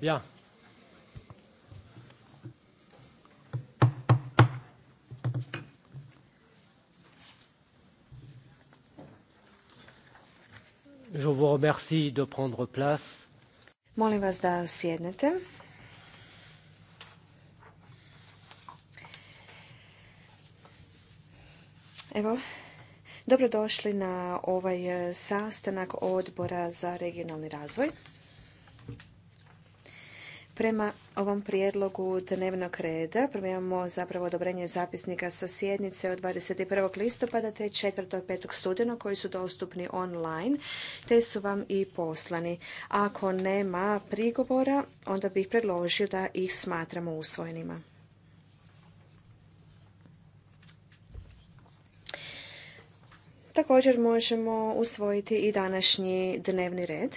Bien. Je vous remercie de prendre place. Molim vas da sjednete. Evo, Dobrodošli na ovaj e, sastanak odbora za regionalni razvoj. Prema ovom prijedlogu dnevnog reda imamo zapravo odobrenje zapisnika sa sjednice od 21. listopada te 4. i 5. studenog koji su dostupni online te su vam i poslani. Ako nema prigovora, onda bih predložio da ih smatramo usvojenima. Također možemo usvojiti i današnji dnevni red.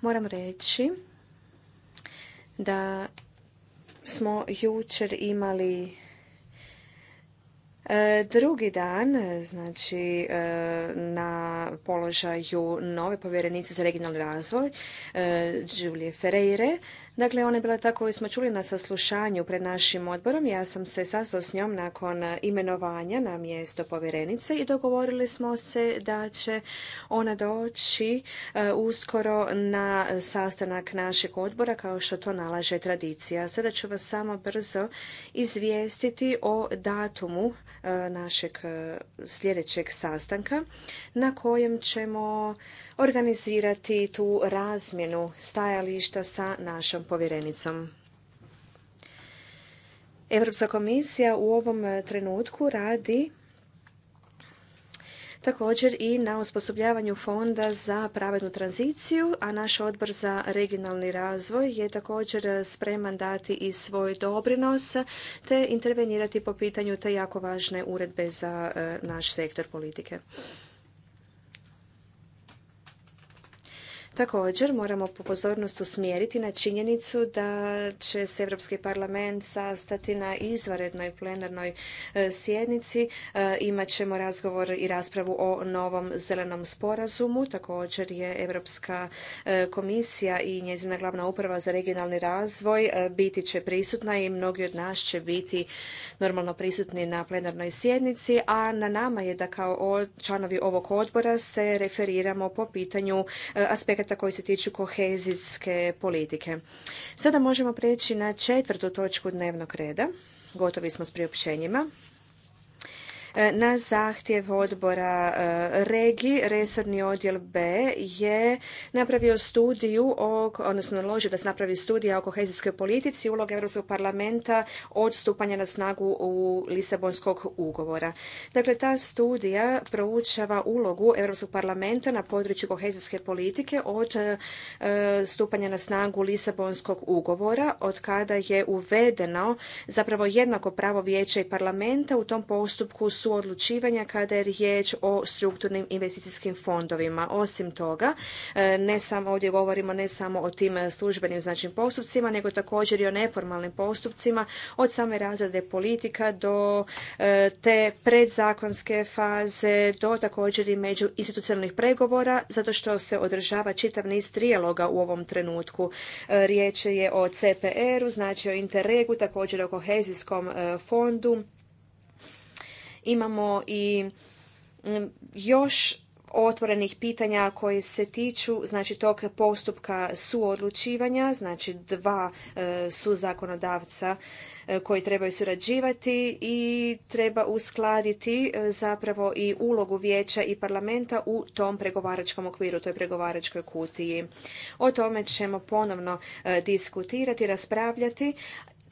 Moram reći da smo jučer imali e, Drugi dan, znači e, na položaju nove povjerenice za regionalni razvoj, Julie e, Ferreire, Dakle, ona je bila ta koju smo čuli na saslušanju pred našim odborom. Ja sam se sastao s njom nakon imenovanja na mjesto povjerenice i dogovorili smo se da će ona doći e, uskoro na sastanak našeg odbora kao što to nalaže tradicija. Sada ću vas samo brzo izvijestiti o datumu e, našeg e, sljedećeg sastanka na kojem ćemo organizirati tu razmjenu stajališta sa našom povjerenicom. Europska komisija u ovom trenutku radi također i na osposobljavanju fonda za pravednu tranziciju, a naš odbor za regionalni razvoj je također spreman dati i svoj doprinos te intervenirati po pitanju te jako važne uredbe za e, naš sektor politike. Također moramo po pozornost usmjeriti na činjenicu da će se Europski parlament sastati na izvanrednoj plenarnoj e, sjednici. E, imat ćemo razgovor i raspravu o novom zelenom sporazumu. Također je Europska e, komisija i njezina glavna uprava za regionalni razvoj biti će prisutna i mnogi od nas će biti normalno prisutni na plenarnoj sjednici, a na nama je da kao članovi ovog odbora se referiramo po pitanju aspekta projekata koji se tiču kohezijske politike. Sada možemo prijeći na četvrtu točku dnevnog reda. Gotovi smo s priopćenjima. E, na zahtjev odbora e, Regi, resorni odjel B je napravio studiju, odnosno naložio da se napravi studija o kohezijskoj politici, uloga Europskog parlamenta od stupanja na snagu u Lisabonskog ugovora. Dakle, ta studija proučava ulogu Europskog parlamenta na području kohezijske politike od e, stupanja na snagu Lisabonskog ugovora, od kada je uvedeno zapravo jednako pravo vijeća i parlamenta u tom postupku suodlučivanja kada je riječ o strukturnim investicijskim fondovima. Osim toga, e, ne samo ovdje govorimo ne samo o tim službenim znači postupcima, nego također i o neformalnim postupcima od same razrade politika do e, te predzakonske faze, do također i među institucionalnih pregovora, zato što se održava čitav niz trijaloga u ovom trenutku. E, riječ je o CPR-u, znači o Interregu, također o kohezijskom fondu Imamo i mm, još otvorenih pitanja koje se tiču znači tog postupka suodlučivanja, znači dva e, su zakonodavca e, koji trebaju surađivati i treba uskladiti e, zapravo i ulogu vijeća i parlamenta u tom pregovaračkom okviru, toj pregovaračkoj kutiji. O tome ćemo ponovno e, diskutirati, raspravljati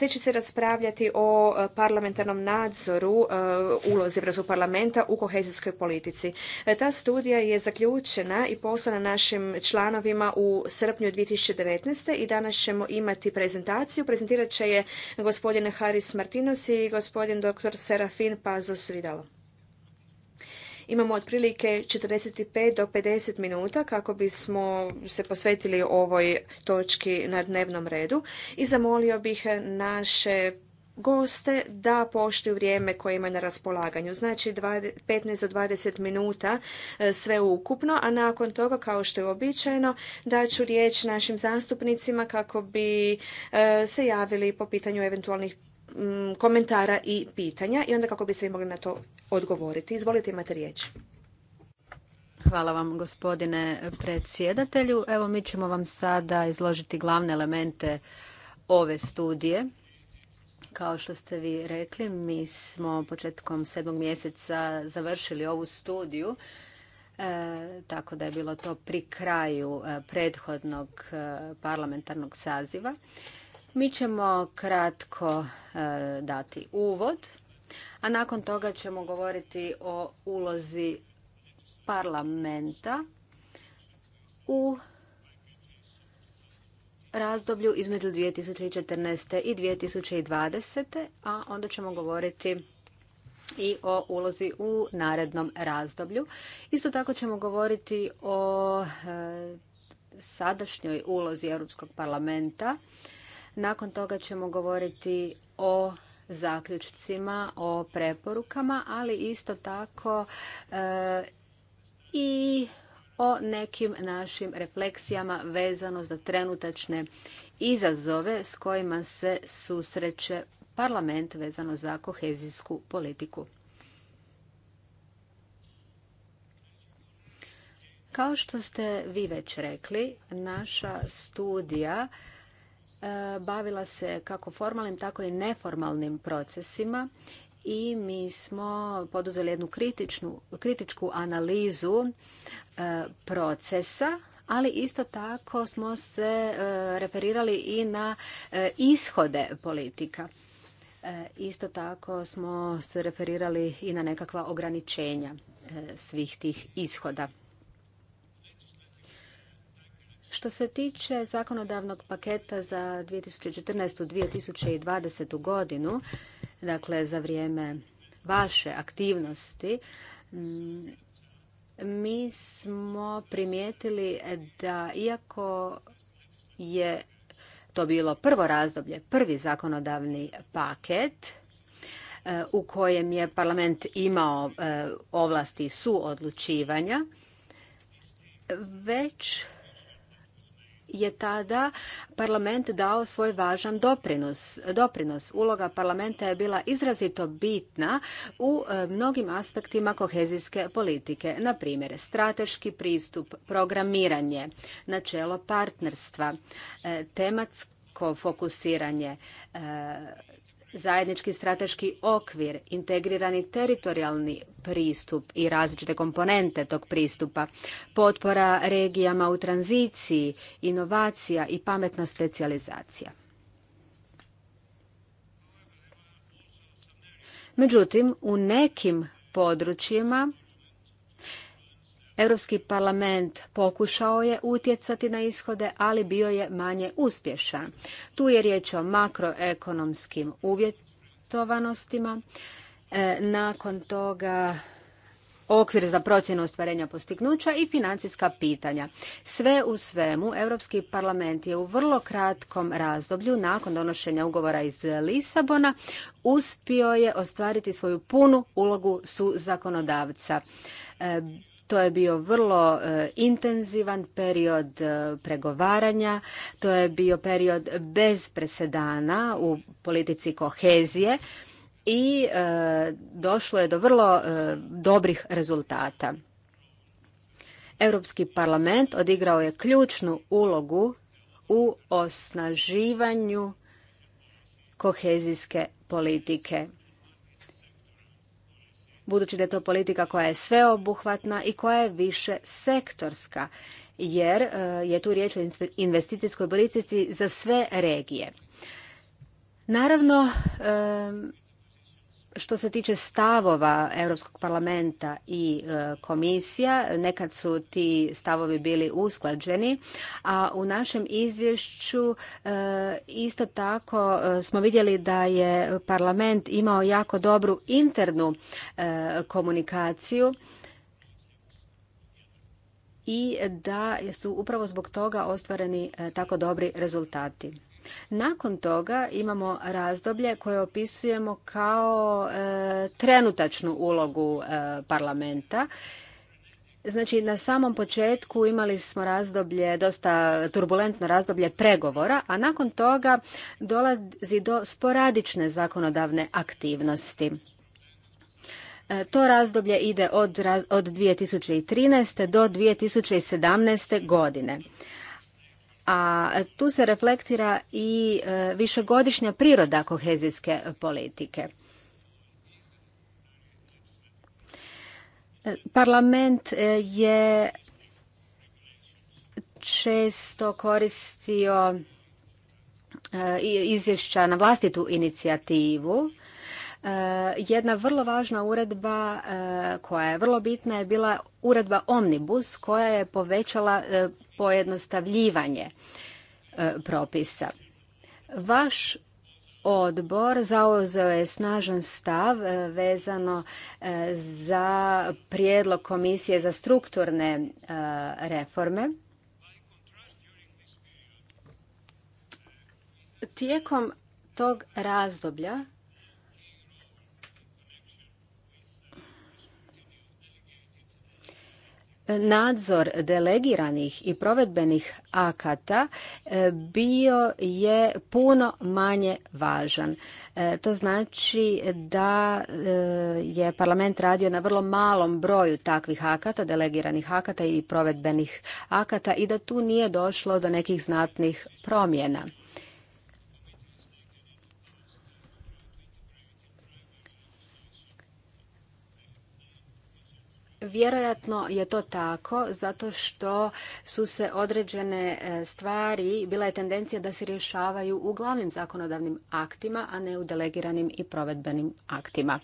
te će se raspravljati o e, parlamentarnom nadzoru e, ulozi Europskog parlamenta u kohezijskoj politici. E, ta studija je zaključena i poslana našim članovima u srpnju 2019. i danas ćemo imati prezentaciju. Prezentirat će je gospodin Haris Martinos i gospodin dr. Serafin Pazos Vidalo. Imamo otprilike 45 do 50 minuta kako bismo se posvetili ovoj točki na dnevnom redu i zamolio bih naše goste da poštuju vrijeme koje ima na raspolaganju. Znači 15 do 20 minuta e, sve ukupno, a nakon toga kao što je uobičajeno daću riječ našim zastupnicima kako bi e, se javili po pitanju eventualnih Mm, komentara i pitanja i onda kako bi se mogli na to odgovoriti. Izvolite, imate riječ. Hvala vam gospodine predsjedatelju. Evo mi ćemo vam sada izložiti glavne elemente ove studije. Kao što ste vi rekli, mi smo početkom sedmog mjeseca završili ovu studiju, e, tako da je bilo to pri kraju e, prethodnog e, parlamentarnog saziva. Mi ćemo kratko e, dati uvod, a nakon toga ćemo govoriti o ulozi parlamenta u razdoblju između 2014. i 2020. a onda ćemo govoriti i o ulozi u narednom razdoblju. Isto tako ćemo govoriti o e, sadašnjoj ulozi Europskog parlamenta nakon toga ćemo govoriti o zaključcima, o preporukama, ali isto tako e, i o nekim našim refleksijama vezano za trenutačne izazove s kojima se susreće parlament vezano za kohezijsku politiku. Kao što ste vi već rekli, naša studija E, bavila se kako formalnim, tako i neformalnim procesima i mi smo poduzeli jednu kritičku analizu e, procesa, ali isto tako smo se e, referirali i na ishode politika. Isto tako smo se referirali i na nekakva ograničenja svih tih ishoda. Što se tiče zakonodavnog paketa za 2014. 2020. godinu, dakle za vrijeme vaše aktivnosti, mm, mi smo primijetili da iako je to bilo prvo razdoblje, prvi zakonodavni paket e, u kojem je parlament imao e, ovlasti suodlučivanja, već je tada parlament dao svoj važan doprinos. doprinos. Uloga parlamenta je bila izrazito bitna u e, mnogim aspektima kohezijske politike. Na primjer, strateški pristup, programiranje, načelo partnerstva, e, tematsko fokusiranje, e, zajednički strateški okvir, integrirani teritorijalni pristup i različite komponente tog pristupa, potpora regijama u tranziciji, inovacija i pametna specijalizacija. Međutim, u nekim područjima Europski parlament pokušao je utjecati na ishode, ali bio je manje uspješan. Tu je riječ o makroekonomskim uvjetovanostima. E, nakon toga okvir za procjenu ostvarenja postignuća i financijska pitanja. Sve u svemu, Europski parlament je u vrlo kratkom razdoblju nakon donošenja ugovora iz Lisabona uspio je ostvariti svoju punu ulogu su zakonodavca. E, to je bio vrlo e, intenzivan period e, pregovaranja, to je bio period bez presedana u politici kohezije i e, došlo je do vrlo dobrih rezultata. Europski parlament odigrao je ključnu ulogu u osnaživanju kohezijske politike budući da je to politika koja je sveobuhvatna i koja je više sektorska jer e, je tu riječ o investicijskoj politici za sve regije. Naravno, e, što se tiče stavova Europskog parlamenta i e, komisija, nekad su ti stavovi bili usklađeni, a u našem izvješću e, isto tako e, smo vidjeli da je parlament imao jako dobru internu komunikaciju i da su upravo zbog toga ostvareni tako dobri rezultati. Nakon toga imamo razdoblje koje opisujemo kao e, trenutačnu ulogu e, parlamenta. Znači, na samom početku imali smo razdoblje, dosta turbulentno razdoblje pregovora, a nakon toga dolazi do sporadične zakonodavne aktivnosti. E, to razdoblje ide od, od 2013. do 2017. godine a tu se reflektira i e, višegodišnja priroda kohezijske politike. E, parlament e, je često koristio izvješća na vlastitu inicijativu. Jedna vrlo važna uredba koja je vrlo bitna je bila uredba Omnibus koja je povećala pojednostavljivanje e, propisa. Vaš odbor zauzeo je snažan stav e, vezano e, za prijedlog komisije za strukturne reforme. Tijekom tog razdoblja nadzor delegiranih i provedbenih akata e, bio je puno manje važan. E, to znači da e, je parlament radio na vrlo malom broju takvih akata, delegiranih akata i provedbenih akata i da tu nije došlo do nekih znatnih promjena. Vjerojatno je to tako zato što su se određene e, stvari, bila je tendencija da se rješavaju u glavnim zakonodavnim aktima, a ne u delegiranim i provedbenim aktima.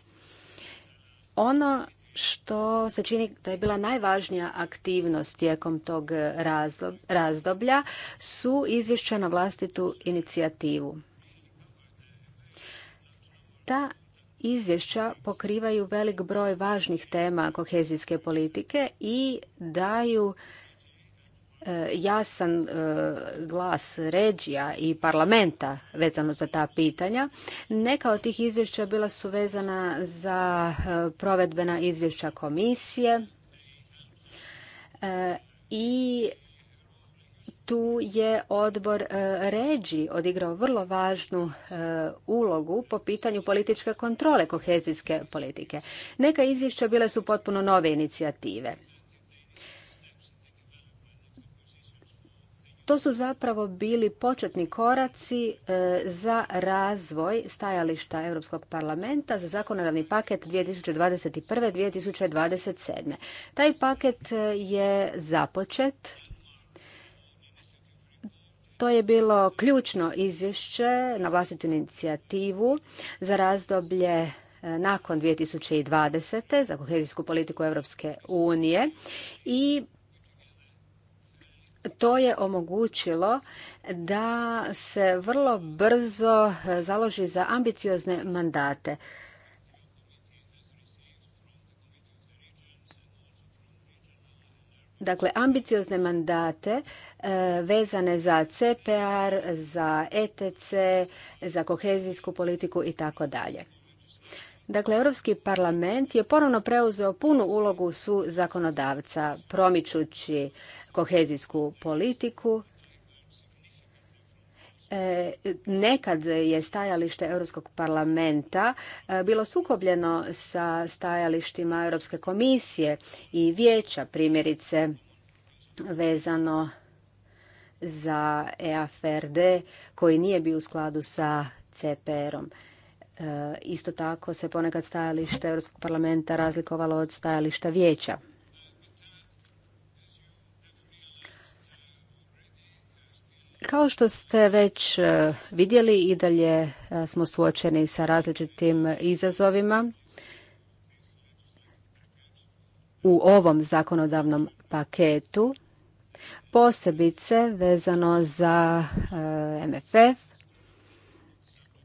Ono što se čini da je bila najvažnija aktivnost tijekom tog razdoblja su izvješća na vlastitu inicijativu. Ta izvješća pokrivaju velik broj važnih tema kohezijske politike i daju e, jasan e, glas regija i parlamenta vezano za ta pitanja. Neka od tih izvješća bila su vezana za e, provedbena izvješća komisije i tu je odbor e, Ređi odigrao vrlo važnu e, ulogu po pitanju političke kontrole kohezijske politike. Neka izvješća bile su potpuno nove inicijative. To su zapravo bili početni koraci e, za razvoj stajališta Europskog parlamenta za zakonodavni paket 2021. 2027. Taj paket je započet to je bilo ključno izvješće na vlastitu inicijativu za razdoblje e, nakon 2020. za kohezijsku politiku Europske unije i to je omogućilo da se vrlo brzo e, založi za ambiciozne mandate. dakle ambiciozne mandate e, vezane za CPR, za ETC, za kohezijsku politiku i tako dalje. Dakle, Europski parlament je ponovno preuzeo punu ulogu su zakonodavca, promičući kohezijsku politiku, E, nekad je stajalište Europskog parlamenta e, bilo sukobljeno sa stajalištima Europske komisije i vijeća, primjerice vezano za EAFRD koji nije bio u skladu sa CPR-om. E, isto tako se ponekad stajalište Europskog parlamenta razlikovalo od stajališta vijeća. Kao što ste već e, vidjeli i dalje e, smo suočeni sa različitim izazovima u ovom zakonodavnom paketu, posebice vezano za e, MFF,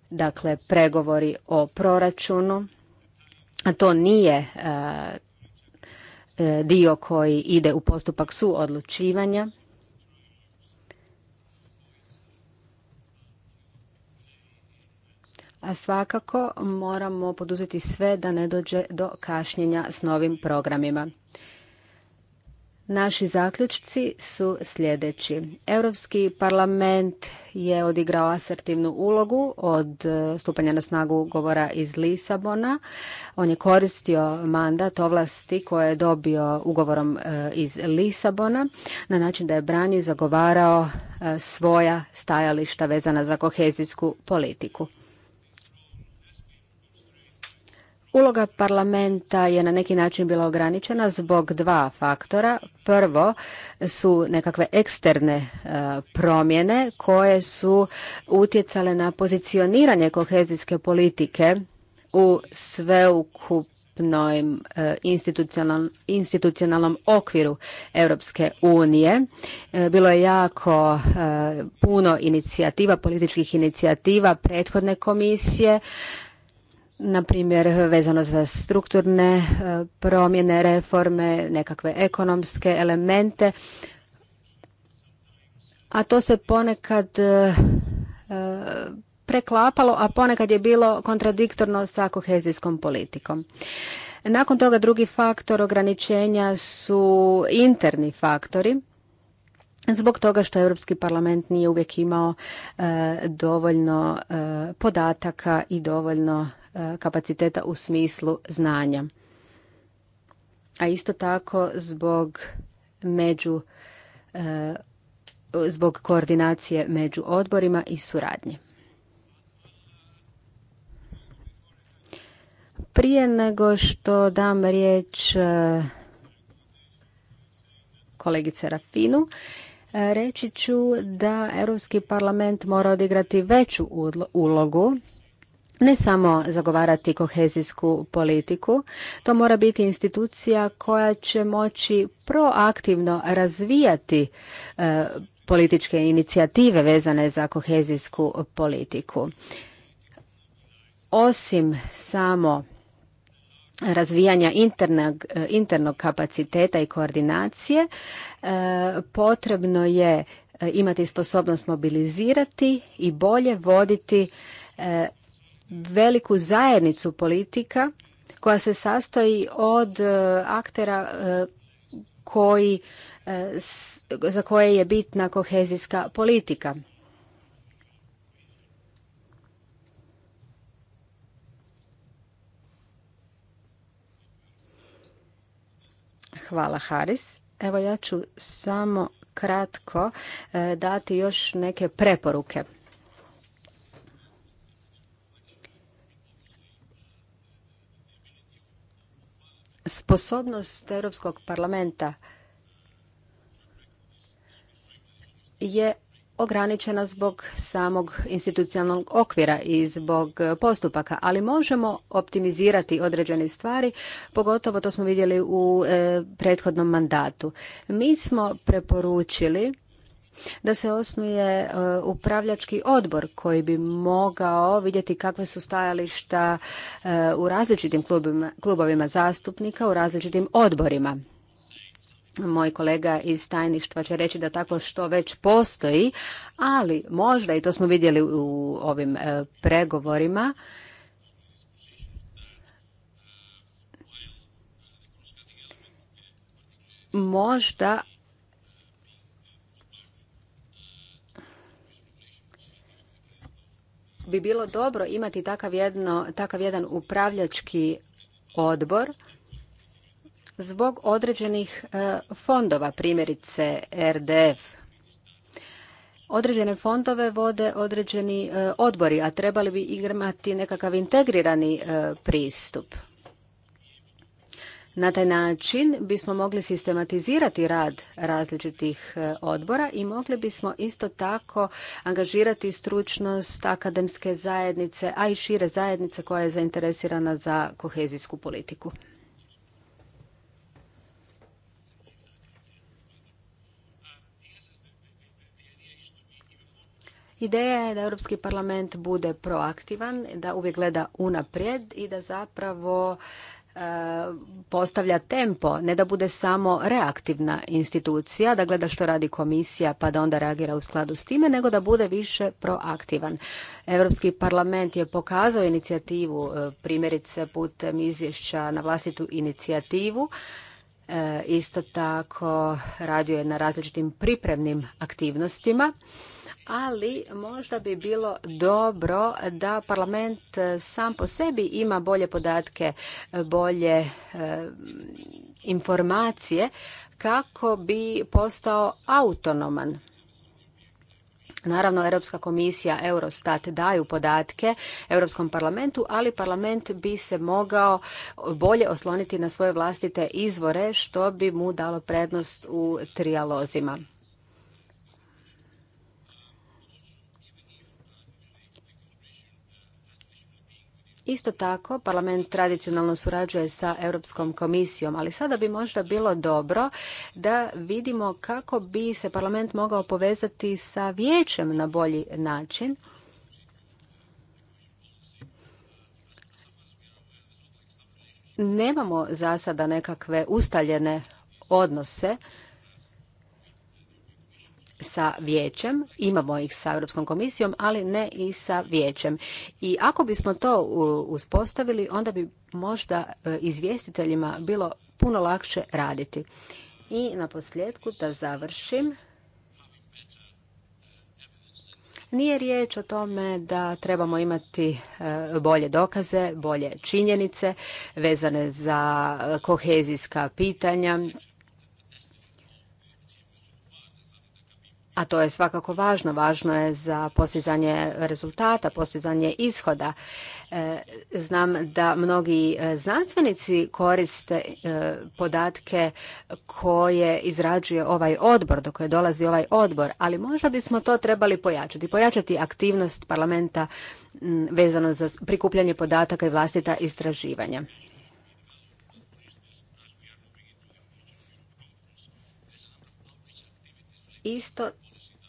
dakle pregovori o proračunu, a to nije dio koji ide u postupak suodlučivanja. A svakako moramo poduzeti sve da ne dođe do kašnjenja s novim programima. Naši zaključci su sljedeći. Europski parlament je odigrao asertivnu ulogu od stupanja na snagu ugovora iz Lisabona. On je koristio mandat ovlasti koje je dobio ugovorom e, iz Lisabona na način da je branio i zagovarao e, svoja stajališta vezana za kohezijsku politiku. Uloga parlamenta je na neki način bila ograničena zbog dva faktora. Prvo su nekakve eksterne e, promjene koje su utjecale na pozicioniranje kohezijske politike u sveukupnoj e, institucionalnom okviru Europske unije. E, bilo je jako puno inicijativa, političkih inicijativa prethodne komisije na primjer vezano za strukturne e, promjene, reforme, nekakve ekonomske elemente, a to se ponekad e, e, preklapalo, a ponekad je bilo kontradiktorno sa kohezijskom politikom. Nakon toga drugi faktor ograničenja su interni faktori zbog toga što Europski parlament nije uvijek imao dovoljno podataka i dovoljno kapaciteta u smislu znanja. A isto tako zbog među e, zbog koordinacije među odborima i suradnje. Prije nego što dam riječ e, kolegice Rafinu, e, reći ću da Europski parlament mora odigrati veću ulogu ne samo zagovarati kohezijsku politiku, to mora biti institucija koja će moći proaktivno razvijati e, političke inicijative vezane za kohezijsku politiku. Osim samo razvijanja internog, internog kapaciteta i koordinacije, e, potrebno je e, imati sposobnost mobilizirati i bolje voditi veliku zajednicu politika koja se sastoji od e, aktera e, koji, e, za koje je bitna kohezijska politika. Hvala Haris. Evo ja ću samo kratko dati još neke preporuke. Sposobnost Europskog parlamenta je ograničena zbog samog institucionalnog okvira i zbog postupaka, ali možemo optimizirati određene stvari, pogotovo to smo vidjeli u e, prethodnom mandatu. Mi smo preporučili da se osnuje e, upravljački odbor koji bi mogao vidjeti kakve su stajališta e, u različitim klubovima zastupnika, u različitim odborima. Moj kolega iz tajništva će reći da tako što već postoji, ali možda, i to smo vidjeli u ovim e, pregovorima, možda bi bilo dobro imati takav, jedno, takav jedan upravljački odbor zbog određenih e, fondova, primjerice RDF. Određene fondove vode određeni e, odbori, a trebali bi imati nekakav integrirani e, pristup. Na taj način bismo mogli sistematizirati rad različitih e, odbora i mogli bismo isto tako angažirati stručnost akademske zajednice, a i šire zajednice koja je zainteresirana za kohezijsku politiku. Ideja je da Europski parlament bude proaktivan, da uvijek gleda unaprijed i da zapravo postavlja tempo, ne da bude samo reaktivna institucija, da gleda što radi komisija pa da onda reagira u skladu s time, nego da bude više proaktivan. Europski parlament je pokazao inicijativu, e, primjerice putem izvješća na vlastitu inicijativu, e, isto tako radio je na različitim pripremnim aktivnostima ali možda bi bilo dobro da parlament e, sam po sebi ima bolje podatke, e, bolje e, informacije kako bi postao autonoman. Naravno, Europska komisija, Eurostat daju podatke Europskom parlamentu, ali parlament bi se mogao bolje osloniti na svoje vlastite izvore, što bi mu dalo prednost u trijalozima. Isto tako, parlament tradicionalno surađuje sa Europskom komisijom, ali sada bi možda bilo dobro da vidimo kako bi se parlament mogao povezati sa vijećem na bolji način. Nemamo za sada nekakve ustaljene odnose sa vijećem, imamo ih sa Europskom komisijom, ali ne i sa vijećem. I ako bismo to uspostavili, onda bi možda e, izvjestiteljima bilo puno lakše raditi. I na posljedku da završim. Nije riječ o tome da trebamo imati e, bolje dokaze, bolje činjenice vezane za kohezijska pitanja, a to je svakako važno, važno je za postizanje rezultata, postizanje ishoda. E, znam da mnogi e, znanstvenici koriste e, podatke koje izrađuje ovaj odbor, do koje dolazi ovaj odbor, ali možda bismo to trebali pojačati, pojačati aktivnost parlamenta vezano za prikupljanje podataka i vlastita istraživanja. Isto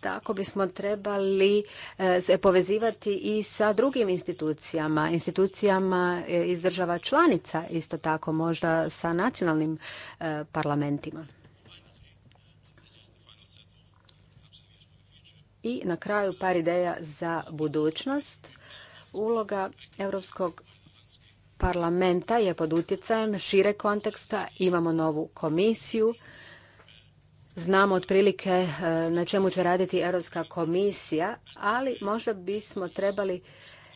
tako bismo trebali e, se povezivati i sa drugim institucijama, institucijama e, iz država članica, isto tako možda sa nacionalnim e, parlamentima. I na kraju par ideja za budućnost. Uloga Europskog parlamenta je pod utjecajem šire konteksta. Imamo novu komisiju znamo otprilike e, na čemu će raditi Europska komisija, ali možda bismo trebali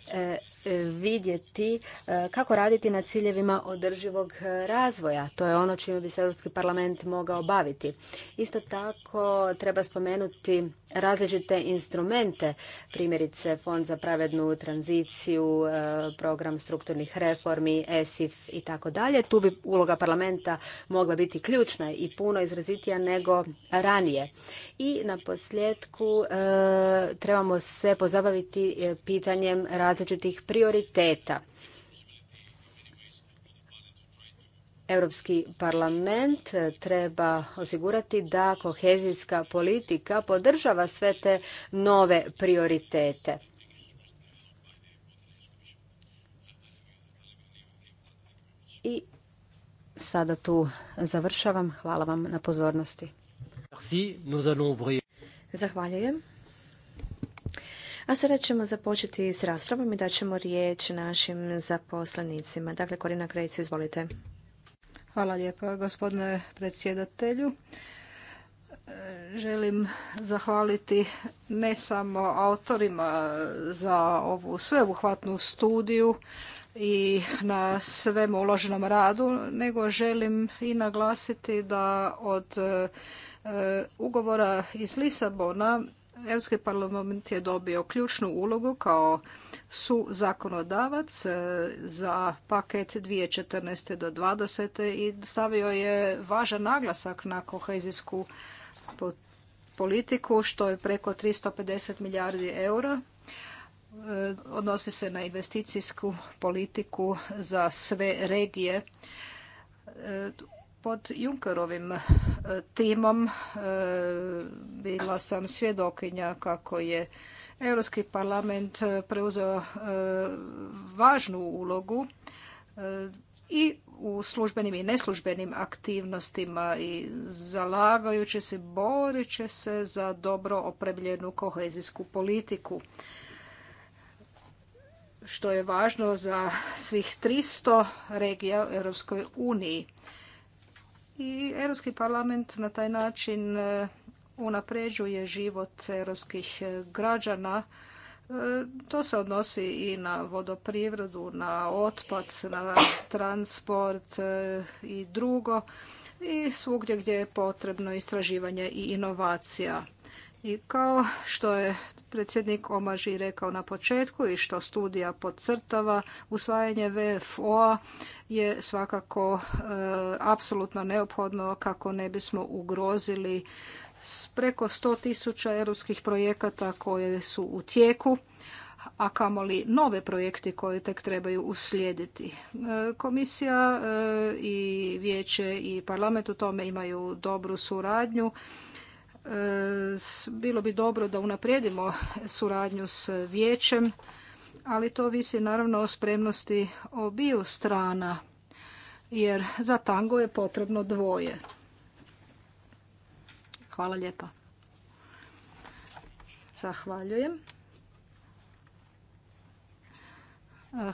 E, e, vidjeti e, kako raditi na ciljevima održivog razvoja. To je ono čime bi se Europski parlament mogao baviti. Isto tako treba spomenuti različite instrumente, primjerice Fond za pravednu tranziciju, program strukturnih reformi, ESIF i tako dalje. Tu bi uloga parlamenta mogla biti ključna i puno izrazitija nego ranije. I na posljedku trebamo se pozabaviti pitanjem različitih prioriteta. Europski parlament eh, treba osigurati da kohezijska politika podržava sve te nove prioritete. I sada tu završavam. Hvala vam na pozornosti. Zahvaljujem. A sada ćemo započeti s raspravom i ćemo riječ našim zaposlenicima. Dakle, Korina Krejcu, izvolite. Hvala lijepo, gospodine predsjedatelju. Želim zahvaliti ne samo autorima za ovu sveobuhvatnu studiju i na svemu uloženom radu, nego želim i naglasiti da od e, ugovora iz Lisabona Europski parlament je dobio ključnu ulogu kao su zakonodavac e, za paket 2014. do 2020. i stavio je važan naglasak na kohezijsku politiku što je preko 350 milijardi eura. E, odnosi se na investicijsku politiku za sve regije e, pod Junkerovim e, timom e, bila sam svjedokinja kako je Europski parlament e, preuzeo važnu ulogu i u službenim i neslužbenim aktivnostima i zalagajući se, boreći se za dobro opremljenu kohezijsku politiku što je važno za svih 300 regija u Europskoj uniji. I Europski parlament na taj način e, unapređuje život europskih e, građana. E, to se odnosi i na vodoprivredu, na otpad, na transport i drugo. I svugdje gdje je potrebno istraživanje i inovacija. I kao što je predsjednik Omaži rekao na početku i što studija podcrtava, usvajanje VFO-a je svakako e, apsolutno neophodno kako ne bismo ugrozili preko 100 tisuća europskih projekata koje su u tijeku a kamoli nove projekte koje tek trebaju uslijediti. E, komisija e, i vijeće i parlament u tome imaju dobru suradnju bilo bi dobro da unaprijedimo suradnju s vijećem, ali to visi naravno o spremnosti obiju strana, jer za tango je potrebno dvoje. Hvala lijepa. Zahvaljujem.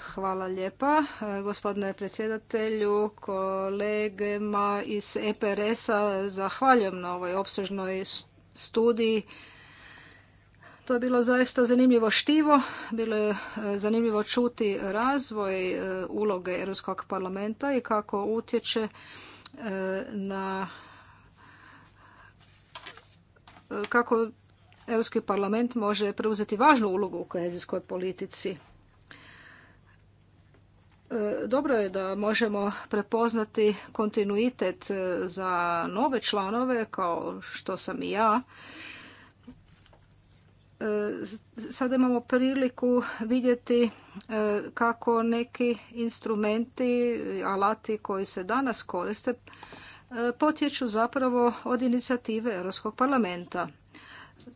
Hvala lijepa e, gospodine predsjedatelju, kolegama iz EPRS-a. Zahvaljujem na ovoj opsežnoj studiji. To je bilo zaista zanimljivo štivo, bilo je e, zanimljivo čuti razvoj e, uloge Europskog parlamenta i kako utječe na kako Europski parlament može preuzeti važnu ulogu u kohezijskoj politici. E, dobro je da možemo prepoznati kontinuitet e, za nove članove kao što sam i ja. E, Sada imamo priliku vidjeti kako neki instrumenti, alati koji se danas koriste potječu zapravo od inicijative Europskog parlamenta.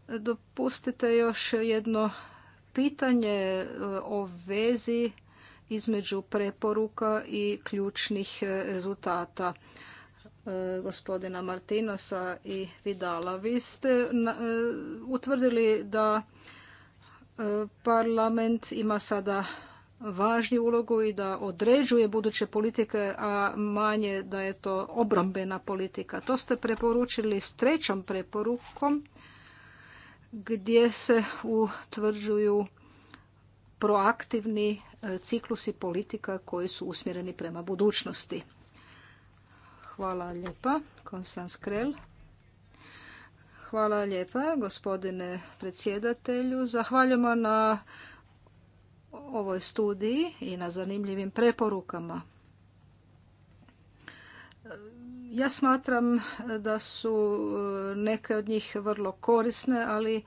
Dopustite još jedno pitanje o vezi između preporuka i ključnih e, rezultata e, gospodina Martinosa i Vidala. Vi ste e, utvrdili da parlament ima sada važnju ulogu i da određuje buduće politike, a manje da je to obrambena politika. To ste preporučili s trećom preporukom gdje se utvrđuju proaktivni ciklusi politika koji su usmjereni prema budućnosti. Hvala lijepa, Konstans Krell. Hvala lijepa, gospodine predsjedatelju. Zahvaljujemo na ovoj studiji i na zanimljivim preporukama. Ja smatram da su e, neke od njih vrlo korisne, ali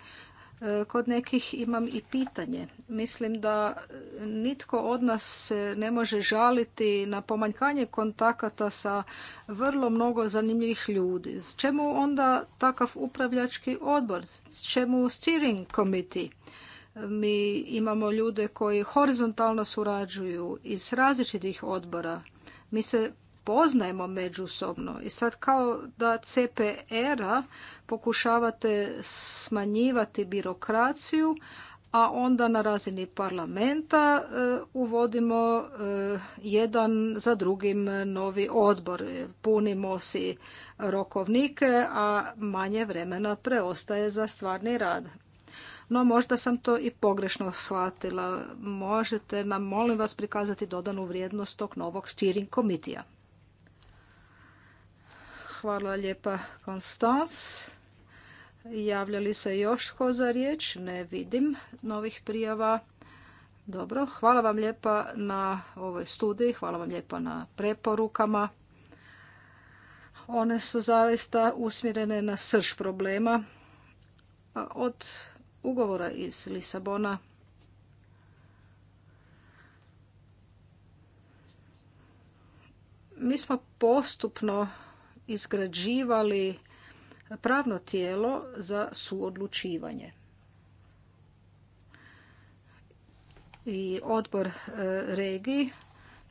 kod nekih imam i pitanje. Mislim da nitko od nas ne može žaliti na pomanjkanje kontakata sa vrlo mnogo zanimljivih ljudi. S čemu onda takav upravljački odbor? S čemu steering committee? Mi imamo ljude koji horizontalno surađuju iz različitih odbora. Mi se poznajemo međusobno. I sad kao da CPR-a pokušavate smanjivati birokraciju, a onda na razini parlamenta e, uvodimo e, jedan za drugim novi odbor. Punimo si rokovnike, a manje vremena preostaje za stvarni rad. No možda sam to i pogrešno shvatila. Možete nam, molim vas, prikazati dodanu vrijednost tog novog steering komitija. Hvala lijepa Konstans. Javlja li se još tko za riječ? Ne vidim novih prijava. Dobro, hvala vam lijepa na ovoj studiji, hvala vam lijepa na preporukama. One su zaista usmjerene na srž problema. Od ugovora iz Lisabona mi smo postupno izgrađivali pravno tijelo za suodlučivanje. I odbor e, regiji,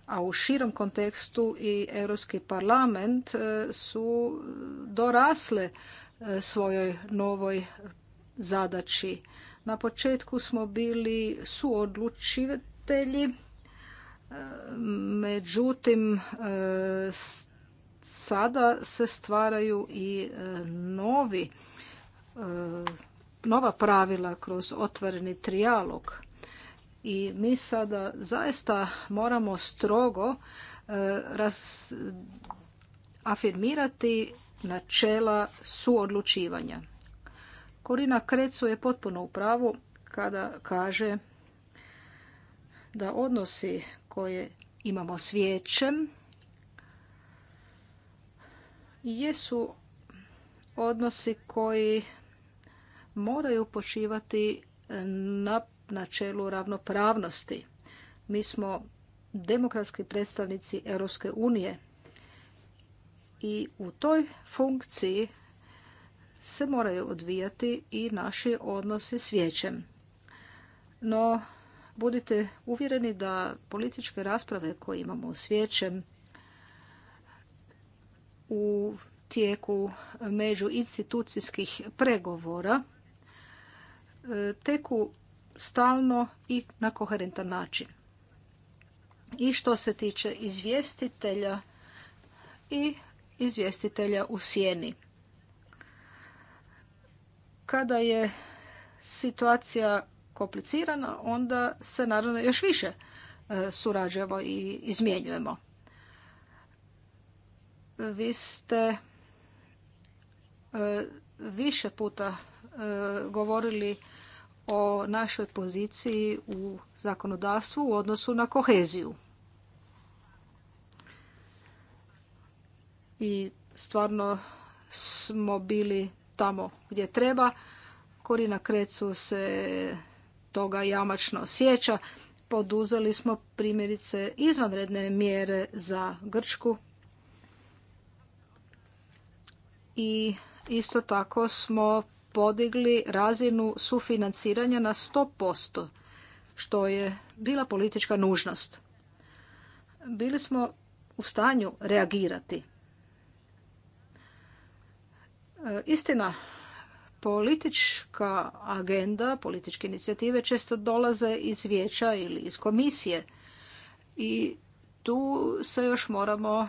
a u širom kontekstu i Europski parlament e, su dorasle e, svojoj novoj zadaći. Na početku smo bili suodlučitelji, međutim sada se stvaraju i e, novi e, nova pravila kroz otvoreni trijalog i mi sada zaista moramo strogo e, afirmirati načela suodlučivanja. Korina Krecu je potpuno u pravu kada kaže da odnosi koje imamo s vijećem jesu odnosi koji moraju počivati na načelu ravnopravnosti. Mi smo demokratski predstavnici Europske unije i u toj funkciji se moraju odvijati i naši odnosi s vijećem. No, budite uvjereni da političke rasprave koje imamo s vijećem u tijeku institucijskih pregovora e, teku stalno i na koherentan način. I što se tiče izvjestitelja i izvjestitelja u sjeni. Kada je situacija komplicirana, onda se naravno još više e, surađujemo i izmjenjujemo. Vi ste e, više puta e, govorili o našoj poziciji u zakonodavstvu u odnosu na koheziju. I stvarno smo bili tamo gdje treba. Korina Krecu se toga jamačno sjeća. Poduzeli smo primjerice izvanredne mjere za Grčku i isto tako smo podigli razinu sufinanciranja na 100%, što je bila politička nužnost. Bili smo u stanju reagirati. E, istina, politička agenda, političke inicijative često dolaze iz vijeća ili iz komisije i tu se još moramo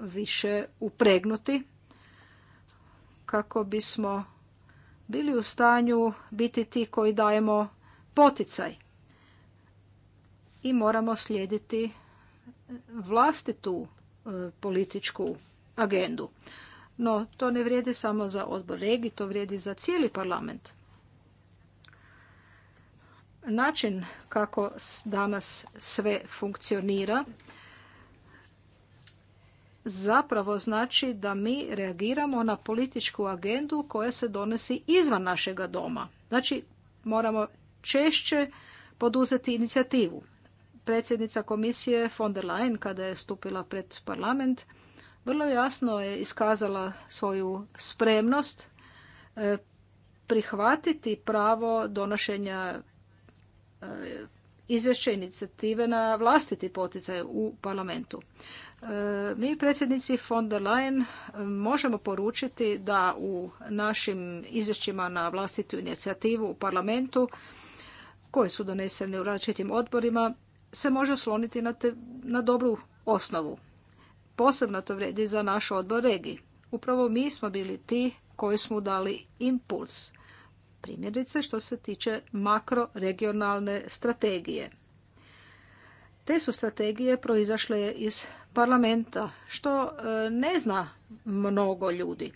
više upregnuti kako bismo bili u stanju biti ti koji dajemo poticaj. I moramo slijediti vlastitu e, političku agendu. No, to ne vrijedi samo za odbor regi, to vrijedi za cijeli parlament. Način kako danas sve funkcionira zapravo znači da mi reagiramo na političku agendu koja se donosi izvan našega doma. Znači, moramo češće poduzeti inicijativu. Predsjednica komisije von der Leyen, kada je stupila pred parlament, vrlo jasno je iskazala svoju spremnost e, prihvatiti pravo donošenja e, izvješće inicijative na vlastiti poticaj u parlamentu. E, mi predsjednici von der Leyen možemo poručiti da u našim izvješćima na vlastitu inicijativu u parlamentu koje su donesene u različitim odborima se može osloniti na, na dobru osnovu. Posebno to vredi za naš odbor regiji. Upravo mi smo bili ti koji smo dali impuls primjerice što se tiče makroregionalne strategije. Te su strategije proizašle iz parlamenta, što e, ne zna mnogo ljudi.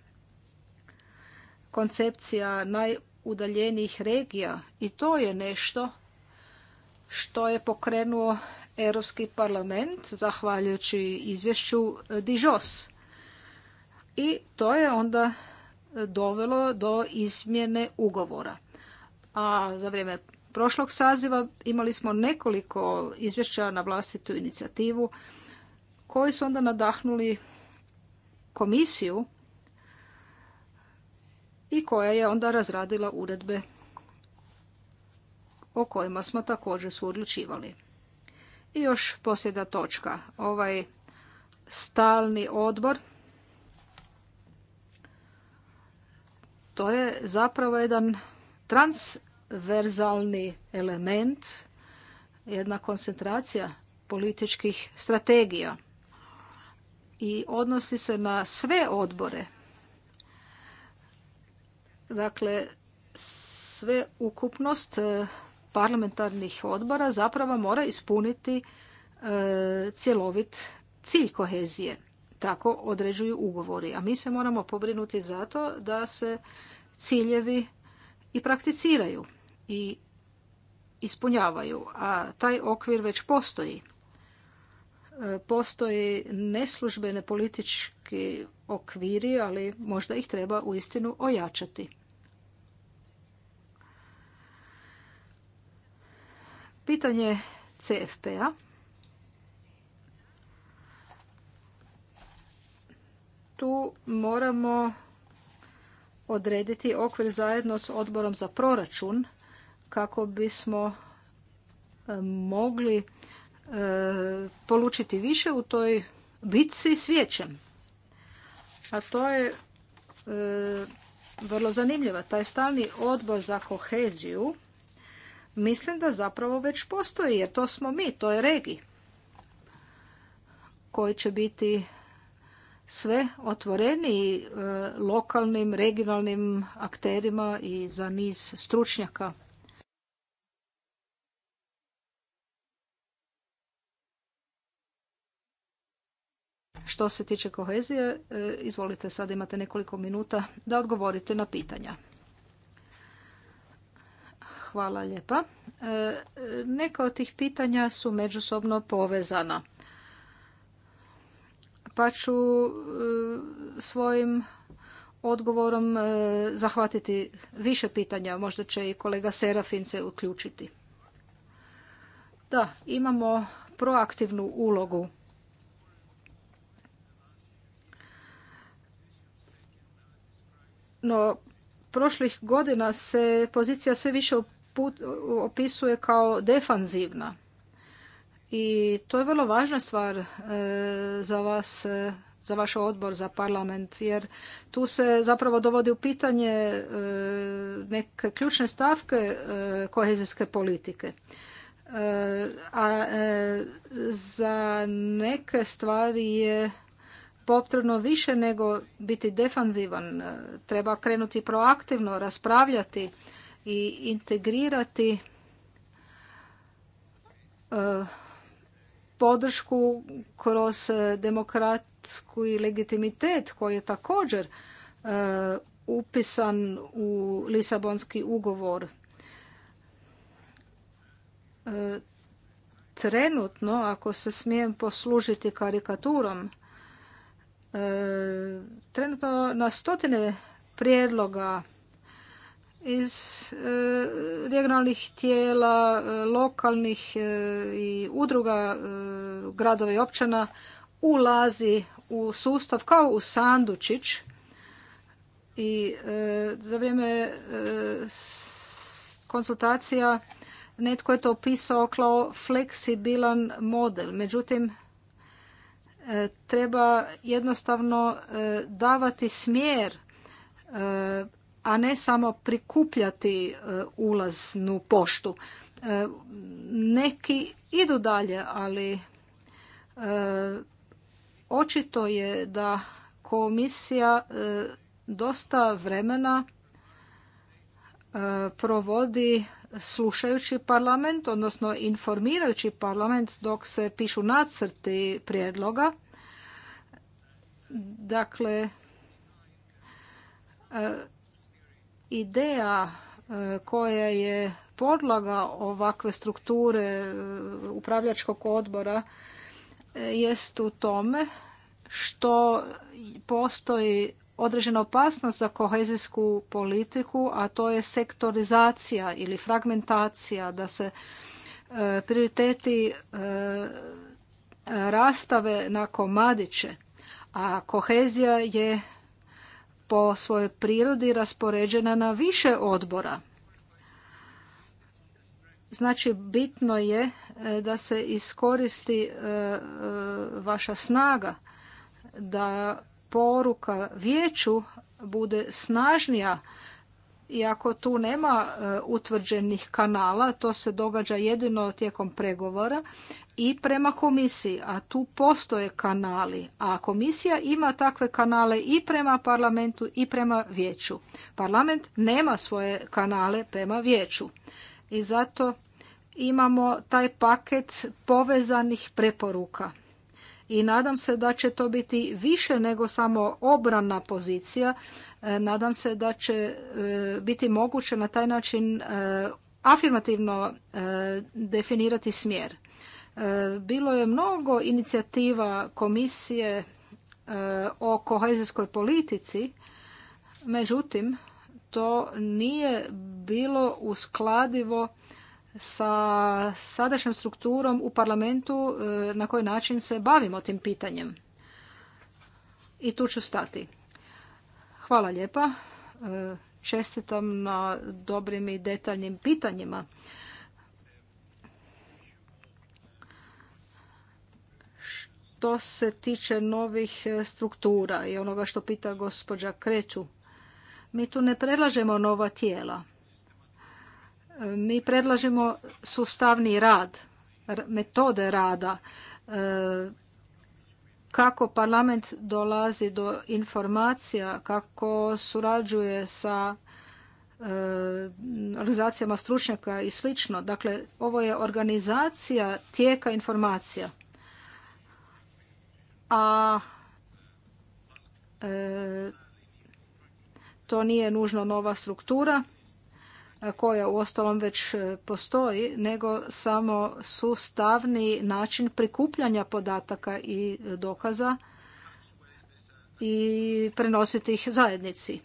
Koncepcija najudaljenijih regija i to je nešto što je pokrenuo Europski parlament zahvaljujući izvješću Dižos. I to je onda dovelo do izmjene ugovora. A za vrijeme prošlog saziva imali smo nekoliko izvješća na vlastitu inicijativu koji su onda nadahnuli komisiju i koja je onda razradila uredbe o kojima smo također suodlučivali. I još posljedna točka. Ovaj stalni odbor To je zapravo jedan transverzalni element, jedna koncentracija političkih strategija i odnosi se na sve odbore. Dakle, sve ukupnost e, parlamentarnih odbora zapravo mora ispuniti e, cjelovit cilj kohezije tako određuju ugovori. A mi se moramo pobrinuti za to da se ciljevi i prakticiraju i ispunjavaju. A taj okvir već postoji. E, postoji neslužbene politički okviri, ali možda ih treba uistinu ojačati. Pitanje CFP-a tu moramo odrediti okvir zajedno s odborom za proračun kako bismo e, mogli e, polučiti više u toj bitci s A to je e, vrlo zanimljiva. Taj stalni odbor za koheziju mislim da zapravo već postoji jer to smo mi, to je regi koji će biti sve otvoreni e, lokalnim, regionalnim akterima i za niz stručnjaka. Što se tiče kohezije, e, izvolite, sad imate nekoliko minuta da odgovorite na pitanja. Hvala lijepa. E, neka od tih pitanja su međusobno povezana pa ću e, svojim odgovorom e, zahvatiti više pitanja. Možda će i kolega Serafin se uključiti. Da, imamo proaktivnu ulogu. No, prošlih godina se pozicija sve više opisuje kao defanzivna i to je vrlo važna stvar e, za vas e, za vaš odbor za parlament jer tu se zapravo dovodi u pitanje e, neke ključne stavke kohezijske politike a za neke stvari je potrebno više nego biti defanzivan treba krenuti proaktivno raspravljati i integrirati podršku kroz e, demokratsku i legitimitet koji je također e, upisan u Lisabonski ugovor. E, trenutno, ako se smijem poslužiti karikaturom, trenutno na stotine prijedloga iz e, regionalnih tijela, e, lokalnih e, i udruga gradova i općana ulazi u sustav kao u sandučić i za vrijeme konsultacija netko je to opisao kao fleksibilan model. Međutim, treba jednostavno davati smjer a ne samo prikupljati e, ulaznu poštu. E, neki idu dalje, ali e, očito je da komisija dosta vremena provodi slušajući parlament, odnosno informirajući parlament dok se pišu nacrti prijedloga. Dakle, ideja e, koja je podlaga ovakve strukture e, upravljačkog odbora e, jest u tome što postoji određena opasnost za kohezijsku politiku, a to je sektorizacija ili fragmentacija, da se prioriteti rastave na komadiće, a kohezija je po svojoj prirodi raspoređena na više odbora. Znači, bitno je e, da se iskoristi e, e, vaša snaga, da poruka vijeću bude snažnija i ako tu nema e, utvrđenih kanala, to se događa jedino tijekom pregovora i prema komisiji, a tu postoje kanali, a komisija ima takve kanale i prema parlamentu i prema vijeću. Parlament nema svoje kanale prema vijeću i zato imamo taj paket povezanih preporuka i nadam se da će to biti više nego samo obrana pozicija, E, nadam se da će e, biti moguće na taj način e, afirmativno definirati smjer. Bilo je mnogo inicijativa komisije o kohezijskoj politici, međutim, to nije bilo uskladivo sa sadašnjom strukturom u parlamentu na koji način se bavimo tim pitanjem. I tu ću stati. Hvala lijepa. E, čestitam na dobrim i detaljnim pitanjima. Što se tiče novih e, struktura i onoga što pita gospođa Kreću, mi tu ne predlažemo nova tijela. E, mi predlažemo sustavni rad, metode rada, kako parlament dolazi do informacija, kako surađuje sa e, organizacijama stručnjaka i slično. Dakle, ovo je organizacija tijeka informacija. A e, to nije nužno nova struktura koja uostalom već e, postoji, nego samo sustavni način prikupljanja podataka i dokaza i prenositi ih zajednici.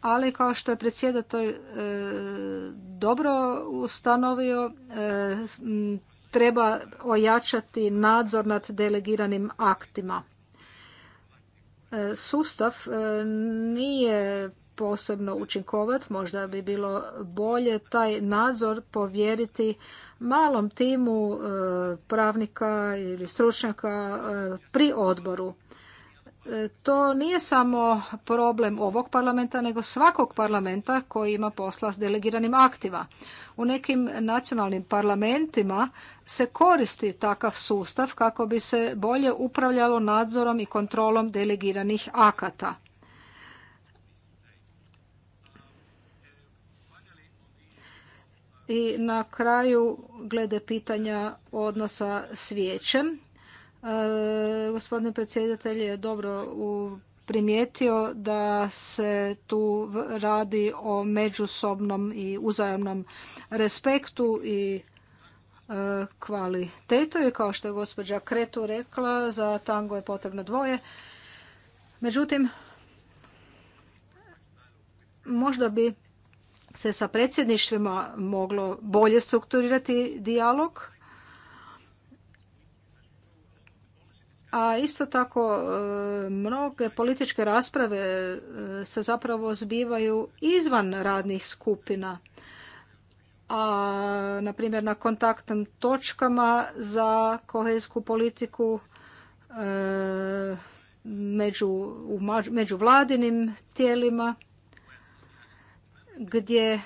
Ali kao što je predsjedatelj e, dobro ustanovio, e, treba ojačati nadzor nad delegiranim aktima. Sustav nije posebno učinkovat, možda bi bilo bolje taj nadzor povjeriti malom timu e, pravnika ili stručnjaka e, pri odboru. E, to nije samo problem ovog parlamenta, nego svakog parlamenta koji ima posla s delegiranim aktiva. U nekim nacionalnim parlamentima se koristi takav sustav kako bi se bolje upravljalo nadzorom i kontrolom delegiranih akata. I na kraju glede pitanja odnosa s vijećem. E, gospodin predsjedatelj je dobro primijetio da se tu radi o međusobnom i uzajamnom respektu i e, kvalitetu i kao što je gospođa Kretu rekla za tango je potrebno dvoje. Međutim, možda bi se sa predsjedništvima moglo bolje strukturirati dijalog. A isto tako e, mnoge političke rasprave e, se zapravo zbivaju izvan radnih skupina. A na primjer na kontaktnim točkama za kohezijsku politiku e, među, vladinim tijelima gdje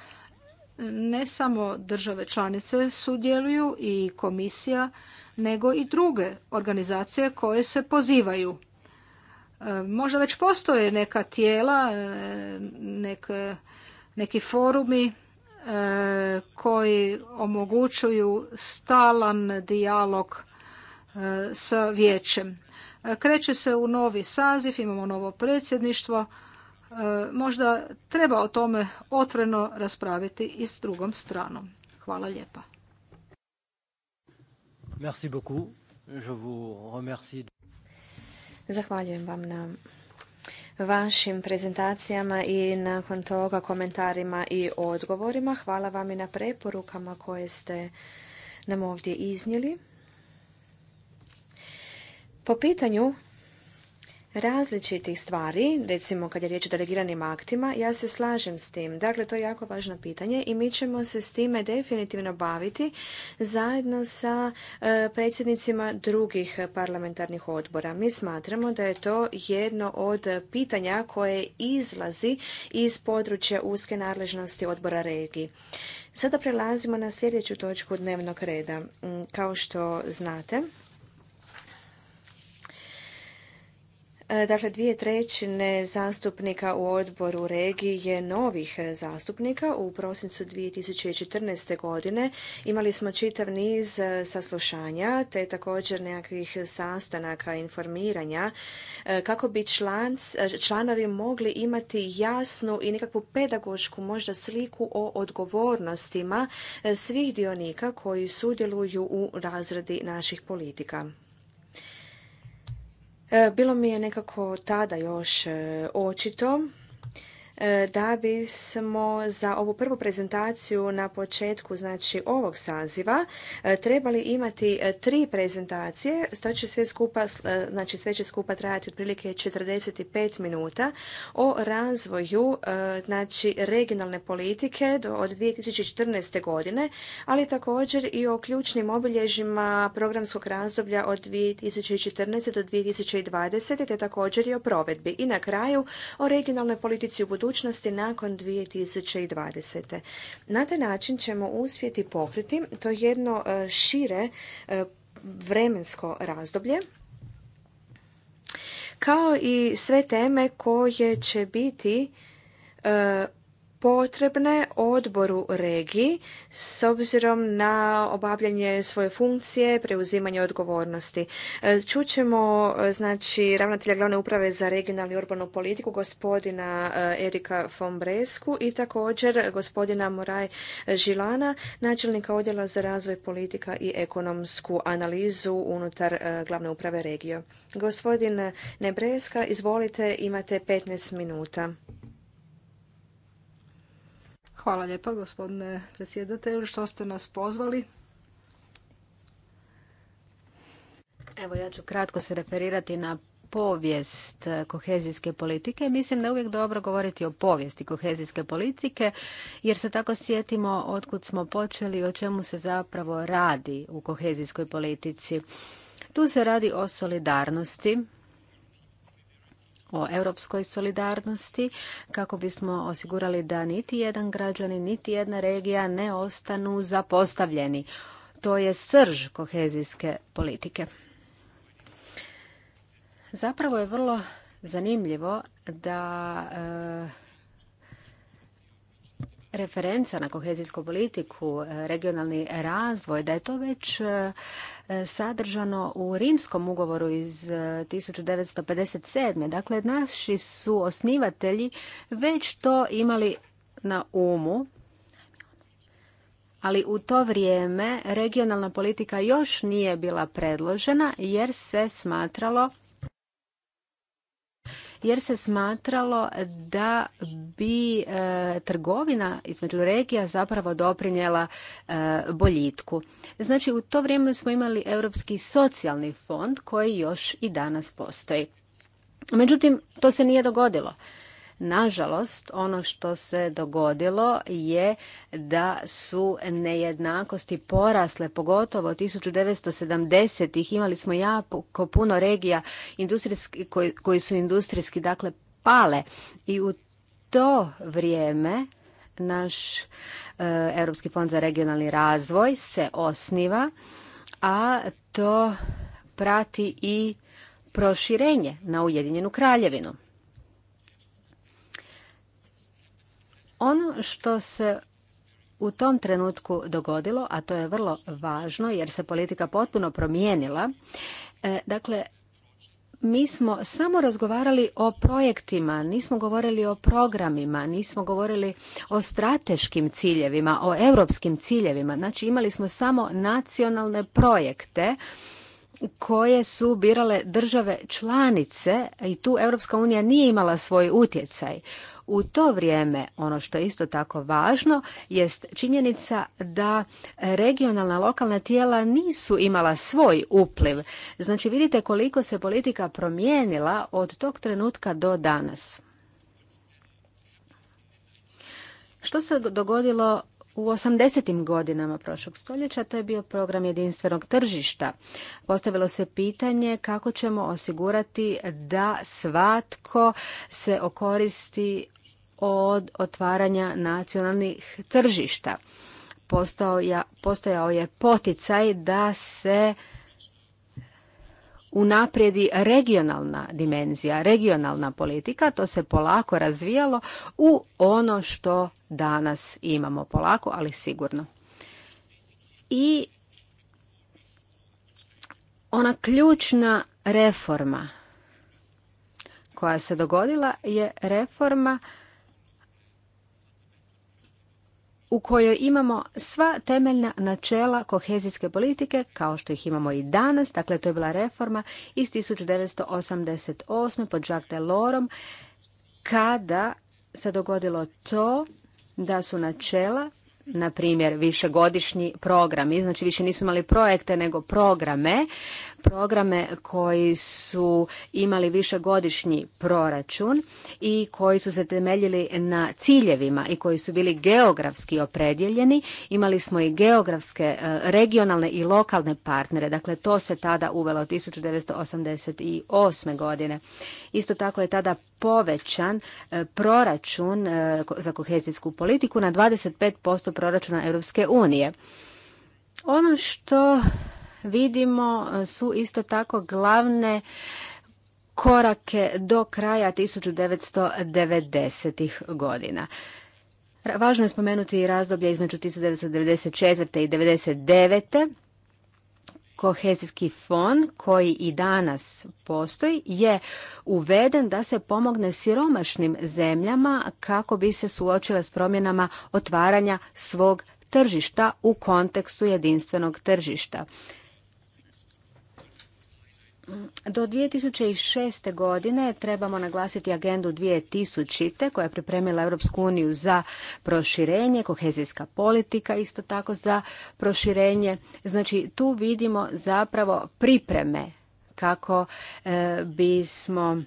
ne samo države članice sudjeluju i komisija, nego i druge organizacije koje se pozivaju. E, možda već postoje neka tijela, e, neki forumi e, koji omogućuju stalan dijalog sa vijećem. Kreće se u novi saziv, imamo novo predsjedništvo, možda treba o tome otvoreno raspraviti i s drugom stranom. Hvala lijepa. Merci beaucoup. Je vous remercie. Zahvaljujem vam na vašim prezentacijama i nakon toga komentarima i odgovorima. Hvala vam i na preporukama koje ste nam ovdje iznijeli. Po pitanju različitih stvari, recimo kad je riječ o delegiranim aktima, ja se slažem s tim. Dakle, to je jako važno pitanje i mi ćemo se s time definitivno baviti zajedno sa e, predsjednicima drugih parlamentarnih odbora. Mi smatramo da je to jedno od pitanja koje izlazi iz područja uske nadležnosti odbora regiji. Sada prelazimo na sljedeću točku dnevnog reda. Mm, kao što znate, E, dakle, dvije trećine zastupnika u odboru regije novih zastupnika. U prosincu 2014. godine imali smo čitav niz e, saslušanja te također nekakvih sastanaka informiranja e, kako bi članovi mogli imati jasnu i nekakvu pedagošku možda sliku o odgovornostima svih dionika koji sudjeluju u razradi naših politika. E, bilo mi je nekako tada još e, očito E, da bismo za ovu prvu prezentaciju na početku znači ovog saziva e, trebali imati e, tri prezentacije, što će sve skupa, znači sve će skupa trajati otprilike 45 minuta o razvoju znači regionalne politike do, od 2014. godine, ali također i o ključnim obilježjima programskog razdoblja od 2014. do 2020. te također i o provedbi. I na kraju o regionalnoj politici u budućnosti budućnosti nakon 2020. Na taj način ćemo uspjeti pokriti to jedno e, šire e, vremensko razdoblje kao i sve teme koje će biti e, potrebne odboru regiji s obzirom na obavljanje svoje funkcije, preuzimanje odgovornosti. E, čućemo e, znači ravnatelja glavne uprave za regionalnu i urbanu politiku gospodina e, Erika von Bresku i također gospodina Moraj Žilana, načelnika odjela za razvoj politika i ekonomsku analizu unutar glavne uprave regije. Gospodin Nebreska, izvolite, imate 15 minuta. Hvala lijepa gospodine predsjedatelju što ste nas pozvali. Evo ja ću kratko se referirati na povijest kohezijske politike. Mislim da je uvijek dobro govoriti o povijesti kohezijske politike, jer se tako sjetimo otkud smo počeli i o čemu se zapravo radi u kohezijskoj politici. Tu se radi o solidarnosti, o europskoj solidarnosti kako bismo osigurali da niti jedan građanin, niti jedna regija ne ostanu zapostavljeni. To je srž kohezijske politike. Zapravo je vrlo zanimljivo da e, referenca na kohezijsku politiku, e, regionalni razvoj, da je to već e, sadržano u rimskom ugovoru iz 1957. E, dakle, naši su osnivatelji već to imali na umu, ali u to vrijeme regionalna politika još nije bila predložena jer se smatralo jer se smatralo da bi e, trgovina između regija zapravo doprinjela e, boljitku. Znači u to vrijeme smo imali Europski socijalni fond koji još i danas postoji. Međutim, to se nije dogodilo. Nažalost, ono što se dogodilo je da su nejednakosti porasle, pogotovo 1970-ih. Imali smo jako puno regija koji, su industrijski dakle pale i u to vrijeme naš eh, Europski fond za regionalni razvoj se osniva, a to prati i proširenje na Ujedinjenu kraljevinu. Ono što se u tom trenutku dogodilo, a to je vrlo važno jer se politika potpuno promijenila, e, dakle, mi smo samo razgovarali o projektima, nismo govorili o programima, nismo govorili o strateškim ciljevima, o europskim ciljevima. Znači imali smo samo nacionalne projekte koje su birale države članice i tu Europska unija nije imala svoj utjecaj. U to vrijeme ono što je isto tako važno jest činjenica da regionalna lokalna tijela nisu imala svoj upliv. Znači vidite koliko se politika promijenila od tog trenutka do danas. Što se dogodilo u 80. godinama prošlog stoljeća to je bio program jedinstvenog tržišta. Postavilo se pitanje kako ćemo osigurati da svatko se okoristi od otvaranja nacionalnih tržišta. Postojao je poticaj da se unaprijedi regionalna dimenzija, regionalna politika, to se polako razvijalo u ono što danas imamo polako, ali sigurno. I ona ključna reforma koja se dogodila je reforma u kojoj imamo sva temeljna načela kohezijske politike, kao što ih imamo i danas, dakle to je bila reforma iz 1988. pod Jacques Delorsom, kada se dogodilo to da su načela na primjer, višegodišnji programi. Znači, više nismo imali projekte, nego programe. Programe koji su imali višegodišnji proračun i koji su se temeljili na ciljevima i koji su bili geografski opredjeljeni. Imali smo i geografske, e, regionalne i lokalne partnere. Dakle, to se tada uvelo 1988. godine. Isto tako je tada povećan e, proračun e, za kohezijsku politiku na 25% proračuna Europske unije. Ono što vidimo e, su isto tako glavne korake do kraja 1990-ih godina. Važno je spomenuti i razdoblje između 1994. i 1999 kohezijski fond koji i danas postoji je uveden da se pomogne siromašnim zemljama kako bi se suočile s promjenama otvaranja svog tržišta u kontekstu jedinstvenog tržišta. Do 2006. godine trebamo naglasiti agendu 2000. koja je pripremila Europsku uniju za proširenje, kohezijska politika isto tako za proširenje. Znači tu vidimo zapravo pripreme kako e, bismo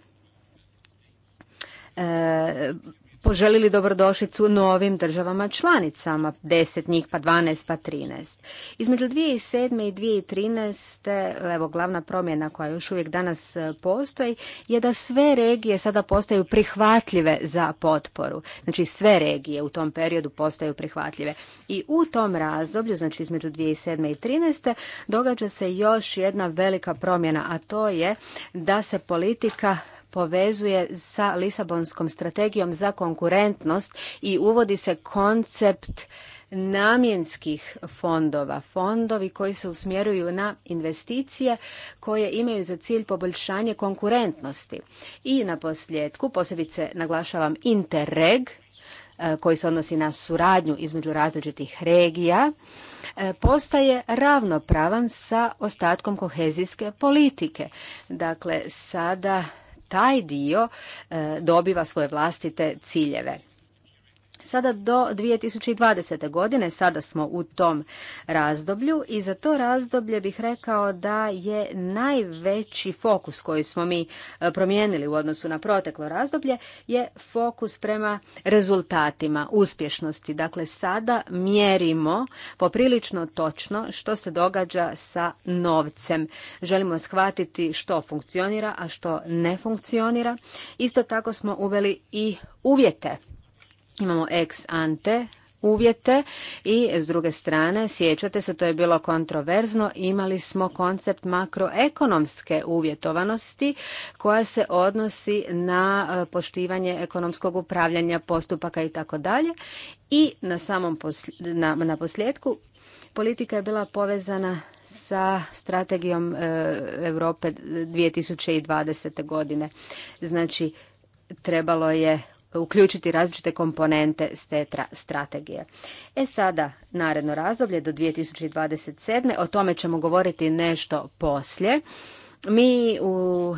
e, poželili dobrodošlicu novim državama članicama, deset njih pa 12 pa 13. Između 2007. i 2013. evo glavna promjena koja još uvijek danas e, postoji je da sve regije sada postaju prihvatljive za potporu. Znači sve regije u tom periodu postaju prihvatljive. I u tom razdoblju, znači između 2007. i 2013. događa se još jedna velika promjena, a to je da se politika povezuje sa Lisabonskom strategijom za konkurentnost i uvodi se koncept namjenskih fondova, fondovi koji se usmjeruju na investicije koje imaju za cilj poboljšanje konkurentnosti. I na posljedku, posebice naglašavam Interreg, e, koji se odnosi na suradnju između različitih regija, e, postaje ravnopravan sa ostatkom kohezijske politike. Dakle, sada taj dio e, dobiva svoje vlastite ciljeve. Sada do 2020. godine, sada smo u tom razdoblju i za to razdoblje bih rekao da je najveći fokus koji smo mi e, promijenili u odnosu na proteklo razdoblje je fokus prema rezultatima uspješnosti. Dakle, sada mjerimo poprilično točno što se događa sa novcem. Želimo shvatiti što funkcionira, a što ne funkcionira. Isto tako smo uveli i uvjete Imamo ex ante uvjete i s druge strane, sjećate se, to je bilo kontroverzno, imali smo koncept makroekonomske uvjetovanosti koja se odnosi na e, poštivanje ekonomskog upravljanja postupaka i tako dalje. I na samom na, politika je bila povezana sa strategijom e, Europe 2020. godine. Znači, trebalo je uključiti različite komponente stetra strategije. E sada, naredno razdoblje do 2027. O tome ćemo govoriti nešto poslije. Mi u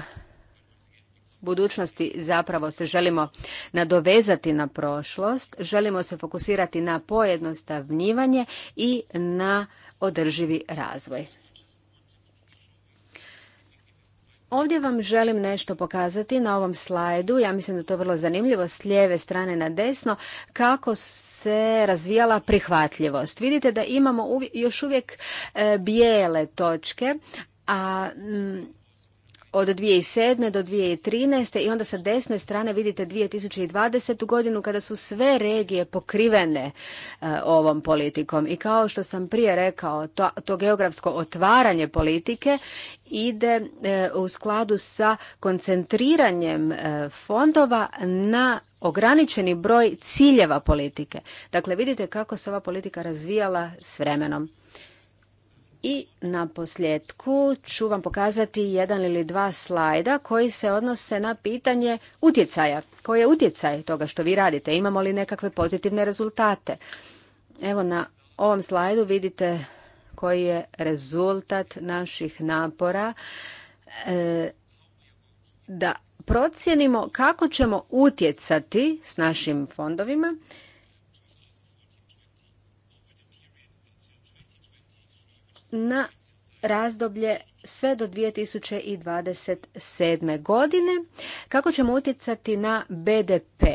budućnosti zapravo se želimo nadovezati na prošlost, želimo se fokusirati na pojednostavnjivanje i na održivi razvoj. Ovdje vam želim nešto pokazati na ovom slajdu, ja mislim da je to vrlo zanimljivo, s lijeve strane na desno, kako se razvijala prihvatljivost. Vidite da imamo još uvijek e, bijele točke, a od 2007. do 2013. i onda sa desne strane vidite 2020. godinu kada su sve regije pokrivene e, ovom politikom. I kao što sam prije rekao, to, geografsko otvaranje politike ide e, u skladu sa koncentriranjem e, fondova na ograničeni broj ciljeva politike. Dakle, vidite kako se ova politika razvijala s vremenom. I na posljedku ću vam pokazati jedan ili dva slajda koji se odnose na pitanje utjecaja. Koji je utjecaj toga što vi radite? Imamo li nekakve pozitivne rezultate? Evo na ovom slajdu vidite koji je rezultat naših napora e, da procijenimo kako ćemo utjecati s našim fondovima na razdoblje sve do 2027. godine kako ćemo utjecati na BDP.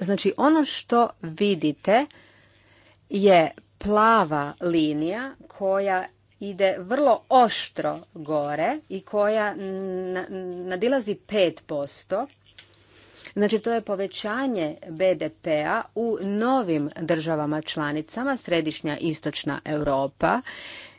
znači ono što vidite je plava linija koja ide vrlo oštro gore i koja nadilazi 5%. Znači to je povećanje BDP-a u novim državama članicama, središnja istočna Europa,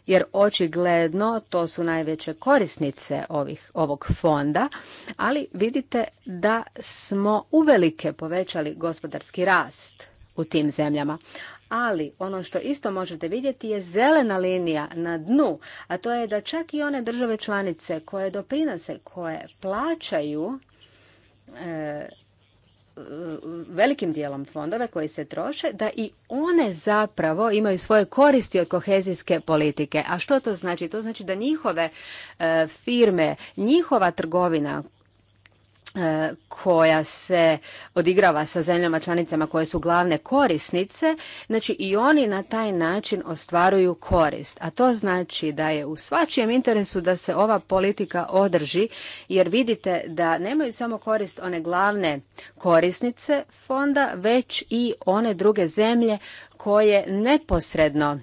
jer očigledno to su najveće korisnice ovih, ovog fonda, ali vidite da smo uvelike povećali gospodarski rast u tim zemljama. Ali ono što isto možete vidjeti je zelena linija na dnu, a to je da čak i one države članice koje doprinose, koje plaćaju e, velikim dijelom fondove koji se troše, da i one zapravo imaju svoje koristi od kohezijske politike. A što to znači? To znači da njihove e, firme, njihova trgovina E, koja se odigrava sa zemljama članicama koje su glavne korisnice, znači i oni na taj način ostvaruju korist. A to znači da je u svačijem interesu da se ova politika održi, jer vidite da nemaju samo korist one glavne korisnice fonda, već i one druge zemlje koje neposredno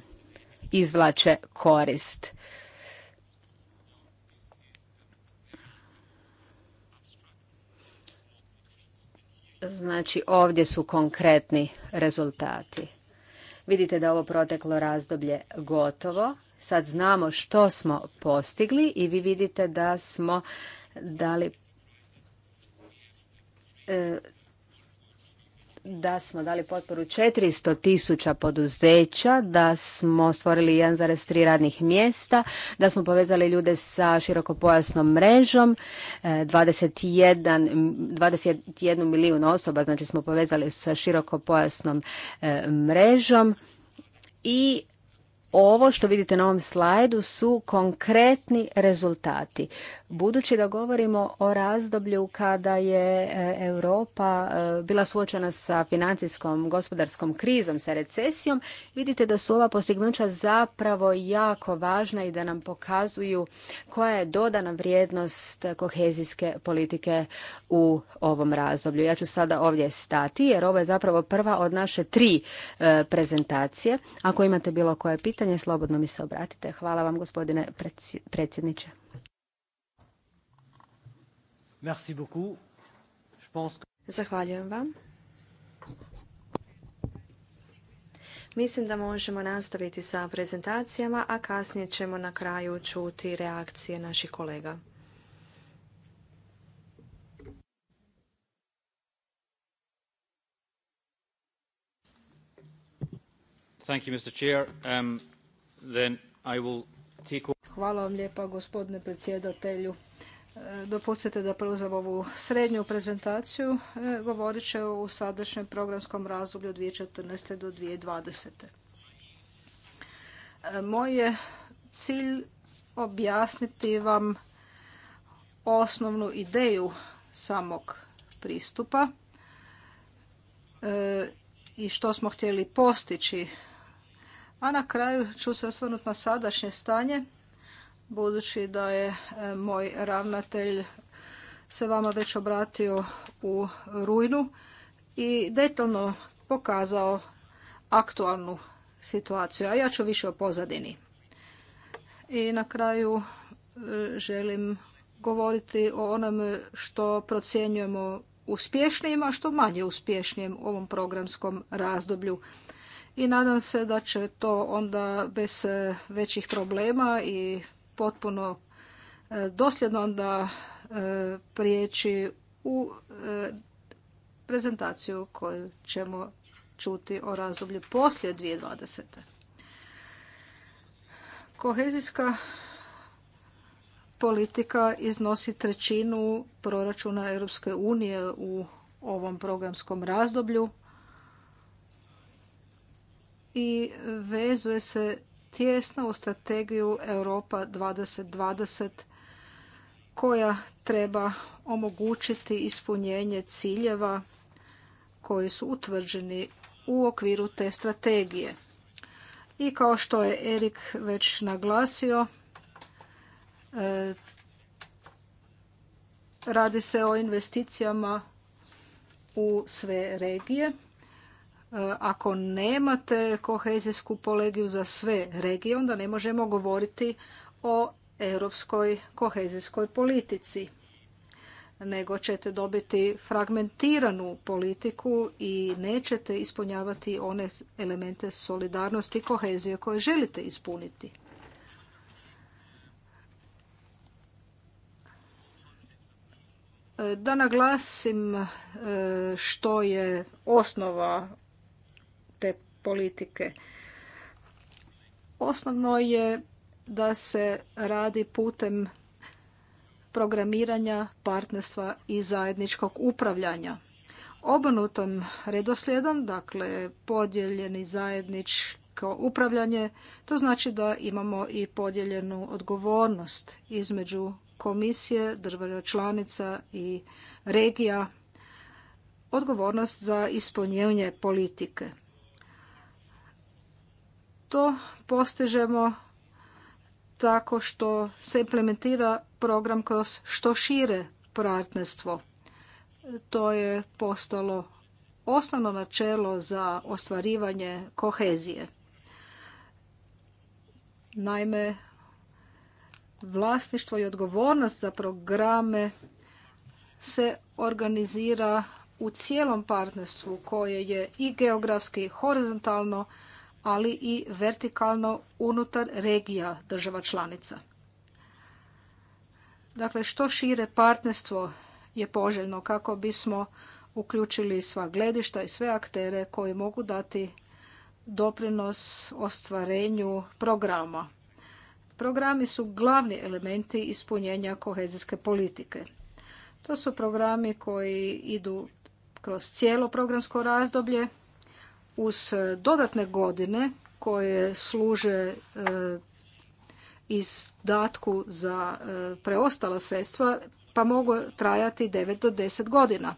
izvlače korist. Znači ovdje su konkretni rezultati. Vidite da ovo proteklo razdoblje gotovo. Sad znamo što smo postigli i vi vidite da smo dali e, da smo dali potporu 400 tisuća poduzeća, da smo stvorili 1,3 radnih mjesta, da smo povezali ljude sa širokopojasnom mrežom, 21, e, 21 milijun osoba znači smo povezali sa širokopojasnom e, mrežom i ovo što vidite na ovom slajdu su konkretni rezultati. Budući da govorimo o razdoblju kada je e, Europa e, bila suočena sa financijskom, gospodarskom krizom, sa recesijom, vidite da su ova postignuća zapravo jako važna i da nam pokazuju koja je dodana vrijednost kohezijske politike u ovom razdoblju. Ja ću sada ovdje stati jer ovo je zapravo prva od naše tri e, prezentacije. Ako imate bilo koje pitanje, pitanje, slobodno mi se obratite. Hvala vam gospodine predsjedniče. Merci beaucoup. Zahvaljujem vam. Mislim da možemo nastaviti sa prezentacijama, a kasnije ćemo na kraju čuti reakcije naših kolega. Thank you, Mr. Chair. Um... Hvala vam lijepa gospodine predsjedatelju. E, dopustite da preuzem ovu srednju prezentaciju. E, govorit će o sadašnjem programskom razdoblju od 2014. do 2020. E, moj je cilj objasniti vam osnovnu ideju samog pristupa i što smo htjeli postići a na kraju ću se osvrnuti na sadašnje stanje, budući da je e, moj ravnatelj se vama već obratio u rujnu i detaljno pokazao aktualnu situaciju, a ja ću više o pozadini. I na kraju e, želim govoriti o onom što procjenjujemo uspješnijim, a što manje uspješnijim u ovom programskom razdoblju i nadam se da će to onda bez e, većih problema i potpuno e, dosljedno onda e, prijeći u prezentaciju koju ćemo čuti o razdoblju poslije 2020. Kohezijska politika iznosi trećinu proračuna Europske unije u ovom programskom razdoblju i vezuje se tijesno u strategiju Europa 2020 koja treba omogućiti ispunjenje ciljeva koji su utvrđeni u okviru te strategije. I kao što je Erik već naglasio, e, radi se o investicijama u sve regije ako nemate kohezijsku polegiju za sve regije, onda ne možemo govoriti o europskoj kohezijskoj politici nego ćete dobiti fragmentiranu politiku i nećete ispunjavati one elemente solidarnosti i kohezije koje želite ispuniti. Da naglasim e, što je osnova politike. Osnovno je da se radi putem programiranja, partnerstva i zajedničkog upravljanja. Obrnutom redoslijedom, dakle podijeljeni zajedničko upravljanje, to znači da imamo i podijeljenu odgovornost između komisije, država članica i regija, odgovornost za ispunjenje politike. To postižemo tako što se implementira program kroz što šire partnerstvo. To je postalo osnovno načelo za ostvarivanje kohezije. Naime, vlasništvo i odgovornost za programe se organizira u cijelom partnerstvu koje je i geografski, horizontalno, ali i vertikalno unutar regija država članica. Dakle, što šire partnerstvo je poželjno kako bismo uključili sva gledišta i sve aktere koji mogu dati doprinos ostvarenju programa. Programi su glavni elementi ispunjenja kohezijske politike. To su programi koji idu kroz cijelo programsko razdoblje uz e, dodatne godine koje služe e, izdatku za e, preostala sredstva pa mogu trajati 9 do 10 godina.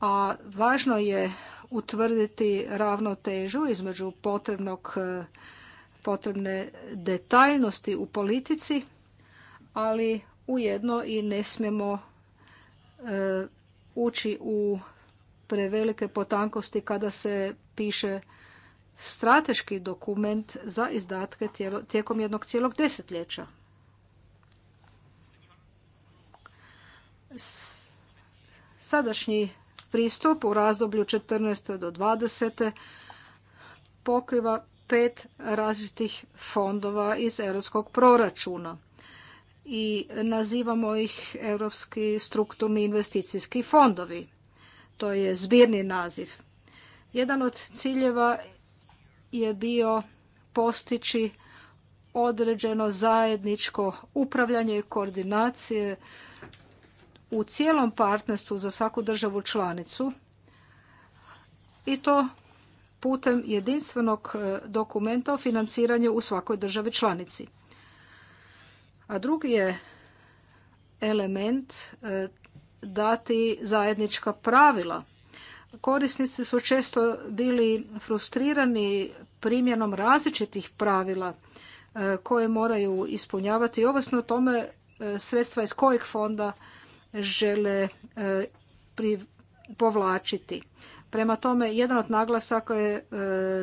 A važno je utvrditi ravnotežu između potrebnog, potrebne detaljnosti u politici, ali ujedno i ne smijemo ući u prevelike potankosti kada se piše strateški dokument za izdatke tijekom jednog cijelog desetljeća. Sadašnji pristup u razdoblju 14. do 20. pokriva pet različitih fondova iz europskog proračuna i nazivamo ih europski strukturni investicijski fondovi to je zbirni naziv. Jedan od ciljeva je bio postići određeno zajedničko upravljanje i koordinacije u cijelom partnerstvu za svaku državu članicu i to putem jedinstvenog e, dokumenta o financiranju u svakoj državi članici. A drugi je element e, dati zajednička pravila. Korisnici su često bili frustrirani primjenom različitih pravila e, koje moraju ispunjavati ovisno o tome e, sredstva iz kojeg fonda žele e, povlačiti. Prema tome, jedan od naglasaka je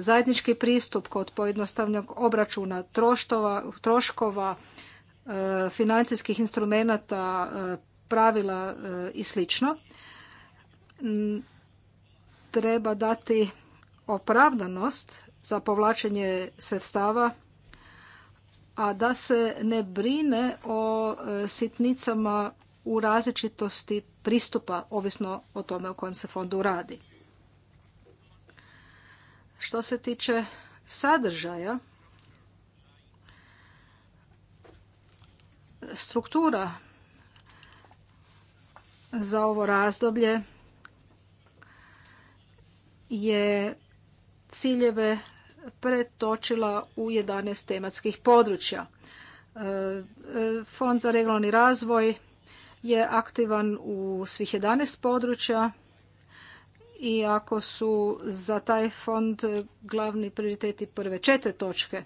zajednički pristup kod pojednostavnog obračuna troškova, financijskih instrumenata, pravila e, i slično. Treba dati opravdanost za povlačenje sredstava, a da se ne brine o e, sitnicama u različitosti pristupa, ovisno o tome o kojem se fondu radi. Što se tiče sadržaja, struktura za ovo razdoblje je ciljeve pretočila u 11 tematskih područja. E, e, fond za regionalni razvoj je aktivan u svih 11 područja i ako su za taj fond glavni prioriteti prve četiri točke,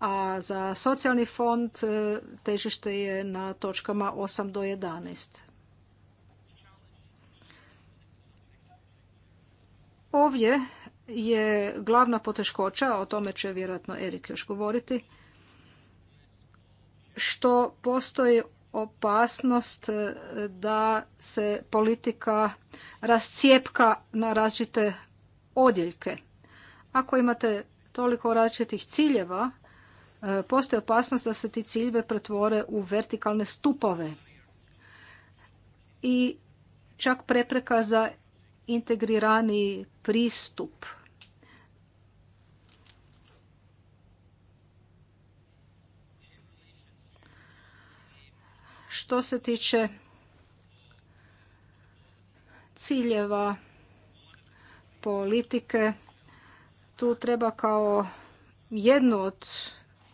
a za socijalni fond e, težište je na točkama 8 do 11. Ovdje je glavna poteškoća, o tome će vjerojatno Erik još govoriti, što postoji opasnost e, da se politika rascijepka na različite odjeljke. Ako imate toliko različitih ciljeva, e, postoji opasnost da se ti ciljeve pretvore u vertikalne stupove i čak prepreka za integrirani pristup što se tiče ciljeva politike tu treba kao jednu od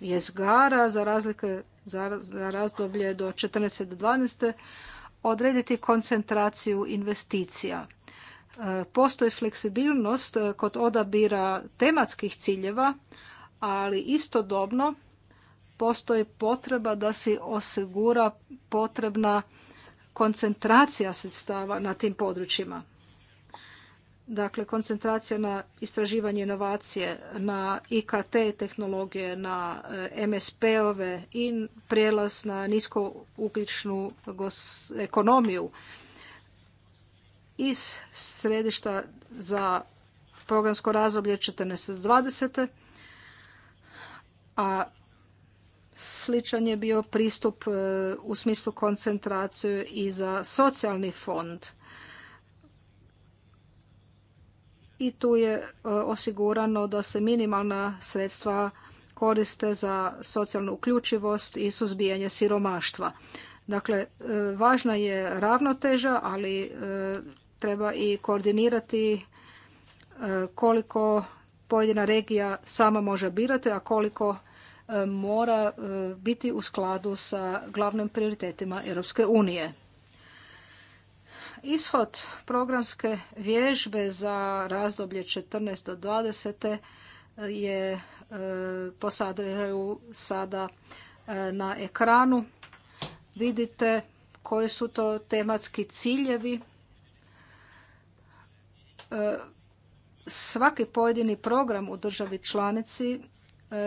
jezgara za razlike za razdoblje do 14. do 12. odrediti koncentraciju investicija. Postoji fleksibilnost e, kod odabira tematskih ciljeva, ali istodobno postoji potreba da se osigura potrebna koncentracija sredstava na tim područjima. Dakle, koncentracija na istraživanje inovacije, na IKT tehnologije, na e, MSP-ove i prijelaz na niskougljičnu ekonomiju iz središta za programsko razdoblje 1420, A sličan je bio pristup e, u smislu koncentracije i za socijalni fond. I tu je e, osigurano da se minimalna sredstva koriste za socijalnu uključivost i suzbijanje siromaštva. Dakle, e, važna je ravnoteža, ali treba i koordinirati e, koliko pojedina regija sama može birati, a koliko e, mora e, biti u skladu sa glavnim prioritetima Europske unije. Ishod programske vježbe za razdoblje 14 do 20 je po sadržaju sada na ekranu. Vidite koji su to tematski ciljevi E, svaki pojedini program u državi članici e,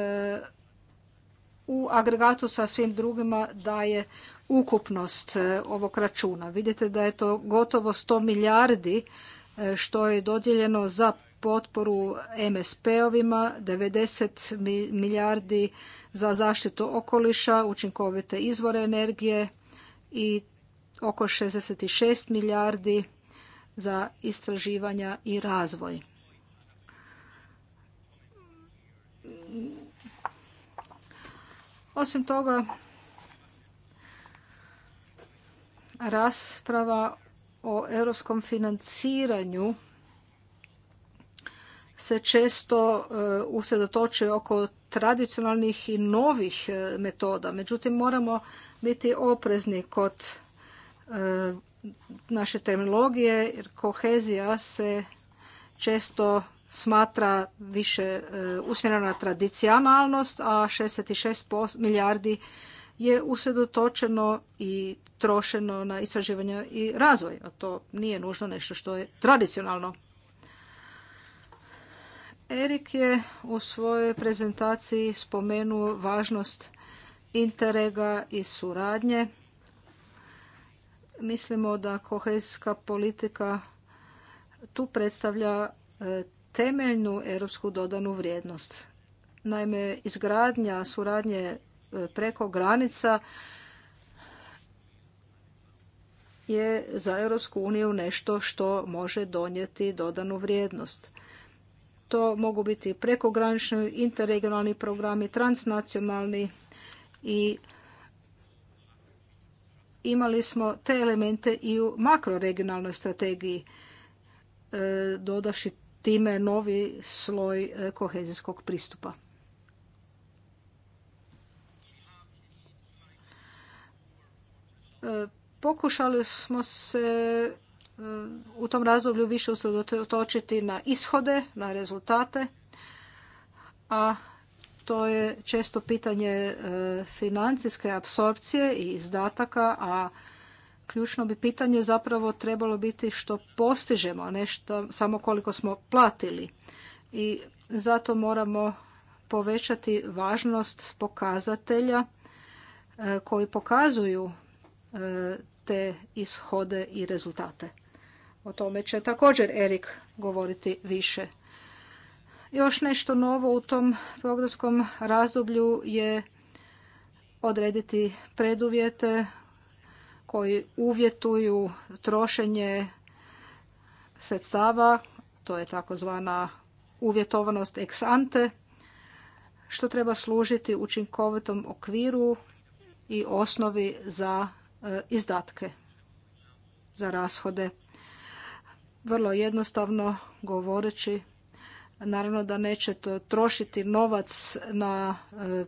u agregatu sa svim drugima daje ukupnost e, ovog računa. Vidite da je to gotovo 100 milijardi što je dodijeljeno za potporu MSP-ovima, 90 milijardi za zaštitu okoliša, učinkovite izvore energije i oko 66 milijardi za istraživanja i razvoj. Osim toga, rasprava o europskom financiranju se često e, usredotočuje oko tradicionalnih i novih e, metoda. Međutim, moramo biti oprezni kod e, naše terminologije jer kohezija se često smatra više e, usmjerena na tradicionalnost, a 66 milijardi je usredotočeno i trošeno na istraživanje i razvoj, a to nije nužno nešto što je tradicionalno. Erik je u svojoj prezentaciji spomenuo važnost interega i suradnje Mislimo da kohezijska politika tu predstavlja e, temeljnu europsku dodanu vrijednost. Naime, izgradnja suradnje e, preko granica je za Europsku uniju nešto što može donijeti dodanu vrijednost. To mogu biti prekogranični, interregionalni programi, transnacionalni i imali smo te elemente i u makroregionalnoj strategiji, e, dodavši time novi sloj e, kohezijskog pristupa. E, pokušali smo se u tom razdoblju više usredotočiti na ishode, na rezultate, a to je često pitanje e, financijske apsorpcije i izdataka, a ključno bi pitanje zapravo trebalo biti što postižemo, ne samo koliko smo platili. I zato moramo povećati važnost pokazatelja e, koji pokazuju e, te ishode i rezultate. O tome će također Erik govoriti više. Još nešto novo u tom programskom razdoblju je odrediti preduvjete koji uvjetuju trošenje sredstava, to je takozvana uvjetovanost ex ante, što treba služiti učinkovitom okviru i osnovi za e, izdatke, za rashode. Vrlo jednostavno govoreći, Naravno da nećete trošiti novac na e,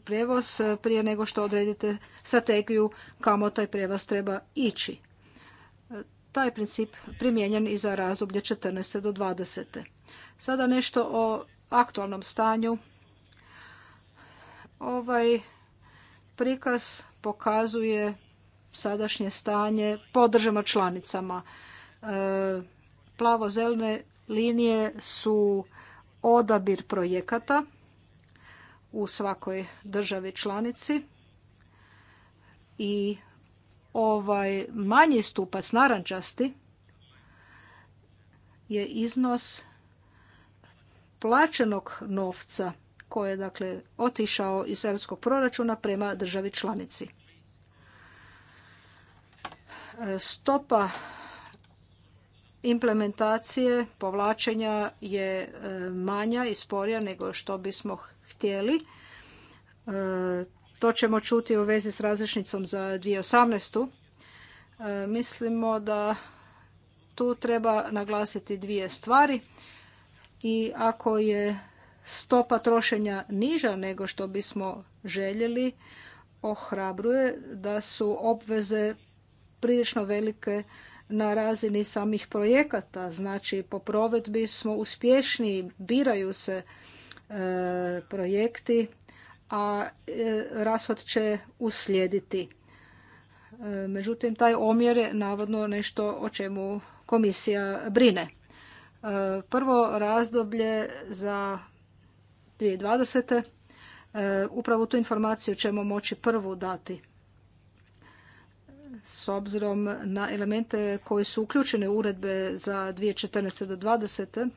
prijevoz, e, prije nego što odredite strategiju kamo taj prijevoz treba ići. E, taj princip primijenjen i za razdoblje 14. do 20. Sada nešto o aktualnom stanju. Ovaj prikaz pokazuje sadašnje stanje po državama članicama. Plavo-zelene linije su odabir projekata u svakoj državi članici i ovaj manji stupac narančasti je iznos plaćenog novca koji je dakle otišao iz europskog proračuna prema državi članici. Stopa implementacije povlačenja je e, manja i sporija nego što bismo htjeli. E, to ćemo čuti u vezi s različnicom za 2018. E, mislimo da tu treba naglasiti dvije stvari i ako je stopa trošenja niža nego što bismo željeli, ohrabruje da su obveze prilično velike na razini samih projekata, znači po provedbi smo uspješni, biraju se e, projekti, a e, rashod će uslijediti. E, međutim, taj omjer je navodno nešto o čemu komisija brine. E, prvo razdoblje za 2020. Upravo tu informaciju ćemo moći prvu dati s obzirom na elemente koji su uključene u uredbe za 2014. do 2020.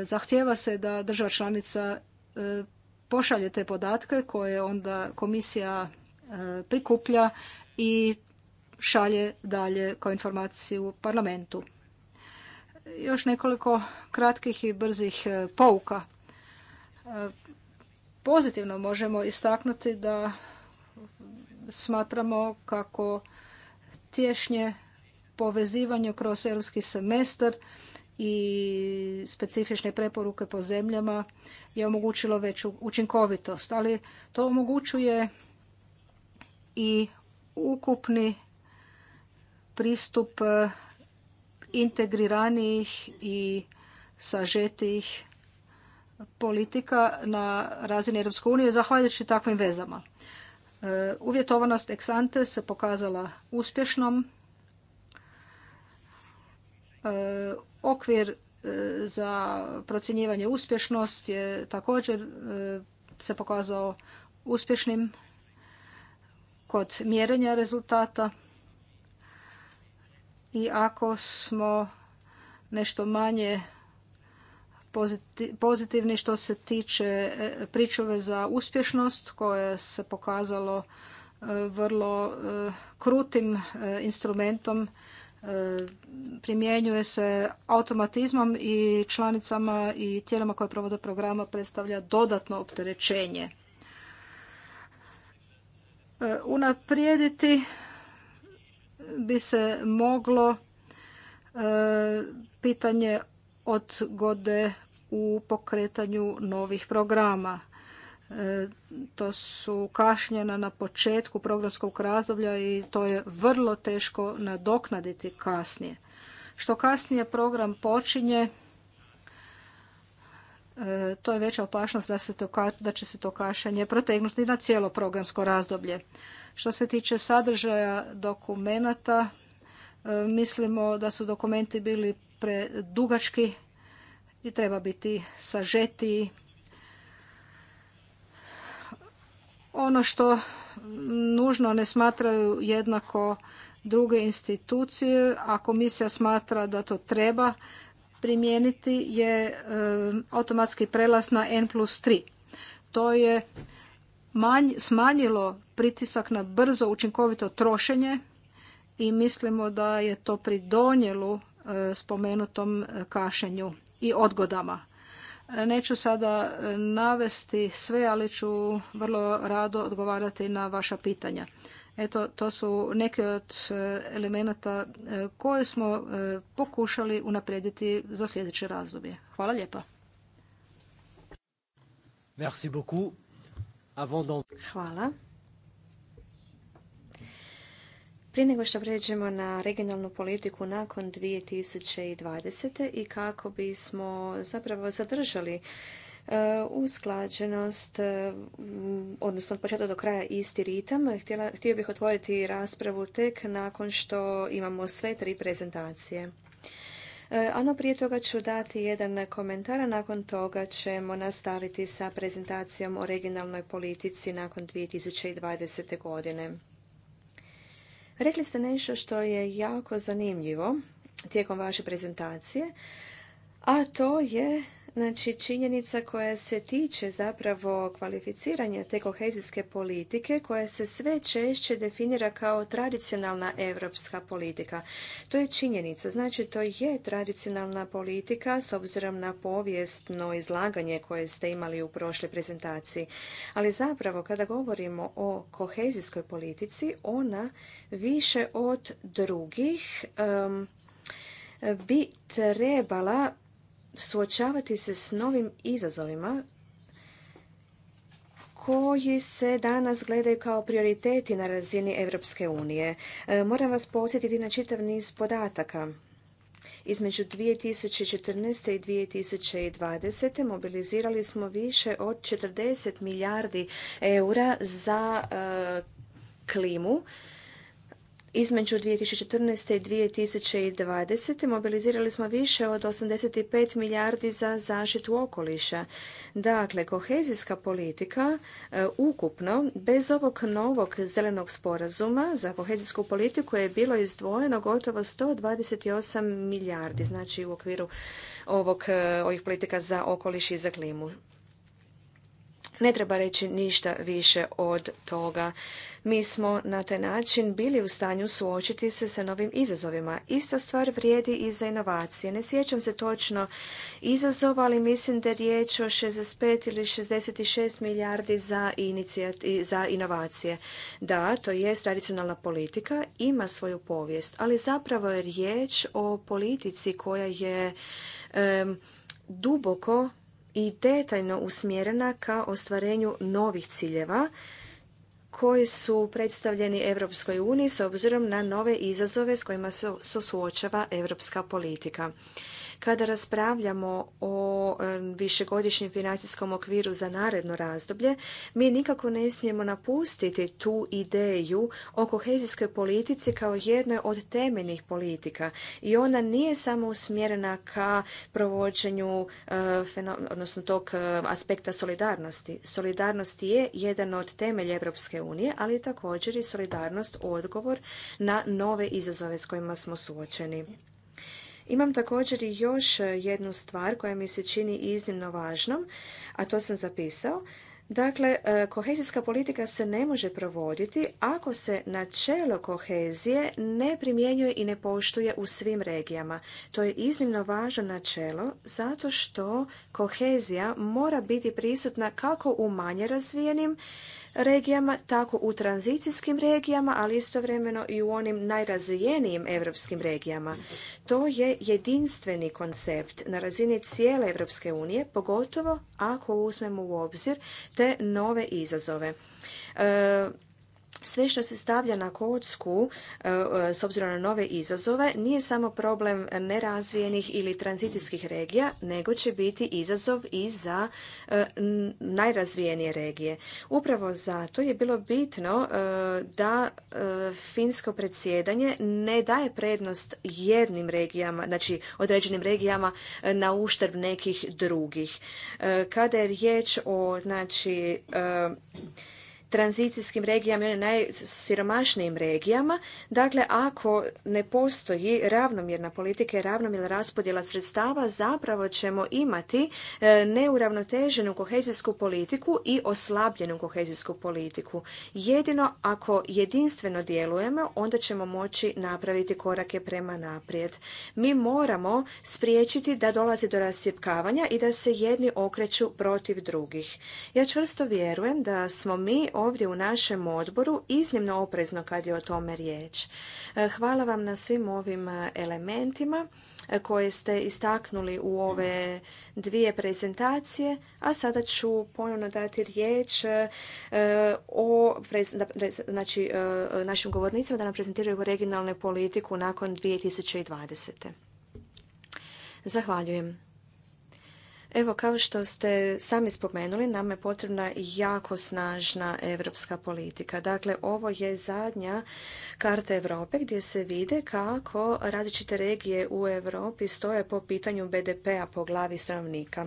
E, zahtjeva se da država članica e, pošalje te podatke koje onda komisija e, prikuplja i šalje dalje kao informaciju parlamentu. Još nekoliko kratkih i brzih pouka. Pozitivno možemo istaknuti da smatramo kako tješnje povezivanje kroz europski semestar i specifične preporuke po zemljama je omogućilo veću učinkovitost, ali to omogućuje i ukupni pristup eh, integriranijih i sažetijih politika na razini Europske unije zahvaljujući takvim vezama. E, uvjetovanost eksante se pokazala uspješnom. E, okvir e, za procjenjivanje uspješnosti je također se pokazao uspješnim kod mjerenja rezultata i ako smo nešto manje pozitivni što se tiče e, pričove za uspješnost koje se pokazalo e, vrlo e, krutim instrumentom primjenjuje se automatizmom i članicama i tijelima koje provode programa predstavlja dodatno opterećenje. Unaprijediti bi se moglo pitanje odgode u pokretanju novih programa. E, to su kašnjena na početku programskog razdoblja i to je vrlo teško nadoknaditi kasnije. Što kasnije program počinje, e, to je veća opasnost da, se da će se to kašanje protegnuti na cijelo programsko razdoblje. Što se tiče sadržaja dokumenata, e, mislimo da su dokumenti bili predugački i treba biti sažetiji. Ono što nužno ne smatraju jednako druge institucije, a komisija smatra da to treba primijeniti, je e, automatski prelaz na N plus 3. To je smanjilo pritisak na brzo učinkovito trošenje i mislimo da je to pridonijelo e, spomenutom e, kašenju i odgodama. Neću sada navesti sve, ali ću vrlo rado odgovarati na vaša pitanja. Eto, to su neki od e, elemenata e, koje smo e, pokušali unaprijediti za sljedeće razdoblje. Hvala lijepa. Hvala. Prije nego što pređemo na regionalnu politiku nakon 2020. i kako bismo zapravo zadržali e, usklađenost, e, odnosno od početka do kraja isti ritam. htio bih otvoriti raspravu tek nakon što imamo sve tri prezentacije. E, ano, prije toga ću dati jedan komentar, a nakon toga ćemo nastaviti sa prezentacijom o regionalnoj politici nakon 2020. godine. Rekli ste nešto što je jako zanimljivo tijekom vaše prezentacije, a to je Znači, činjenica koja se tiče zapravo kvalificiranja te kohezijske politike koja se sve češće definira kao tradicionalna europska politika. To je činjenica, znači to je tradicionalna politika s obzirom na povijesno izlaganje koje ste imali u prošloj prezentaciji. Ali zapravo kada govorimo o kohezijskoj politici, ona više od drugih bi trebala suočavati se s novim izazovima koji se danas gledaju kao prioriteti na razini Europske unije. E, moram vas podsjetiti na čitav niz podataka. Između 2014. i 2020. mobilizirali smo više od 40 milijardi eura za e, klimu između 2014. i 2020. mobilizirali smo više od 85 milijardi za zaštitu okoliša. Dakle, kohezijska politika e, ukupno, bez ovog novog zelenog sporazuma, za kohezijsku politiku je bilo izdvojeno gotovo 128 milijardi, znači u okviru ovog, e, ovih politika za okoliš i za klimu. Ne treba reći ništa više od toga. Mi smo na taj način bili u stanju suočiti se sa novim izazovima. Ista stvar vrijedi i za inovacije. Ne sjećam se točno izazova, ali mislim da je riječ o 65 ili 66 milijardi za, za inovacije. Da, to je tradicionalna politika, ima svoju povijest, ali zapravo je riječ o politici koja je um, duboko i detaljno usmjerena ka ostvarenju novih ciljeva koji su predstavljeni Europskoj uniji s obzirom na nove izazove s kojima se suočava europska politika. Kada raspravljamo o višegodišnjem financijskom okviru za naredno razdoblje, mi nikako ne smijemo napustiti tu ideju o kohezijskoj politici kao jednoj od temeljnih politika i ona nije samo usmjerena ka provođenju e, odnosno tog e, aspekta solidarnosti. Solidarnost je jedan od temelja Europske unije, ali također i solidarnost odgovor na nove izazove s kojima smo suočeni. Imam također i još e, jednu stvar koja mi se čini iznimno važnom, a to sam zapisao. Dakle, e, kohezijska politika se ne može provoditi ako se načelo kohezije ne primjenjuje i ne poštuje u svim regijama. To je iznimno važno načelo zato što kohezija mora biti prisutna kako u manje razvijenim regijama, tako u tranzicijskim regijama, ali istovremeno i u onim najrazvijenijim europskim regijama. To je jedinstveni koncept na razini cijele Europske unije, pogotovo ako uzmemo u obzir te nove izazove. E, sve što se stavlja na kocku e, e, s obzirom na nove izazove nije samo problem nerazvijenih ili tranzicijskih regija, nego će biti izazov i za e, najrazvijenije regije. Upravo zato je bilo bitno da finsko predsjedanje ne daje prednost jednim regijama, znači određenim regijama na uštrb nekih drugih. Kada je riječ o znači tranzicijskim regijama i onim najsiromašnijim regijama. Dakle, ako ne postoji ravnomjerna politika i ravnomjerna raspodjela sredstava, zapravo ćemo imati e, neuravnoteženu kohezijsku politiku i oslabljenu kohezijsku politiku. Jedino ako jedinstveno djelujemo, onda ćemo moći napraviti korake prema naprijed. Mi moramo spriječiti da dolazi do rasjepkavanja i da se jedni okreću protiv drugih. Ja čvrsto vjerujem da smo mi ovdje u našem odboru iznimno oprezno kad je o tome riječ. E, hvala vam na svim ovim e, elementima e, koje ste istaknuli u ove dvije prezentacije, a sada ću ponovno dati riječ o znači, našim govornicima da nam prezentiraju regionalnu politiku nakon 2020. Zahvaljujem. Evo, kao što ste sami spomenuli, nam je potrebna jako snažna europska politika. Dakle, ovo je zadnja karta Europe gdje se vide kako različite regije u Europi stoje po pitanju BDP-a po glavi stanovnika.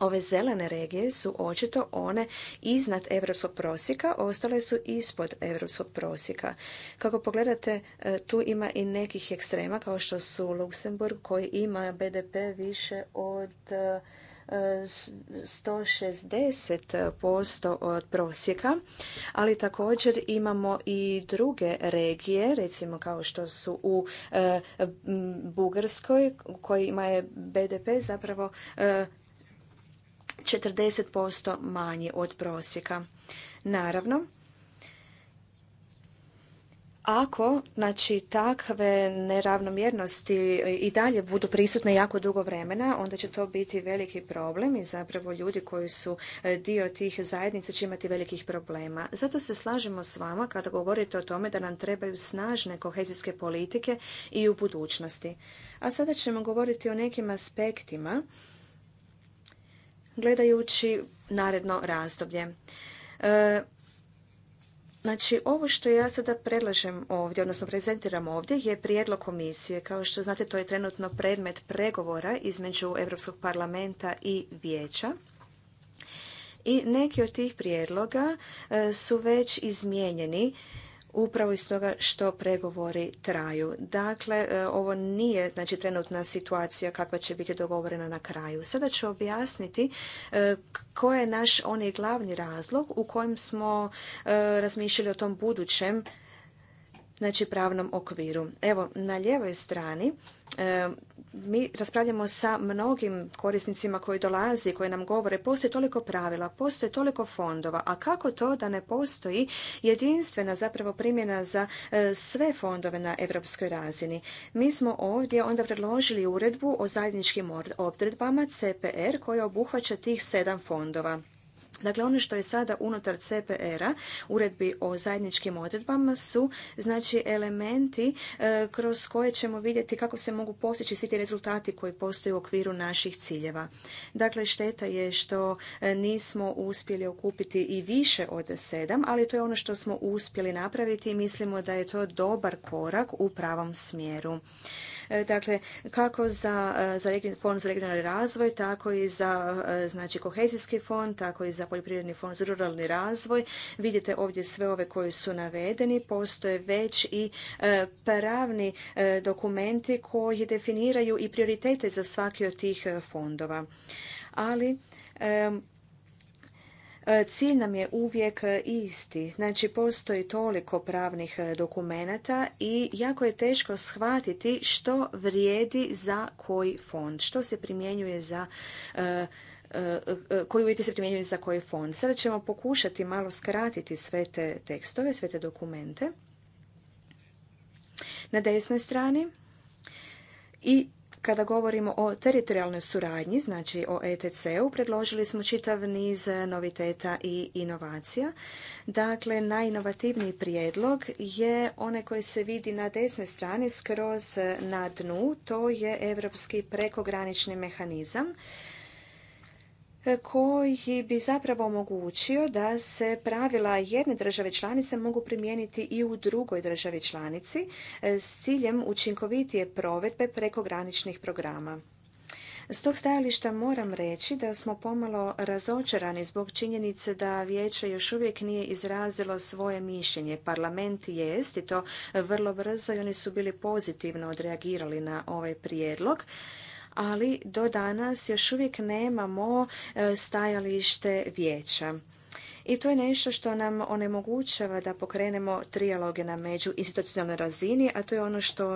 Ove zelene regije su očito one iznad europskog prosjeka, ostale su ispod europskog prosjeka. Kako pogledate, e, tu ima i nekih ekstrema kao što su Luksemburg koji ima BDP više od e, 160% od prosjeka, ali također imamo i druge regije, recimo kao što su u e, Bugarskoj, kojima je BDP zapravo 40% e, manje od prosjeka. Naravno, ako znači takve neravnomjernosti i dalje budu prisutne jako dugo vremena, onda će to biti veliki problem i zapravo ljudi koji su e, dio tih zajednica će imati velikih problema. Zato se slažemo s vama kada govorite o tome da nam trebaju snažne kohezijske politike i u budućnosti. A sada ćemo govoriti o nekim aspektima gledajući naredno razdoblje. E, Znači, ovo što ja sada predlažem ovdje, odnosno prezentiram ovdje, je prijedlog komisije. Kao što znate, to je trenutno predmet pregovora između Europskog parlamenta i vijeća. I neki od tih prijedloga e, su već izmijenjeni upravo iz toga što pregovori traju. Dakle, e, ovo nije znači, trenutna situacija kakva će biti dogovorena na kraju. Sada ću objasniti e, koji je naš onaj glavni razlog u kojem smo e, razmišljali o tom budućem znači pravnom okviru. Evo, na ljevoj strani mi raspravljamo sa mnogim korisnicima koji dolazi, koji nam govore postoji toliko pravila, postoje toliko fondova, a kako to da ne postoji jedinstvena zapravo primjena za e, sve fondove na europskoj razini. Mi smo ovdje onda predložili uredbu o zajedničkim odredbama CPR koja obuhvaća tih sedam fondova. Dakle, ono što je sada unutar CPR-a, uredbi o zajedničkim odredbama, su znači elementi e, kroz koje ćemo vidjeti kako se mogu postići svi ti rezultati koji postoje u okviru naših ciljeva. Dakle, šteta je što e, nismo uspjeli okupiti i više od sedam, ali to je ono što smo uspjeli napraviti i mislimo da je to dobar korak u pravom smjeru. E, dakle kako za, e, za fond za regionalni razvoj, tako i za e, znači kohezijski fond, tako i za poljoprivredni fond za ruralni razvoj. Vidite ovdje sve ove koji su navedeni, postoje već i pravni dokumenti koji definiraju i prioritete za svaki od tih fondova. Ali E, cilj nam je uvijek e, isti, znači postoji toliko pravnih e, dokumenata i jako je teško shvatiti što vrijedi za koji fond, što se primjenjuje za koji uvjeti se primjenjuju za koji fond. Sada ćemo pokušati malo skratiti sve te tekstove, sve te dokumente. Na desnoj strani i kada govorimo o teritorijalnoj suradnji, znači o ETC-u, predložili smo čitav niz noviteta i inovacija. Dakle, najinovativniji prijedlog je onaj koji se vidi na desnoj strani skroz na dnu, to je europski prekogranični mehanizam koji bi zapravo omogućio da se pravila jedne države članice mogu primijeniti i u drugoj državi članici e, s ciljem učinkovitije provedbe prekograničnih programa. S tog stajališta moram reći da smo pomalo razočarani zbog činjenice da vijeće još uvijek nije izrazilo svoje mišljenje. Parlament jest i to vrlo brzo i oni su bili pozitivno odreagirali na ovaj prijedlog ali do danas još uvijek nemamo e, stajalište vijeća. I to je nešto što nam onemogućava da pokrenemo trijaloge na među institucionalnoj razini, a to je ono što,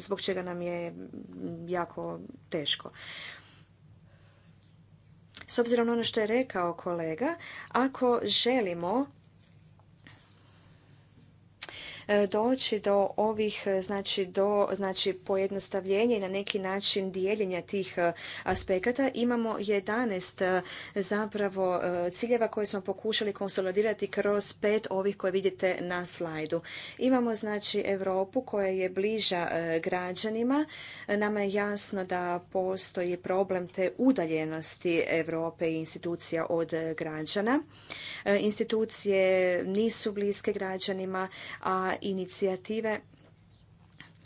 zbog čega nam je jako teško. S obzirom na ono što je rekao kolega, ako želimo doći do ovih, znači do znači pojednostavljenja i na neki način dijeljenja tih e, aspekata. Imamo 11 e, zapravo e, ciljeva koje smo pokušali konsolidirati kroz pet ovih koje vidite na slajdu. Imamo znači Europu koja je bliža građanima. Nama je jasno da postoji problem te udaljenosti Europe i institucija od građana. Institucije nisu bliske građanima, a inicijative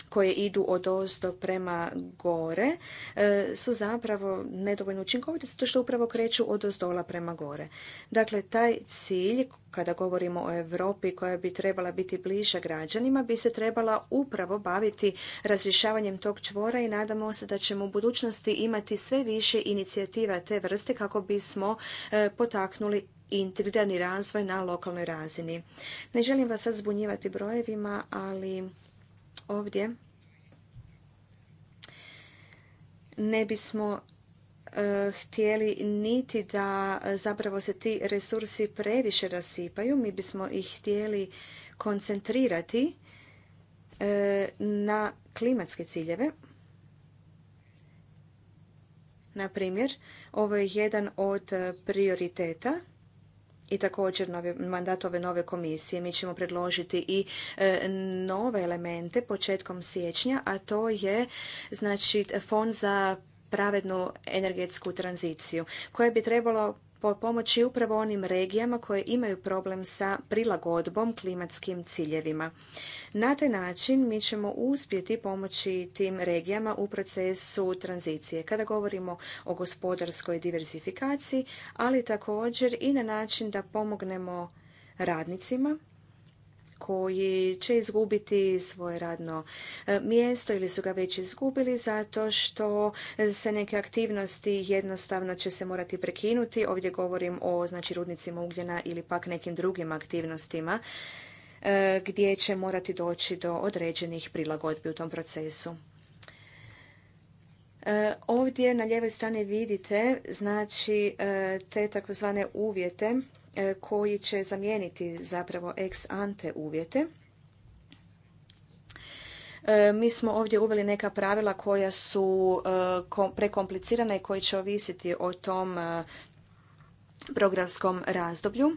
koje idu od ozdo prema gore e, su zapravo nedovoljno učinkovite zato što upravo kreću od ozdola prema gore. Dakle, taj cilj kada govorimo o Europi koja bi trebala biti bliža građanima bi se trebala upravo baviti razrješavanjem tog čvora i nadamo se da ćemo u budućnosti imati sve više inicijativa te vrste kako bismo e, potaknuli integrirani razvoj na lokalnoj razini. Ne želim vas sad zbunjivati brojevima, ali ovdje ne bismo e, htjeli niti da zapravo se ti resursi previše rasipaju. Mi bismo ih htjeli koncentrirati e, na klimatske ciljeve. Na primjer, ovo je jedan od prioriteta i također novi, mandat ove nove komisije. Mi ćemo predložiti i e, nove elemente početkom siječnja, a to je znači fond za pravednu energetsku tranziciju koje bi trebalo pomoći upravo onim regijama koje imaju problem sa prilagodbom klimatskim ciljevima. Na taj način mi ćemo uspjeti pomoći tim regijama u procesu tranzicije kada govorimo o gospodarskoj diversifikaciji, ali također i na način da pomognemo radnicima koji će izgubiti svoje radno e, mjesto ili su ga već izgubili zato što se neke aktivnosti jednostavno će se morati prekinuti. Ovdje govorim o znači rudnicima ugljena ili pak nekim drugim aktivnostima e, gdje će morati doći do određenih prilagodbi u tom procesu. E, ovdje na lijevoj strani vidite znači te takozvane uvjete E, koji će zamijeniti zapravo ex ante uvjete. E, mi smo ovdje uveli neka pravila koja su e, prekomplicirana i koji će ovisiti o tom programskom razdoblju.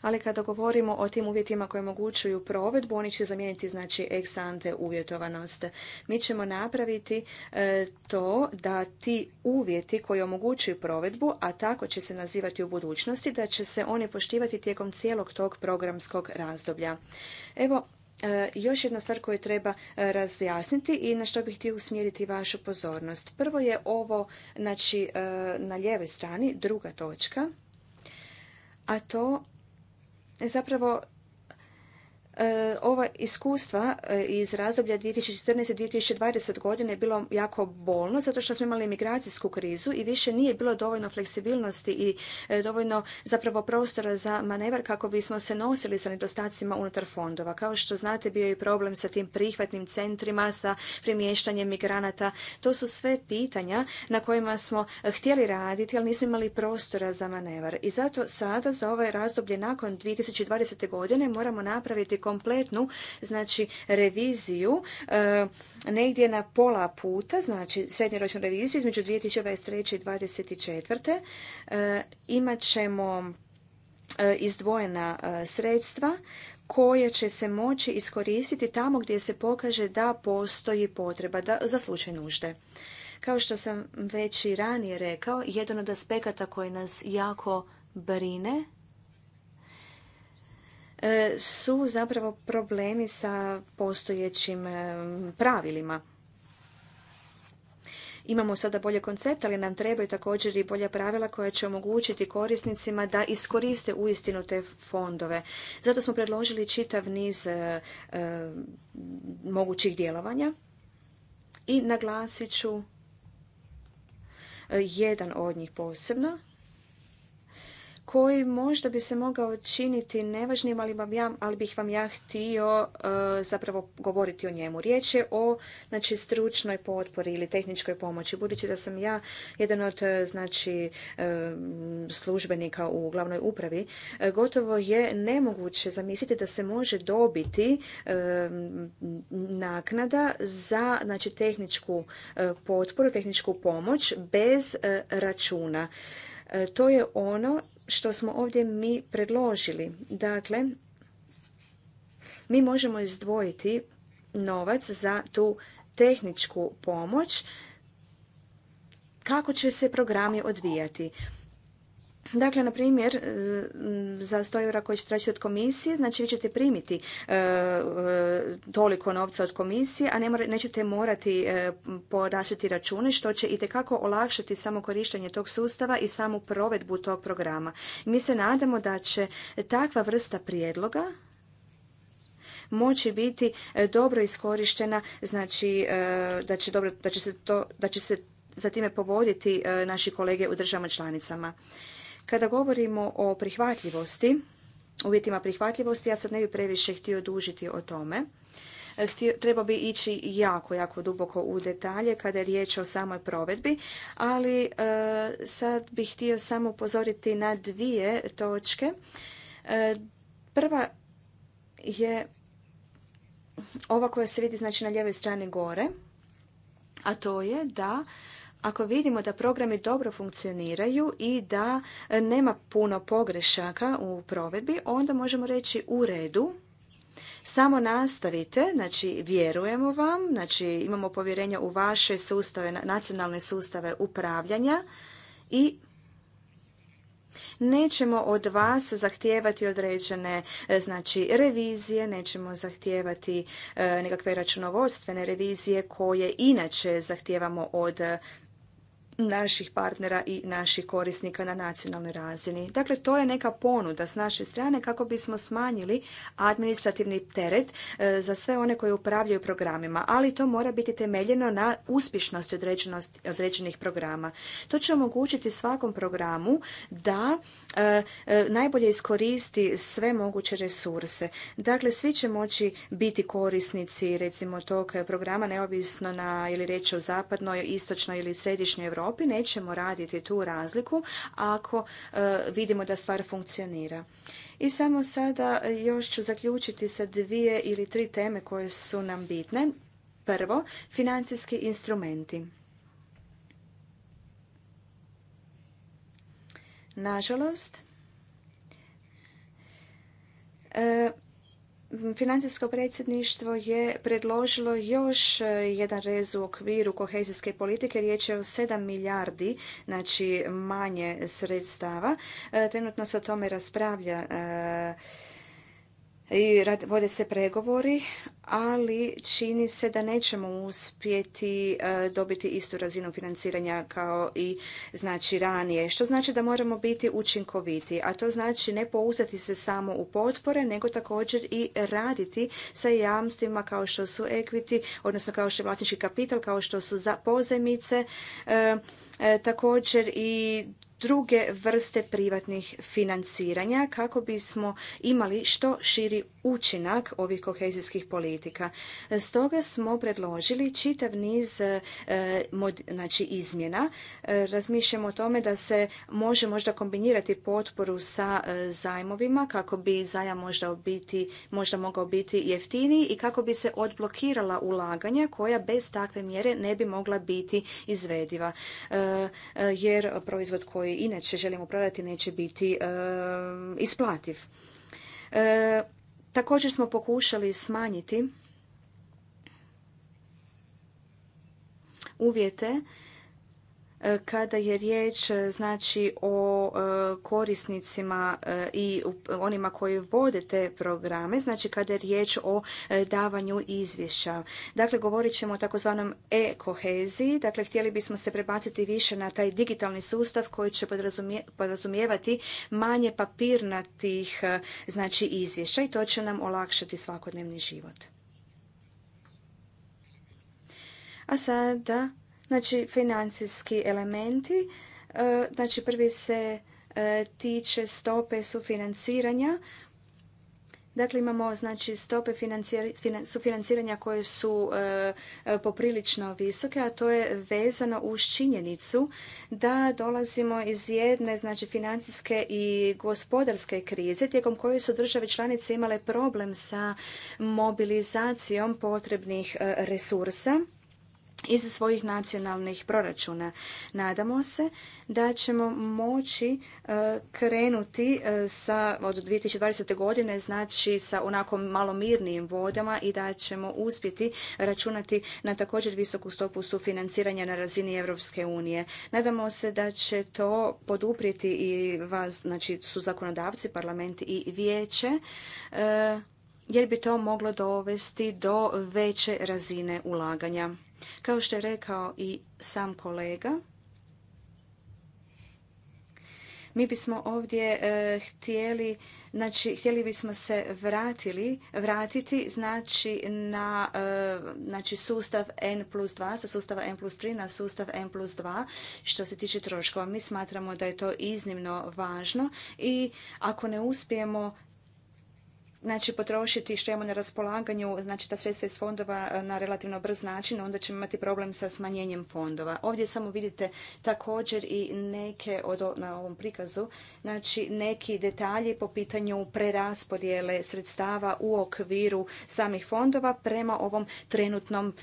Ali kada govorimo o tim uvjetima koje omogućuju provedbu, oni će zamijeniti znači ex ante uvjetovanost. Mi ćemo napraviti e, to da ti uvjeti koji omogućuju provedbu, a tako će se nazivati u budućnosti, da će se oni poštivati tijekom cijelog tog programskog razdoblja. Evo, e, još jedna stvar koju treba e, razjasniti i na što bih htio usmjeriti vašu pozornost. Prvo je ovo, znači, na lijevoj strani, druga točka a to zapravo E, ova iskustva e, iz razdoblja 2014-2020 godine je bilo jako bolno zato što smo imali migracijsku krizu i više nije bilo dovoljno fleksibilnosti i e, dovoljno zapravo prostora za manevar kako bismo se nosili sa nedostacima unutar fondova. Kao što znate bio je problem sa tim prihvatnim centrima, sa primještanjem migranata. To su sve pitanja na kojima smo htjeli raditi, ali nismo imali prostora za manevar. I zato sada za ovaj razdoblje nakon 2020. godine moramo napraviti kompletnu znači reviziju e, negdje na pola puta, znači srednjeročnu reviziju između 2023. i 2024. E, imat ćemo e, izdvojena sredstva koje će se moći iskoristiti tamo gdje se pokaže da postoji potreba da, za slučaj nužde. Kao što sam već i ranije rekao, jedan od aspekata koji nas jako brine E, su zapravo problemi sa postojećim e, pravilima. Imamo sada bolje koncept, ali nam trebaju također i bolja pravila koja će omogućiti korisnicima da iskoriste uistinu te fondove. Zato smo predložili čitav niz e, mogućih djelovanja i naglasit ću jedan od njih posebno koji možda bi se mogao činiti nevažnim, ali, ja, ali bih vam ja htio e, zapravo govoriti o njemu. Riječ je o znači, stručnoj potpori ili tehničkoj pomoći. Budući da sam ja jedan od e, znači, e, službenika u glavnoj upravi, gotovo je nemoguće zamisliti da se može dobiti naknada za znači, tehničku potporu, tehničku pomoć bez računa to je ono što smo ovdje mi predložili. Dakle, mi možemo izdvojiti novac za tu tehničku pomoć kako će se programi odvijati. Dakle, na primjer, e, za 100 eura koji će tražiti od komisije, znači vi ćete primiti e, e, toliko novca od komisije, a nećete morati porasiti račune, što će i tekako olakšati samo korištenje tog sustava i samu provedbu tog programa. Mi se nadamo da će takva vrsta prijedloga moći biti dobro iskorištena, znači da će, dobro, da će se to, da će se za time povoditi naši kolege u državama članicama. Kada govorimo o prihvatljivosti, uvjetima prihvatljivosti, ja sad ne bi previše htio dužiti o tome. treba bi ići jako, jako duboko u detalje kada je riječ o samoj provedbi, ali e, sad bih htio samo pozoriti na dvije točke. E, prva je ova koja se vidi znači na ljevoj strani gore, a to je da ako vidimo da programi dobro funkcioniraju i da e, nema puno pogrešaka u provedbi, onda možemo reći u redu, samo nastavite, znači vjerujemo vam, znači imamo povjerenja u vaše sustave, nacionalne sustave upravljanja i Nećemo od vas zahtijevati određene e, znači, revizije, nećemo zahtijevati e, nekakve računovodstvene revizije koje inače zahtijevamo od naših partnera i naših korisnika na nacionalnoj razini. Dakle, to je neka ponuda s naše strane kako bismo smanjili administrativni teret e, za sve one koji upravljaju programima, ali to mora biti temeljeno na uspješnosti određenih programa. To će omogućiti svakom programu da e, e, najbolje iskoristi sve moguće resurse. Dakle, svi će moći biti korisnici recimo tog programa neovisno na, ili reći o zapadnoj, istočnoj ili središnjoj Evropi. Europi nećemo raditi tu razliku ako e, vidimo da stvar funkcionira. I samo sada e, još ću zaključiti sa dvije ili tri teme koje su nam bitne. Prvo, financijski instrumenti. Nažalost, e, Financijsko predsjedništvo je predložilo još e, jedan rez u okviru kohezijske politike. Riječ je o 7 milijardi, znači manje sredstava. E, trenutno se o tome raspravlja e, i vode se pregovori, ali čini se da nećemo uspjeti e, dobiti istu razinu financiranja kao i znači ranije. Što znači da moramo biti učinkoviti, a to znači ne pouzati se samo u potpore, nego također i raditi sa jamstvima kao što su equity, odnosno kao što je vlasnički kapital, kao što su pozemice, e, e, također i druge vrste privatnih financiranja kako bismo imali što širi učinak ovih kohezijskih politika. Stoga smo predložili čitav niz e, znači, izmjena. E, razmišljamo o tome da se može možda kombinirati potporu sa e, zajmovima kako bi zajam možda, biti, možda mogao biti jeftiniji i kako bi se odblokirala ulaganja koja bez takve mjere ne bi mogla biti izvediva. Jer proizvod koji inače želimo prodati neće biti isplativ. Također smo pokušali smanjiti uvjete kada je riječ e, znači o e, korisnicima e, i onima koji vode te programe, znači kada je riječ o davanju izvješća. Dakle, govorit ćemo o takozvanom e-koheziji, dakle htjeli bismo se prebaciti više na taj digitalni sustav koji će podrazumijevati manje papirnatih znači izvješća i to će nam olakšati svakodnevni život. A sada Znači, financijski elementi. E, znači, prvi se e, tiče stope sufinanciranja. Dakle, imamo znači, stope sufinanciranja koje su e, poprilično visoke, a to je vezano uz činjenicu da dolazimo iz jedne znači, financijske i gospodarske krize tijekom koje su države članice imale problem sa mobilizacijom potrebnih resursa iz svojih nacionalnih proračuna. Nadamo se da ćemo moći e, krenuti e, sa, od 2020. godine, znači sa onako malo mirnijim vodama i da ćemo uspjeti računati na također visoku stopu sufinanciranja na razini Europske unije. Nadamo se da će to poduprijeti i vas, znači su zakonodavci, parlament i vijeće, e, jer bi to moglo dovesti do veće razine ulaganja. Kao što je rekao i sam kolega, mi bismo ovdje e, htjeli, znači htjeli bismo se vratili, vratiti znači na e, znači sustav N plus 2, sa sustava N plus 3 na sustav N plus 2 što se tiče troškova. Mi smatramo da je to iznimno važno i ako ne uspijemo znači potrošiti što imamo na raspolaganju, znači ta sredstva iz fondova e, na relativno brz način, onda ćemo imati problem sa smanjenjem fondova. Ovdje samo vidite također i neke od, na ovom prikazu, znači neki detalji po pitanju preraspodjele sredstava u okviru samih fondova prema ovom trenutnom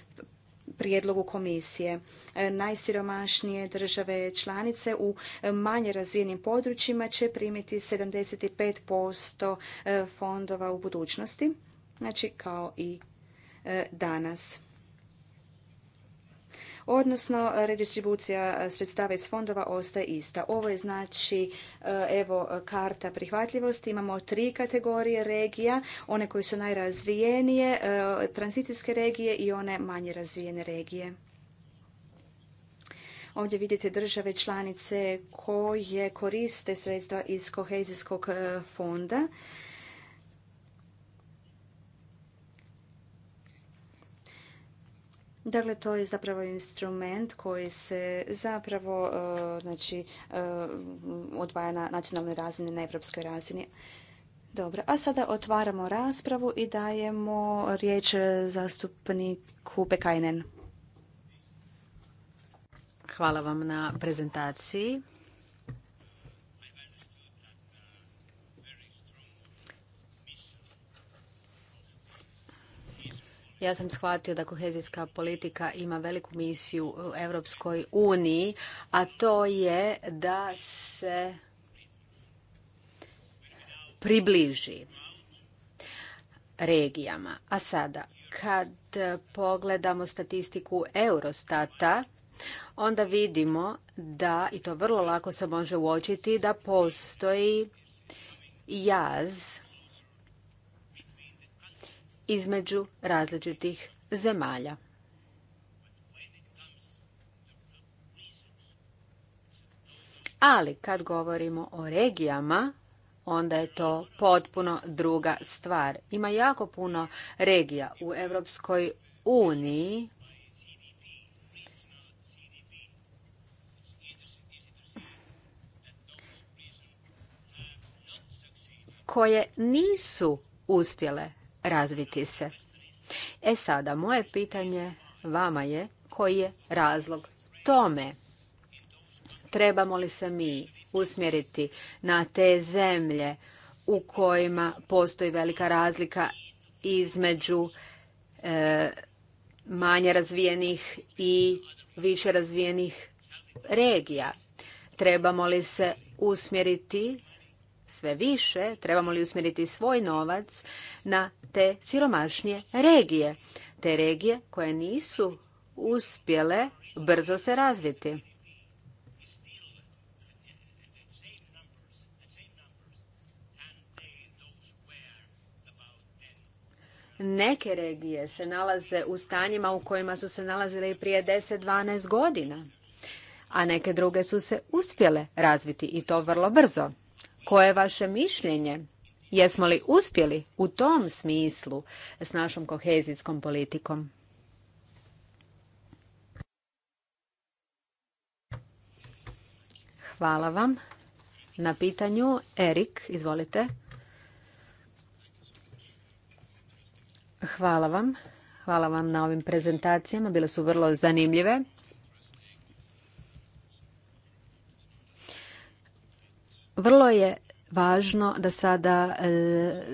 prijedlogu komisije. E, najsiromašnije države članice u e, manje razvijenim područjima će primiti 75% e, fondova u budućnosti, znači kao i danas odnosno e, redistribucija e, sredstava iz fondova ostaje ista. Ovo je znači e, evo karta prihvatljivosti. Imamo tri kategorije regija, one koje su najrazvijenije, tranzicijske regije i one manje razvijene regije. Ovdje vidite države članice koje koriste sredstva iz kohezijskog fonda. Dakle, to je zapravo instrument koji se zapravo e, znači, e, odvaja na nacionalnoj razini, na evropskoj razini. Dobro, a sada otvaramo raspravu i dajemo riječ zastupniku Pekajnen. Hvala vam na prezentaciji. Ja sam shvatio da kohezijska politika ima veliku misiju u Europskoj uniji, a to je da se približi regijama. A sada, kad pogledamo statistiku Eurostata, onda vidimo da, i to vrlo lako se može uočiti, da postoji jaz između različitih zemalja. Ali kad govorimo o regijama, onda je to potpuno druga stvar. Ima jako puno regija u Europskoj uniji. koje nisu uspjele razviti se. E sada, moje pitanje vama je koji je razlog tome? Trebamo li se mi usmjeriti na te zemlje u kojima postoji velika razlika između e, manje razvijenih i više razvijenih regija? Trebamo li se usmjeriti sve više, trebamo li usmjeriti svoj novac na te siromašnije regije, te regije koje nisu uspjele brzo se razviti. Neke regije se nalaze u stanjima u kojima su se nalazile i prije 10-12 godina, a neke druge su se uspjele razviti i to vrlo brzo. Koje je vaše mišljenje? Jesmo li uspjeli u tom smislu s našom kohezijskom politikom? Hvala vam na pitanju. Erik, izvolite. Hvala vam. Hvala vam na ovim prezentacijama, bile su vrlo zanimljive. Vrlo je važno da sada e,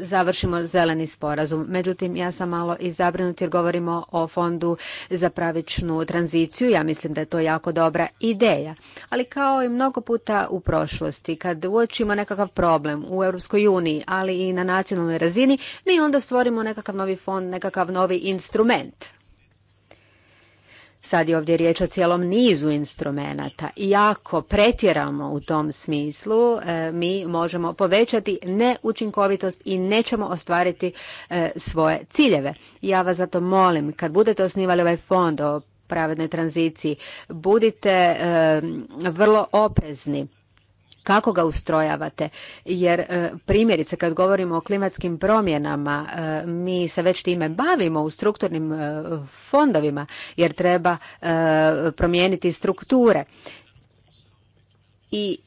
završimo zeleni sporazum. Međutim, ja sam malo i zabrinut jer govorimo o fondu za pravičnu tranziciju. Ja mislim da je to jako dobra ideja. Ali kao i mnogo puta u prošlosti, kad uočimo nekakav problem u Europskoj uniji, ali i na nacionalnoj razini, mi onda stvorimo nekakav novi fond, nekakav novi instrument. Sad je ovdje riječ o cijelom nizu instrumenata i ako pretjeramo u tom smislu, e, mi možemo povećati neučinkovitost i nećemo ostvariti e, svoje ciljeve. Ja vas zato molim, kad budete osnivali ovaj fond o pravednoj tranziciji, budite e, vrlo oprezni kako ga ustrojavate. Jer e, primjerice kad govorimo o klimatskim promjenama, e, mi se već time bavimo u strukturnim e, fondovima jer treba promijeniti strukture. I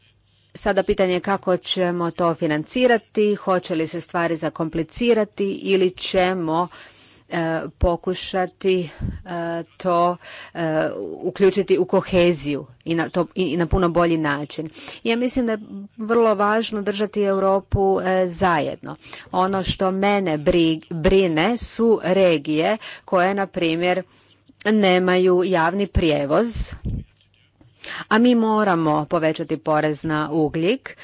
sada pitanje je kako ćemo to financirati, hoće li se stvari zakomplicirati ili ćemo E, pokušati e, to e, uključiti u koheziju i na, i na puno bolji način. Ja mislim da je vrlo važno držati Europu zajedno. Ono što mene brine su regije koje, na primjer, nemaju javni prijevoz, a mi moramo povećati porez na ugljik,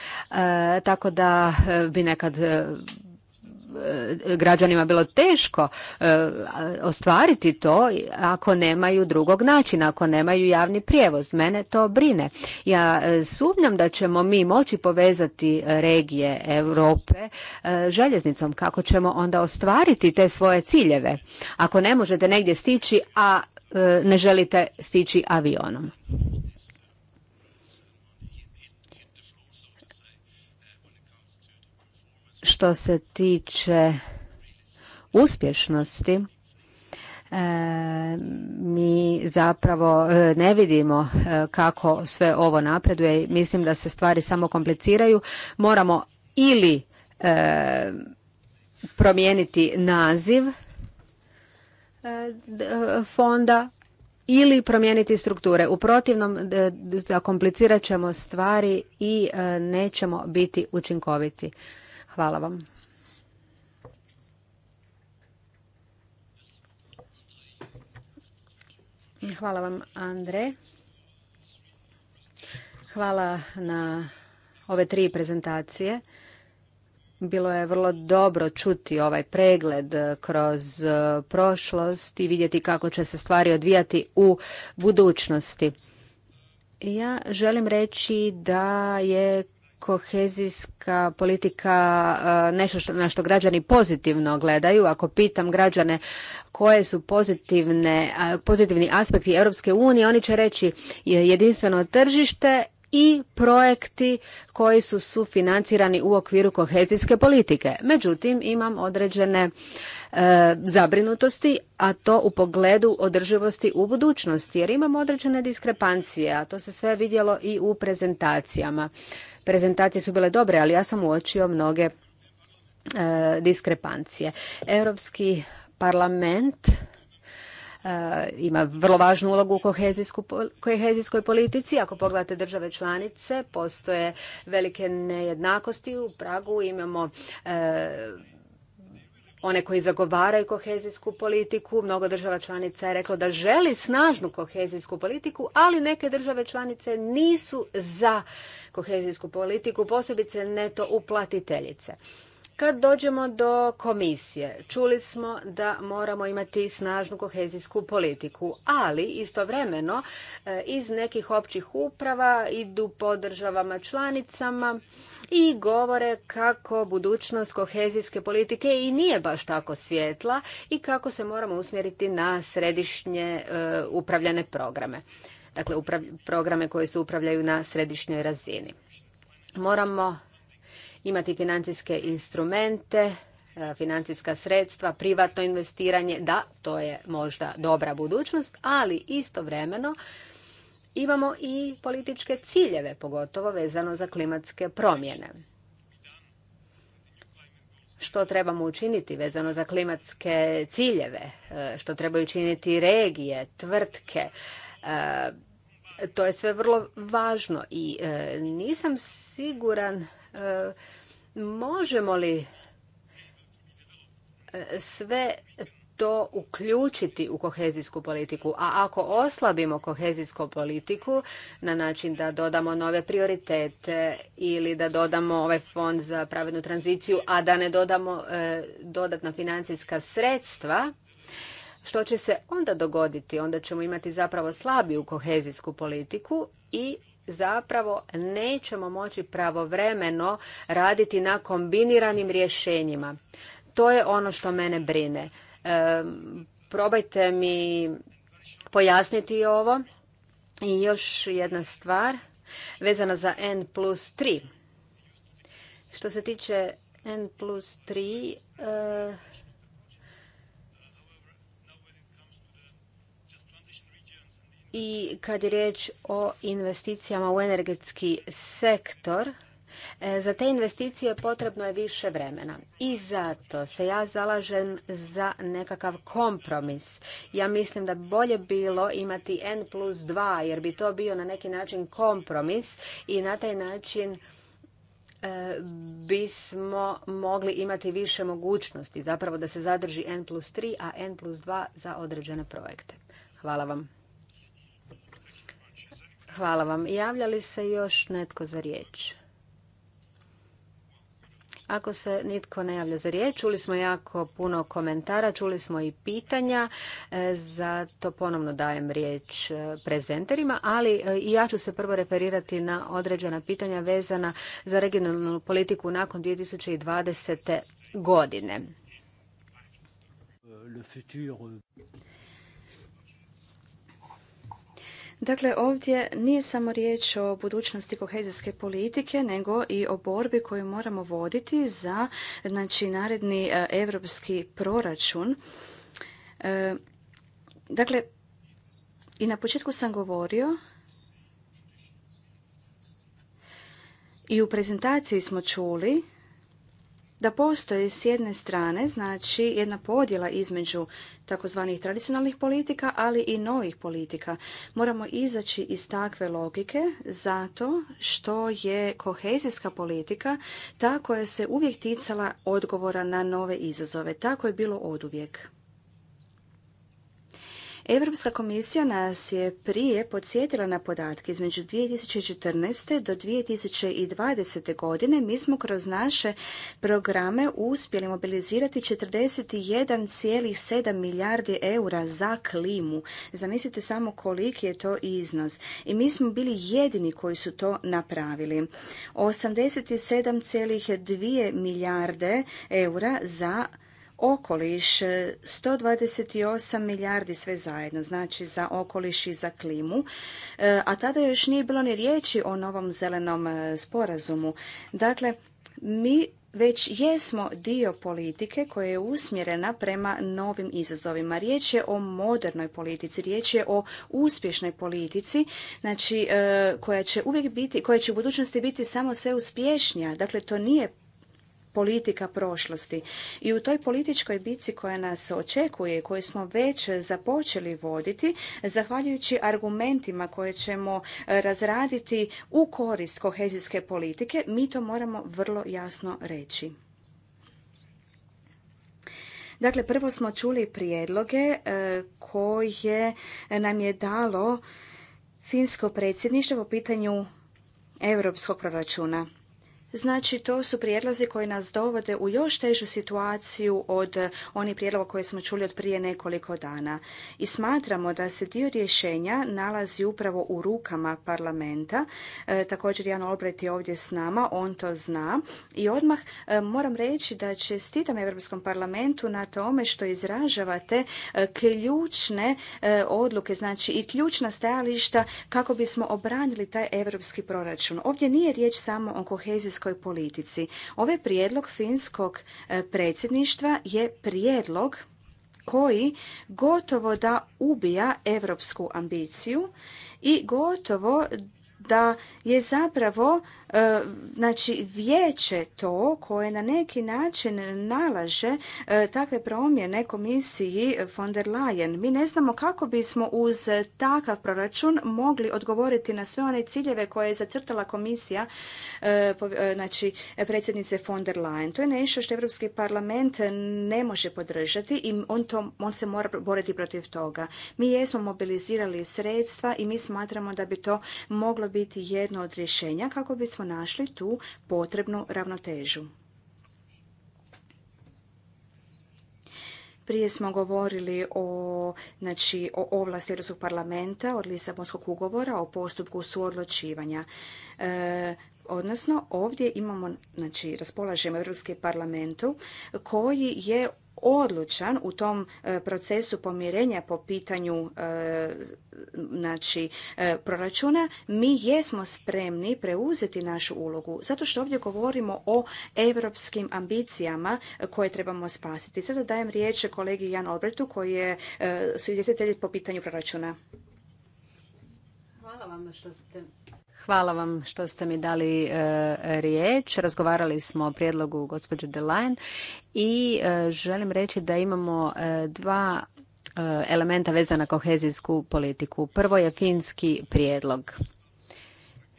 tako da bi nekad E, građanima bilo teško e, ostvariti to ako nemaju drugog načina, ako nemaju javni prijevoz. Mene to brine. Ja e, sumnjam da ćemo mi moći povezati regije Europe željeznicom. Kako ćemo onda ostvariti te svoje ciljeve? Ako ne možete negdje stići, a ne želite stići avionom. Što se tiče uspješnosti, e, mi zapravo e, ne vidimo e, kako sve ovo napreduje. Mislim da se stvari samo kompliciraju. Moramo ili promijeniti naziv fonda ili promijeniti strukture. U protivnom zakomplicirat ćemo stvari i nećemo biti učinkoviti. Hvala vam. Hvala vam, Andre. Hvala na ove tri prezentacije. Bilo je vrlo dobro čuti ovaj pregled eh, kroz eh, prošlost i vidjeti kako će se stvari odvijati u budućnosti. Ja želim reći da je kohezijska politika eh, nešto što, na što građani pozitivno gledaju. Ako pitam građane koje su pozitivne, eh, pozitivni aspekti Europske unije, oni će reći jedinstveno tržište i projekti koji su sufinancirani u okviru kohezijske politike. Međutim, imam određene e, zabrinutosti, a to u pogledu održivosti u budućnosti, jer imamo određene diskrepancije, a to se sve vidjelo i u prezentacijama. Prezentacije su bile dobre, ali ja sam uočio mnoge e, diskrepancije. Europski parlament Eh, ima vrlo važnu ulogu u kohezijskoj politici. Ako pogledate države članice, postoje velike nejednakosti. U Pragu imamo eh, one koji zagovaraju kohezijsku politiku. Mnogo država članica je reklo da želi snažnu kohezijsku politiku, ali neke države članice nisu za kohezijsku politiku, posebice neto uplatiteljice. Kad dođemo do komisije, čuli smo da moramo imati snažnu kohezijsku politiku, ali istovremeno eh, iz nekih općih uprava idu po državama članicama i govore kako budućnost kohezijske politike i nije baš tako svijetla i kako se moramo usmjeriti na središnje eh, upravljane programe. Dakle, programe koji se upravljaju na središnjoj razini. Moramo imati financijske instrumente, e, financijska sredstva, privatno investiranje, da, to je možda dobra budućnost, ali istovremeno imamo i političke ciljeve, pogotovo vezano za klimatske promjene. Što trebamo učiniti vezano za klimatske ciljeve, e, što trebaju učiniti regije, tvrtke, e, to je sve vrlo važno i nisam siguran E, možemo li e, sve to uključiti u kohezijsku politiku. A ako oslabimo kohezijsku politiku na način da dodamo nove prioritete ili da dodamo ovaj fond za pravednu tranziciju, a da ne dodamo e, dodatna financijska sredstva, što će se onda dogoditi? Onda ćemo imati zapravo slabiju kohezijsku politiku i zapravo nećemo moći pravovremeno raditi na kombiniranim rješenjima. To je ono što mene brine. E, probajte mi pojasniti ovo. I još jedna stvar vezana za N plus 3. Što se tiče N plus 3, i kad je riječ o investicijama u energetski sektor, e, za te investicije potrebno je više vremena i zato se ja zalažem za nekakav kompromis. Ja mislim da bi bolje bilo imati N plus 2 jer bi to bio na neki način kompromis i na taj način e, bismo mogli imati više mogućnosti, zapravo da se zadrži N plus 3, a N plus 2 za određene projekte. Hvala vam. Hvala vam. Javlja li se još netko za riječ? Ako se nitko ne javlja za riječ, čuli smo jako puno komentara, čuli smo i pitanja, e, zato ponovno dajem riječ e, prezenterima, ali e, ja ću se prvo referirati na određena pitanja vezana za regionalnu politiku nakon 2020. godine. Dakle, ovdje nije samo riječ o budućnosti kohezijske politike, nego i o borbi koju moramo voditi za znači, naredni europski proračun. E, dakle, i na početku sam govorio i u prezentaciji smo čuli da postoji s jedne strane znači jedna podjela između takozvanih tradicionalnih politika, ali i novih politika. Moramo izaći iz takve logike zato što je kohezijska politika ta koja se uvijek ticala odgovora na nove izazove. Tako je bilo oduvijek. Europska komisija nas je prije podsjetila na podatke između 2014. do 2020. godine. Mi smo kroz naše programe uspjeli mobilizirati 41,7 milijardi eura za klimu. Zamislite samo koliki je to iznos. I mi smo bili jedini koji su to napravili. 87,2 milijarde eura za okoliš 128 e, milijardi sve zajedno, znači za okoliš i za klimu, e, a tada još nije bilo ni riječi o novom zelenom e, sporazumu. Dakle, mi već jesmo dio politike koja je usmjerena prema novim izazovima. Riječ je o modernoj politici, riječ je o uspješnoj politici, znači koja će uvijek biti, koja će u budućnosti biti samo sve uspješnija. Dakle, to nije politika prošlosti. I u toj političkoj bici koja nas očekuje i koju smo već započeli voditi, zahvaljujući argumentima koje ćemo e, razraditi u korist kohezijske politike, mi to moramo vrlo jasno reći. Dakle, prvo smo čuli prijedloge e, koje nam je dalo finsko predsjedništvo po pitanju europskog proračuna. Znači, to su prijedlozi koji nas dovode u još težu situaciju od eh, onih prijedloga koje smo čuli od prije nekoliko dana. I smatramo da se dio rješenja nalazi upravo u rukama parlamenta. Eh, također, Jan obret je ovdje s nama, on to zna. I odmah eh, moram reći da čestitam Europskom parlamentu na tome što izražavate e, ključne odluke, znači i ključna stajališta kako bismo obranili taj europski proračun. Ovdje nije riječ samo o kohezijskom vanjskoj politici. Ovaj prijedlog finskog e, predsjedništva je prijedlog koji gotovo da ubija europsku ambiciju i gotovo da je zapravo E, znači, vijeće to koje na neki način nalaže e, takve promjene komisiji von der Leyen. Mi ne znamo kako bismo uz takav proračun mogli odgovoriti na sve one ciljeve koje je zacrtala komisija e, znači, predsjednice von der Leyen. To je nešto što Europski parlament ne može podržati i on, to, on se mora boriti protiv toga. Mi jesmo mobilizirali sredstva i mi smatramo da bi to moglo biti jedno od rješenja kako bismo našli tu potrebnu ravnotežu. Prije smo govorili o, znači, o ovlasti Europskog parlamenta od Lisabonskog ugovora o postupku suodločivanja. E, odnosno, ovdje imamo, znači, raspolažemo Europskim parlamentu koji je odlučan u tom e, procesu pomirenja po pitanju e, znači e, proračuna, mi jesmo spremni preuzeti našu ulogu zato što ovdje govorimo o europskim ambicijama koje trebamo spasiti. Sada dajem riječ kolegi Jan Obretu koji je suizvjestitelj po pitanju proračuna. Hvala vam što ste Hvala vam što ste mi dali e, riječ. Razgovarali smo o prijedlogu gospođe Delain i e, želim reći da imamo e, dva elementa vezana na kohezijsku politiku. Prvo je finski prijedlog.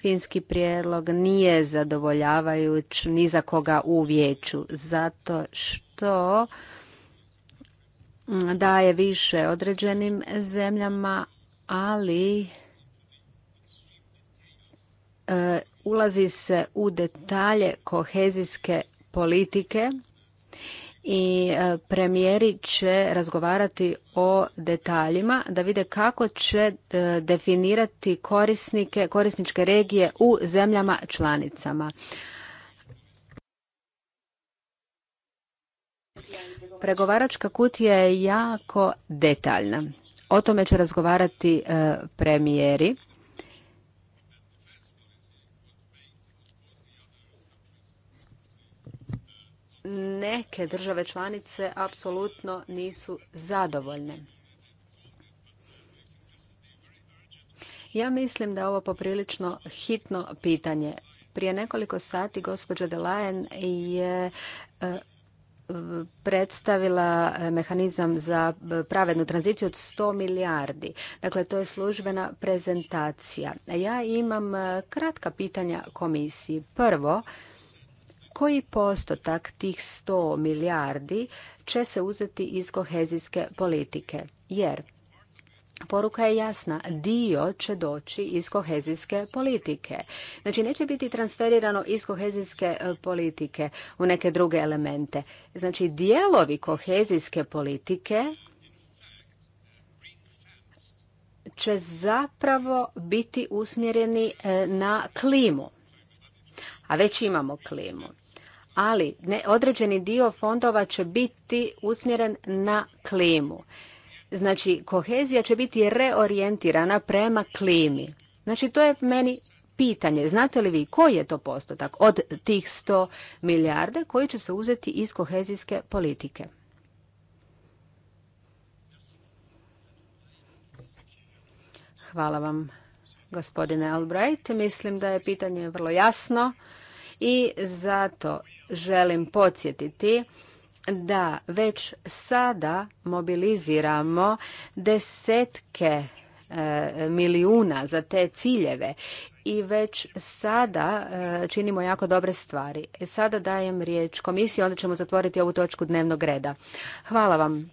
Finski prijedlog nije zadovoljavajuć ni za koga u vijeću, zato što daje više određenim zemljama, ali E, ulazi se u detalje kohezijske politike i e, premijeri će razgovarati o detaljima da vide kako će e, definirati korisnike, korisničke regije u zemljama članicama. Pregovaračka kutija je jako detaljna. O tome će razgovarati premijeri neke države članice apsolutno nisu zadovoljne. Ja mislim da je ovo poprilično hitno pitanje. Prije nekoliko sati gospođa Delajen je e, predstavila mehanizam za pravednu tranziciju od 100 milijardi. Dakle, to je službena prezentacija. Ja imam e, kratka pitanja komisiji. Prvo, koji postotak tih 100 milijardi će se uzeti iz kohezijske politike? Jer Poruka je jasna, dio će doći iz kohezijske politike. Znači, neće biti transferirano iz kohezijske e, politike u neke druge elemente. Znači, dijelovi kohezijske politike će zapravo biti usmjereni e, na klimu. A već imamo klimu ali ne, određeni dio fondova će biti usmjeren na klimu. Znači, kohezija će biti reorijentirana prema klimi. Znači, to je meni pitanje. Znate li vi koji je to postotak od tih 100 milijarde koji će se uzeti iz kohezijske politike? Hvala vam, gospodine Albright. Mislim da je pitanje vrlo jasno. I zato želim podsjetiti da već sada mobiliziramo desetke e, milijuna za te ciljeve i već sada e, činimo jako dobre stvari. E, sada dajem riječ komisiji, onda ćemo zatvoriti ovu točku dnevnog reda. Hvala vam.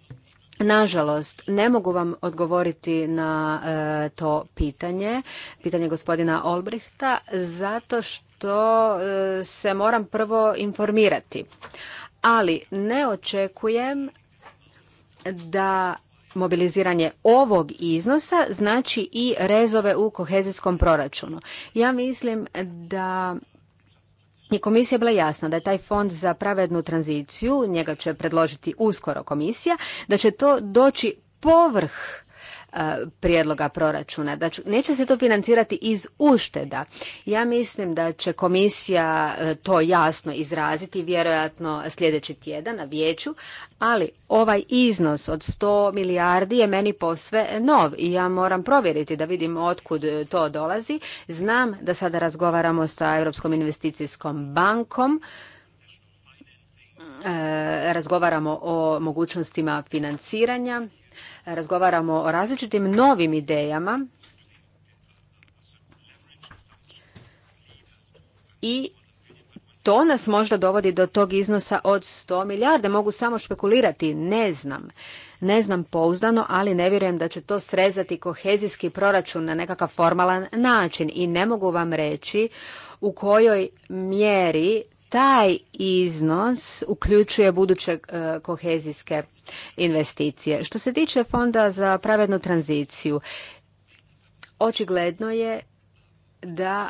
Nažalost, ne mogu vam odgovoriti na e, to pitanje, pitanje gospodina Olbrihta, zato što e, se moram prvo informirati. Ali ne očekujem da mobiliziranje ovog iznosa znači i rezove u kohezijskom proračunu. Ja mislim da je komisija bila jasna da je taj fond za pravednu tranziciju, njega će predložiti uskoro komisija, da će to doći povrh E, prijedloga proračuna. Da neće se to financirati iz ušteda. Ja mislim da će komisija e, to jasno izraziti, vjerojatno sljedeći tjedan na vijeću, ali ovaj iznos od 100 milijardi je meni posve nov i ja moram provjeriti da vidim otkud e, to dolazi. Znam da sada razgovaramo sa Europskom investicijskom bankom, razgovaramo o mogućnostima financiranja Razgovaramo o različitim novim idejama i to nas možda dovodi do tog iznosa od 100 milijarde. Mogu samo špekulirati, ne znam. Ne znam pouzdano, ali ne vjerujem da će to srezati kohezijski proračun na nekakav formalan način. I ne mogu vam reći u kojoj mjeri taj iznos uključuje buduće e, kohezijske investicije. Što se tiče fonda za pravednu tranziciju, očigledno je da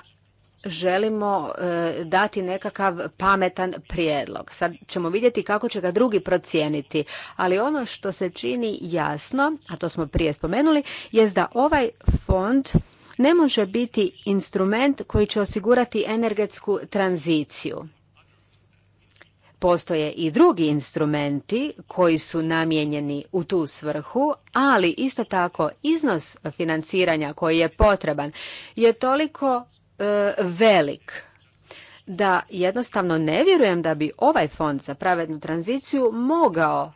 želimo e, dati nekakav pametan prijedlog. Sad ćemo vidjeti kako će ga drugi procijeniti, ali ono što se čini jasno, a to smo prije spomenuli, je da ovaj fond ne može biti instrument koji će osigurati energetsku tranziciju. Postoje i drugi instrumenti koji su namijenjeni u tu svrhu, ali isto tako iznos financiranja koji je potreban je toliko e, velik da jednostavno ne vjerujem da bi ovaj fond za pravednu tranziciju mogao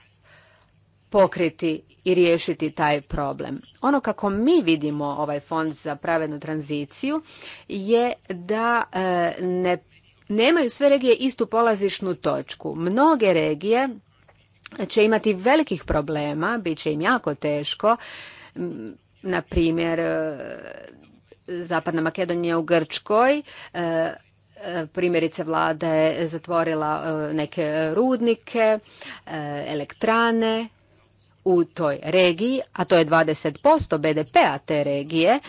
pokriti i riješiti taj problem. Ono kako mi vidimo ovaj fond za pravednu tranziciju je da e, ne nemaju sve regije istu polazišnu točku. Mnoge regije će imati velikih problema, bit će im jako teško. Na primjer, e, Zapadna Makedonija u Grčkoj, e, e, primjerice vlada je zatvorila neke rudnike, elektrane u toj regiji, a to je 20% BDP-a te regije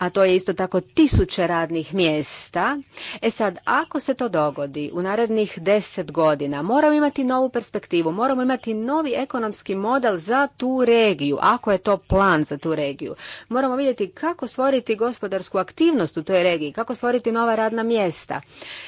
a to je isto tako tisuće radnih mjesta. E sad, ako se to dogodi u narednih deset godina, moramo imati novu perspektivu, moramo imati novi ekonomski model za tu regiju, ako je to plan za tu regiju. Moramo vidjeti kako stvoriti gospodarsku aktivnost u toj regiji, kako stvoriti nova radna mjesta.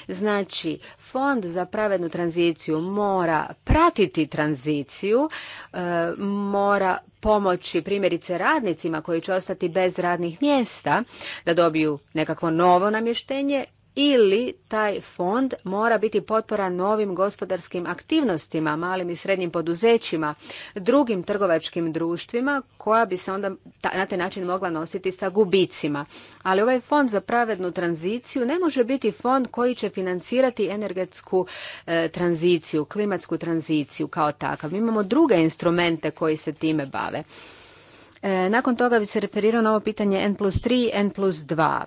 Znači, fond za pravednu tranziciju mora pratiti tranziciju, e, mora pomoći primjerice radnicima koji će ostati bez radnih mjesta da dobiju nekakvo novo namještenje ili taj fond mora biti potpora novim gospodarskim aktivnostima, malim i srednjim poduzećima, drugim trgovačkim društvima koja bi se onda na taj način mogla nositi sa gubicima. Ali ovaj fond za pravednu tranziciju ne može biti fond koji će financirati energetsku e, tranziciju, klimatsku tranziciju kao takav. Mi imamo druge instrumente koji se time bave. E, nakon toga bi se referirao na ovo pitanje N plus 3, N plus 2.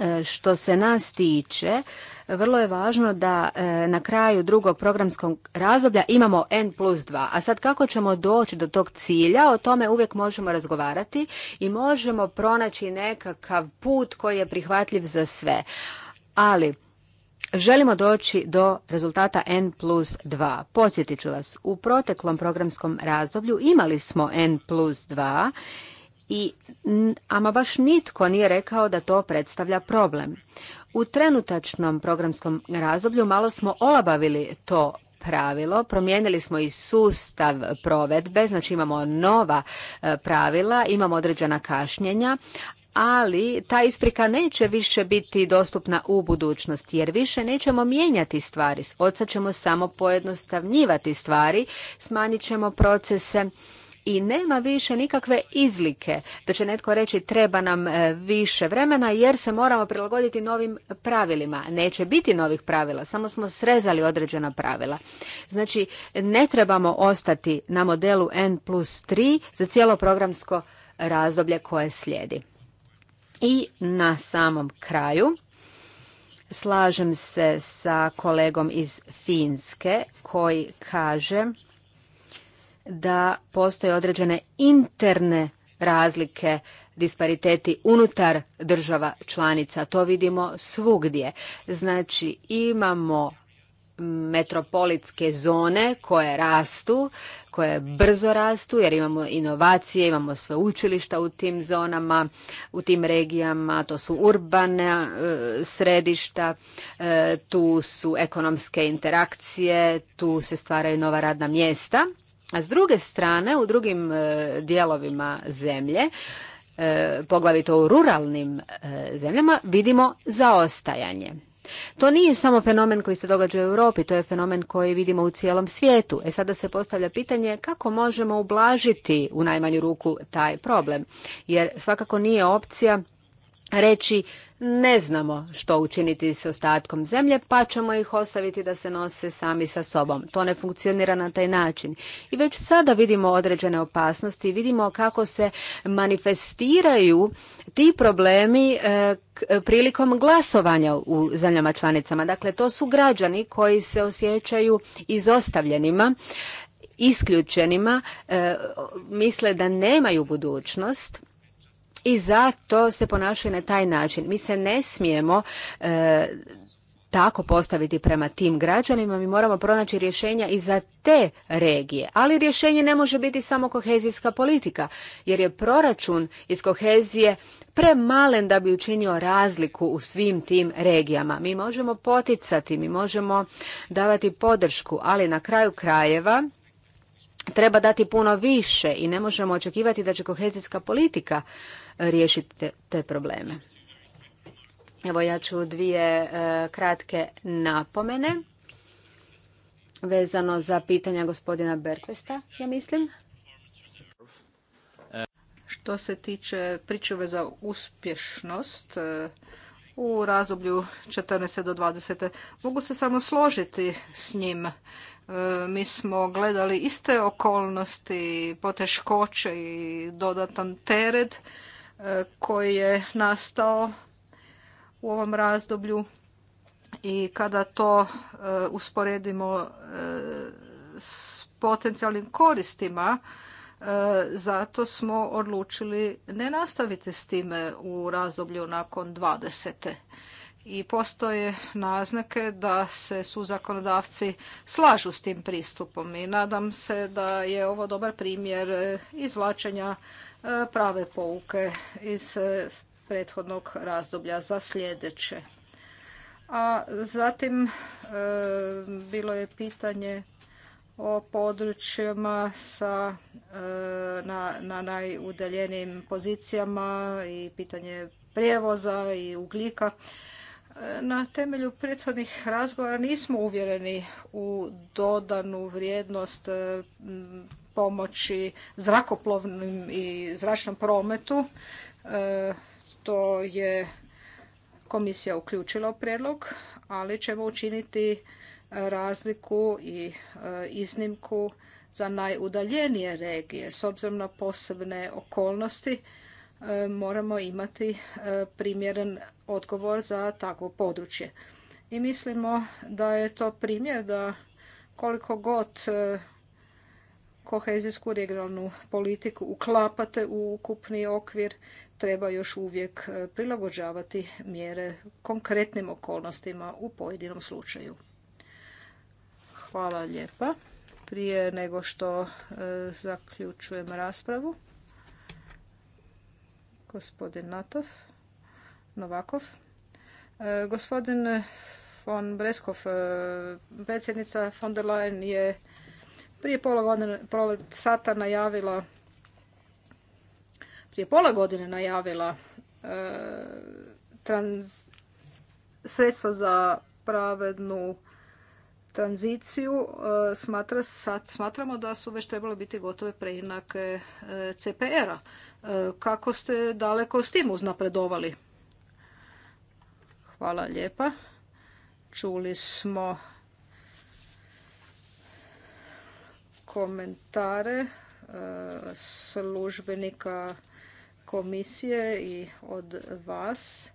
E, što se nas tiče, vrlo je važno da e, na kraju drugog programskog razdoblja imamo N plus 2. A sad kako ćemo doći do tog cilja, o tome uvijek možemo razgovarati i možemo pronaći nekakav put koji je prihvatljiv za sve. Ali, Želimo doći do rezultata N plus 2. Podsjetit ću vas, u proteklom programskom razdoblju imali smo N plus 2 i ama baš nitko nije rekao da to predstavlja problem. U trenutačnom programskom razdoblju malo smo olabavili to pravilo, promijenili smo i sustav provedbe, znači imamo nova e, pravila, imamo određena kašnjenja, ali ta isprika neće više biti dostupna u budućnosti jer više nećemo mijenjati stvari. Od sad ćemo samo pojednostavnjivati stvari, smanjit ćemo procese i nema više nikakve izlike da će netko reći treba nam e, više vremena jer se moramo prilagoditi novim pravilima. Neće biti novih pravila, samo smo srezali određena pravila. Znači, ne trebamo ostati na modelu N plus 3 za cijelo programsko razdoblje koje slijedi. I na samom kraju slažem se sa kolegom iz Finske koji kaže da postoje određene interne razlike dispariteti unutar država članica to vidimo svugdje znači imamo metropolitske zone koje rastu, koje brzo rastu jer imamo inovacije, imamo sve učilišta u tim zonama, u tim regijama, to su urbana e, središta, e, tu su ekonomske interakcije, tu se stvaraju nova radna mjesta a s druge strane, u drugim e, dijelovima zemlje, e, poglavito u ruralnim e, zemljama, vidimo zaostajanje. To nije samo fenomen koji se događa u Europi, to je fenomen koji vidimo u cijelom svijetu. E sada se postavlja pitanje kako možemo ublažiti u najmanju ruku taj problem, jer svakako nije opcija reći ne znamo što učiniti s ostatkom zemlje, pa ćemo ih ostaviti da se nose sami sa sobom. To ne funkcionira na taj način. I već sada vidimo određene opasnosti, vidimo kako se manifestiraju ti problemi e, prilikom glasovanja u zemljama članicama. Dakle, to su građani koji se osjećaju izostavljenima, isključenima, e, misle da nemaju budućnost i zato se ponašaju na taj način. Mi se ne smijemo e, tako postaviti prema tim građanima, mi moramo pronaći rješenja i za te regije. Ali rješenje ne može biti samo kohezijska politika, jer je proračun iz kohezije premalen da bi učinio razliku u svim tim regijama. Mi možemo poticati, mi možemo davati podršku, ali na kraju krajeva treba dati puno više i ne možemo očekivati da će kohezijska politika riješiti te, probleme. Evo ja ću dvije e, kratke napomene vezano za pitanja gospodina Berkvesta, ja mislim. Što se tiče pričuve za uspješnost e, u razdoblju 14. do 20. mogu se samo složiti s njim. E, mi smo gledali iste okolnosti, poteškoće i dodatan teret E, koji je nastao u ovom razdoblju i kada to e, usporedimo e, s potencijalnim koristima, zato smo odlučili ne nastaviti s time u razdoblju nakon 20. I postoje naznake da se su zakonodavci slažu s tim pristupom i nadam se da je ovo dobar primjer izvlačenja E, prave pouke iz e, prethodnog razdoblja za sljedeće. A zatim e, bilo je pitanje o područjima sa, na, na najudaljenijim pozicijama i pitanje prijevoza i ugljika. Na temelju prethodnih razgovora nismo uvjereni u dodanu vrijednost pomoći zrakoplovnim i zračnom prometu. E, to je komisija uključila u prijedlog, ali ćemo učiniti e, razliku i e, iznimku za najudaljenije regije. S obzirom na posebne okolnosti moramo imati primjeren odgovor za takvo područje. I mislimo da je to primjer da koliko god kohezijsku regionalnu politiku uklapate u ukupni okvir, treba još uvijek e, prilagođavati mjere konkretnim okolnostima u pojedinom slučaju. Hvala lijepa. Prije nego što e, zaključujem raspravu, gospodin Natov, Novakov. E, gospodin von Breskov, predsjednica von der Leyen je prije pola godine sata najavila prije pola godine najavila e, sredstva za pravednu tranziciju e, sad smatramo da su već trebale biti gotove preinake e, CPR-a. Kako ste daleko s tim uznapredovali? Hvala lijepa. Čuli smo komentare e, službenika komisije i od vas.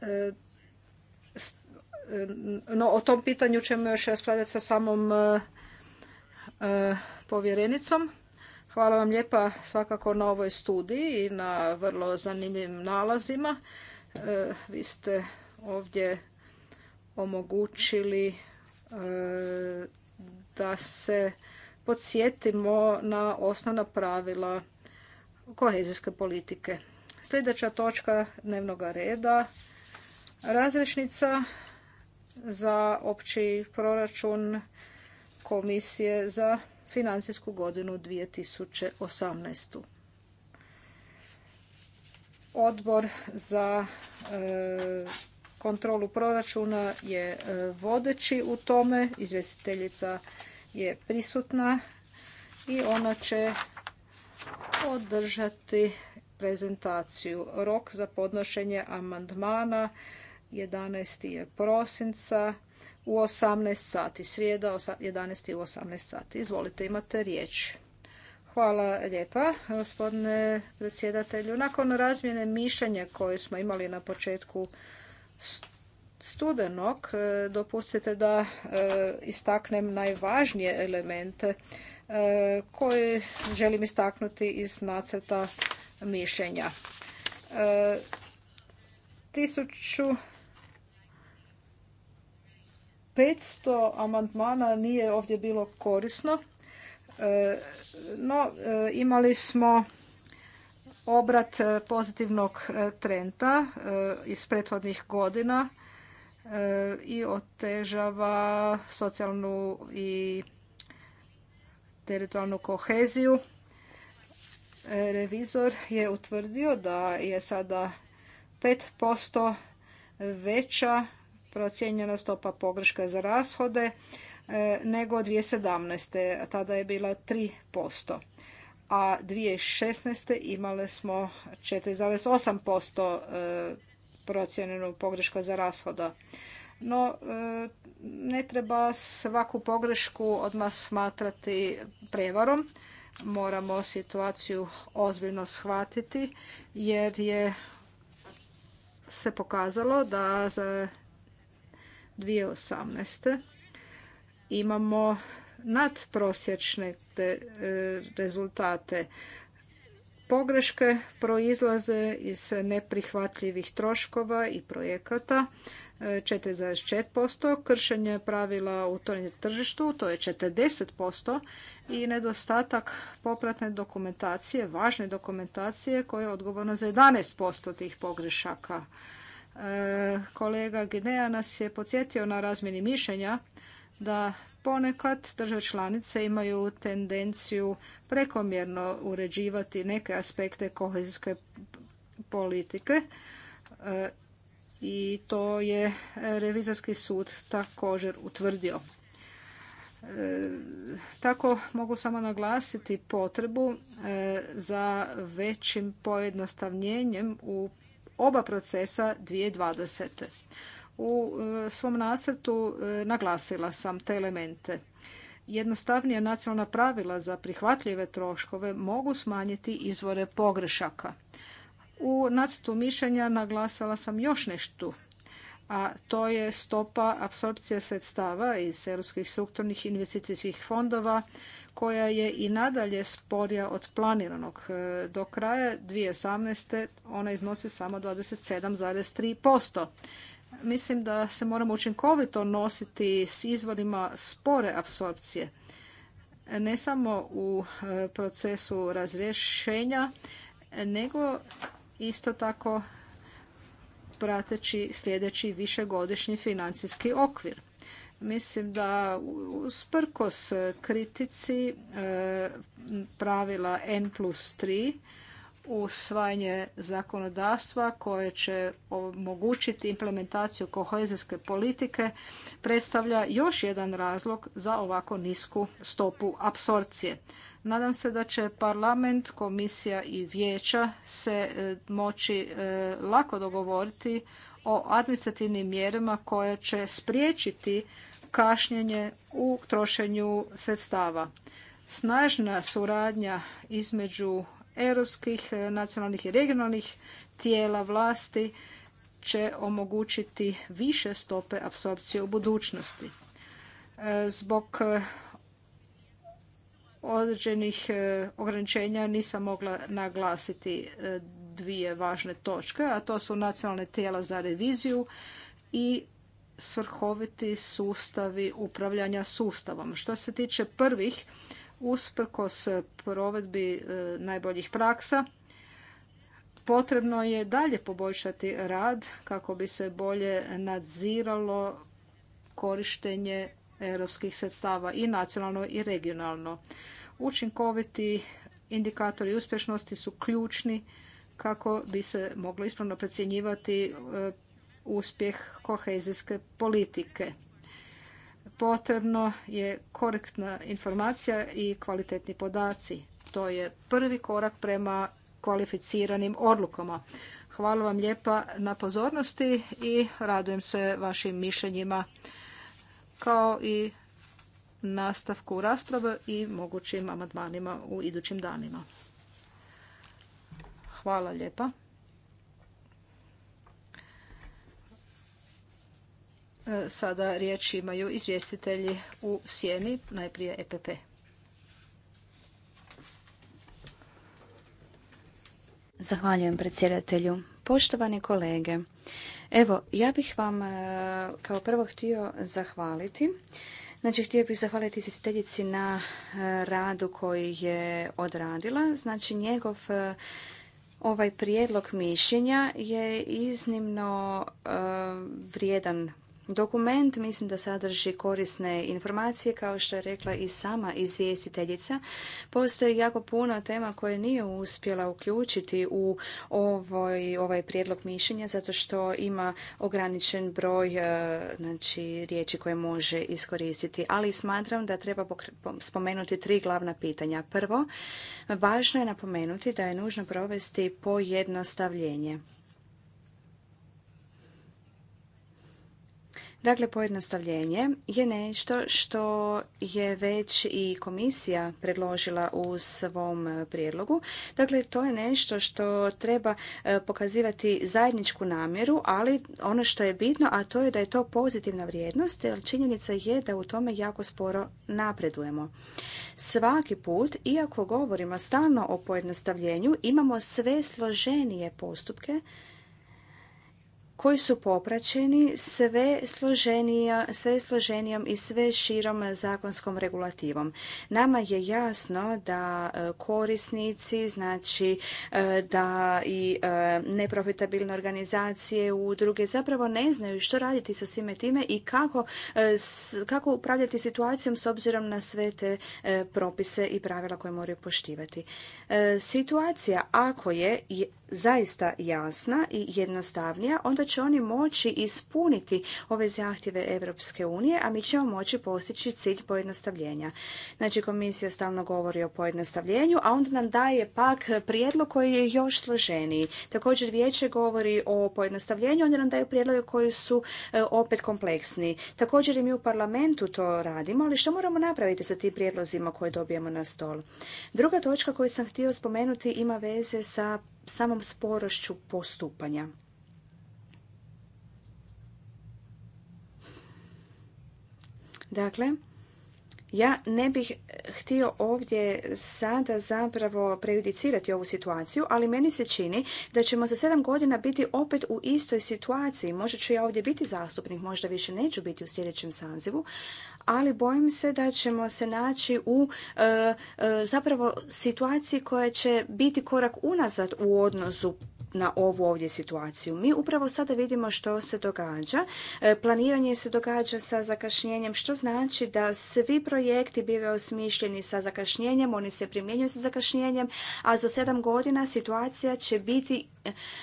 E, e, no, o tom pitanju ćemo još raspravljati sa samom povjerenicom. Hvala vam lijepa svakako na ovoj studiji i na vrlo zanimljivim nalazima. Vi ste ovdje omogućili e, da se podsjetimo na osnovna pravila kohezijske politike. Sljedeća točka dnevnog reda razrešnica za opći proračun Komisije za financijsku godinu 2018. Odbor za e, kontrolu proračuna je e, vodeći u tome. Izvjestiteljica je prisutna i ona će održati prezentaciju. Rok za podnošenje amandmana 11. je prosinca u 18 sati, srijeda 11. u 18 sati. Izvolite, imate riječ. Hvala lijepa, gospodine predsjedatelju. Nakon razmjene mišljenja koje smo imali na početku studenog e, dopustite da e, istaknem najvažnije elemente e, koje želim istaknuti iz nacrta mišljenja. 1500 amandmana nije ovdje bilo korisno, no imali smo obrat e, pozitivnog e, trenda e, iz prethodnih godina i otežava socijalnu i teritorijalnu koheziju. Revizor je utvrdio da je sada 5% veća procijenjena stopa pogreška za rashode nego 2017. tada je bila 3% a 2016. imali smo 4,8% e, procjenenu pogreška za rashoda. No, e, ne treba svaku pogrešku odmah smatrati prevarom. Moramo situaciju ozbiljno shvatiti jer je se pokazalo da za 2018. imamo nadprosječne te e, rezultate. Pogreške proizlaze iz neprihvatljivih troškova i projekata 4,4%, e, kršenje pravila u tržištu, to je 40% i nedostatak popratne dokumentacije, važne dokumentacije koja je odgovorna za 11% tih pogrešaka. E, kolega Gineja nas je podsjetio na razmjeni mišljenja da ponekad države članice imaju tendenciju prekomjerno uređivati neke aspekte kohezijske politike e, i to je revizorski sud također utvrdio. E, tako mogu samo naglasiti potrebu e, za većim pojednostavljenjem u oba procesa 2020. U e, svom nasrtu e, naglasila sam te elemente. Jednostavnija nacionalna pravila za prihvatljive troškove mogu smanjiti izvore pogrešaka. U nacrtu mišljenja naglasila sam još nešto, a to je stopa apsorpcije sredstava iz europskih strukturnih investicijskih fondova koja je i nadalje sporija od planiranog. E, do kraja 2018. ona iznosi samo 27,3%. Mislim da se moramo učinkovito nositi s izvorima spore apsorpcije. Ne samo u e, procesu razrješenja, nego isto tako prateći sljedeći višegodišnji financijski okvir. Mislim da usprkos kritici e, pravila N plus usvajanje zakonodavstva koje će omogućiti implementaciju kohezijske politike predstavlja još jedan razlog za ovako nisku stopu apsorpcije. Nadam se da će parlament, komisija i vijeća se e, moći e, lako dogovoriti o administrativnim mjerama koje će spriječiti kašnjenje u trošenju sredstava. Snažna suradnja između europskih, e, nacionalnih i regionalnih tijela vlasti će omogućiti više stope apsorpcije u budućnosti. E, zbog e, određenih ograničenja nisam mogla naglasiti dvije važne točke, a to su nacionalne tijela za reviziju i svrhoviti sustavi upravljanja sustavom. Što se tiče prvih, usprkos provedbi e, najboljih praksa. Potrebno je dalje poboljšati rad kako bi se bolje nadziralo korištenje europskih sredstava i nacionalno i regionalno. Učinkoviti indikatori uspješnosti su ključni kako bi se moglo ispravno procjenjivati e, uspjeh kohezijske politike potrebno je korektna informacija i kvalitetni podaci. To je prvi korak prema kvalificiranim odlukama. Hvala vam lijepa na pozornosti i radujem se vašim mišljenjima kao i nastavku rasprave i mogućim amandmanima u idućim danima. Hvala lijepa. E, sada riječ imaju izvjestitelji u sjeni, najprije EPP. Zahvaljujem predsjedatelju. Poštovani kolege, evo, ja bih vam e, kao prvo htio zahvaliti. Znači, htio bih zahvaliti izvjestiteljici na e, radu koji je odradila. Znači, njegov ovaj prijedlog mišljenja je iznimno vrijedan Dokument mislim da sadrži korisne informacije, kao što je rekla i sama izvjestiteljica. Postoji jako puno tema koje nije uspjela uključiti u ovaj, ovaj prijedlog mišljenja, zato što ima ograničen broj e, znači, riječi koje može iskoristiti. Ali smatram da treba spomenuti tri glavna pitanja. Prvo, važno je napomenuti da je nužno provesti pojednostavljenje Dakle, pojednostavljenje je nešto što je već i komisija predložila u svom prijedlogu. Dakle, to je nešto što treba e, pokazivati zajedničku namjeru, ali ono što je bitno, a to je da je to pozitivna vrijednost, jer činjenica je da u tome jako sporo napredujemo. Svaki put, iako govorimo stalno o pojednostavljenju, imamo sve složenije postupke, koji su popraćeni sve, složenija, sve složenijom i sve širom zakonskom regulativom. Nama je jasno da e, korisnici, znači e, da i e, neprofitabilne organizacije, udruge zapravo ne znaju što raditi sa svime time i kako, kako upravljati situacijom s obzirom na sve te propise i pravila koje moraju poštivati. Situacija ako je zaista jasna i jednostavnija, onda će oni moći ispuniti ove zahtjeve Europske unije, a mi ćemo moći postići cilj pojednostavljenja. Znači, komisija stalno govori o pojednostavljenju, a onda nam daje pak prijedlog koji je još složeniji. Također, vijeće govori o pojednostavljenju, onda nam daju prijedloge koji su e, opet kompleksni. Također i mi u parlamentu to radimo, ali što moramo napraviti sa tim prijedlozima koje dobijemo na stol? Druga točka koju sam htio spomenuti ima veze sa samom sporošću postupanja. Dakle, ja ne bih htio ovdje sada zapravo prejudicirati ovu situaciju, ali meni se čini da ćemo za sedam godina biti opet u istoj situaciji. Možda ću ja ovdje biti zastupnik, možda više neću biti u sljedećem sazivu, ali bojim se da ćemo se naći u e, e, zapravo situaciji koja će biti korak unazad u odnosu na ovu ovdje situaciju. Mi upravo sada vidimo što se događa. E, planiranje se događa sa zakašnjenjem, što znači da svi projekti bive osmišljeni sa zakašnjenjem, oni se primjenjuju sa zakašnjenjem, a za sedam godina situacija će biti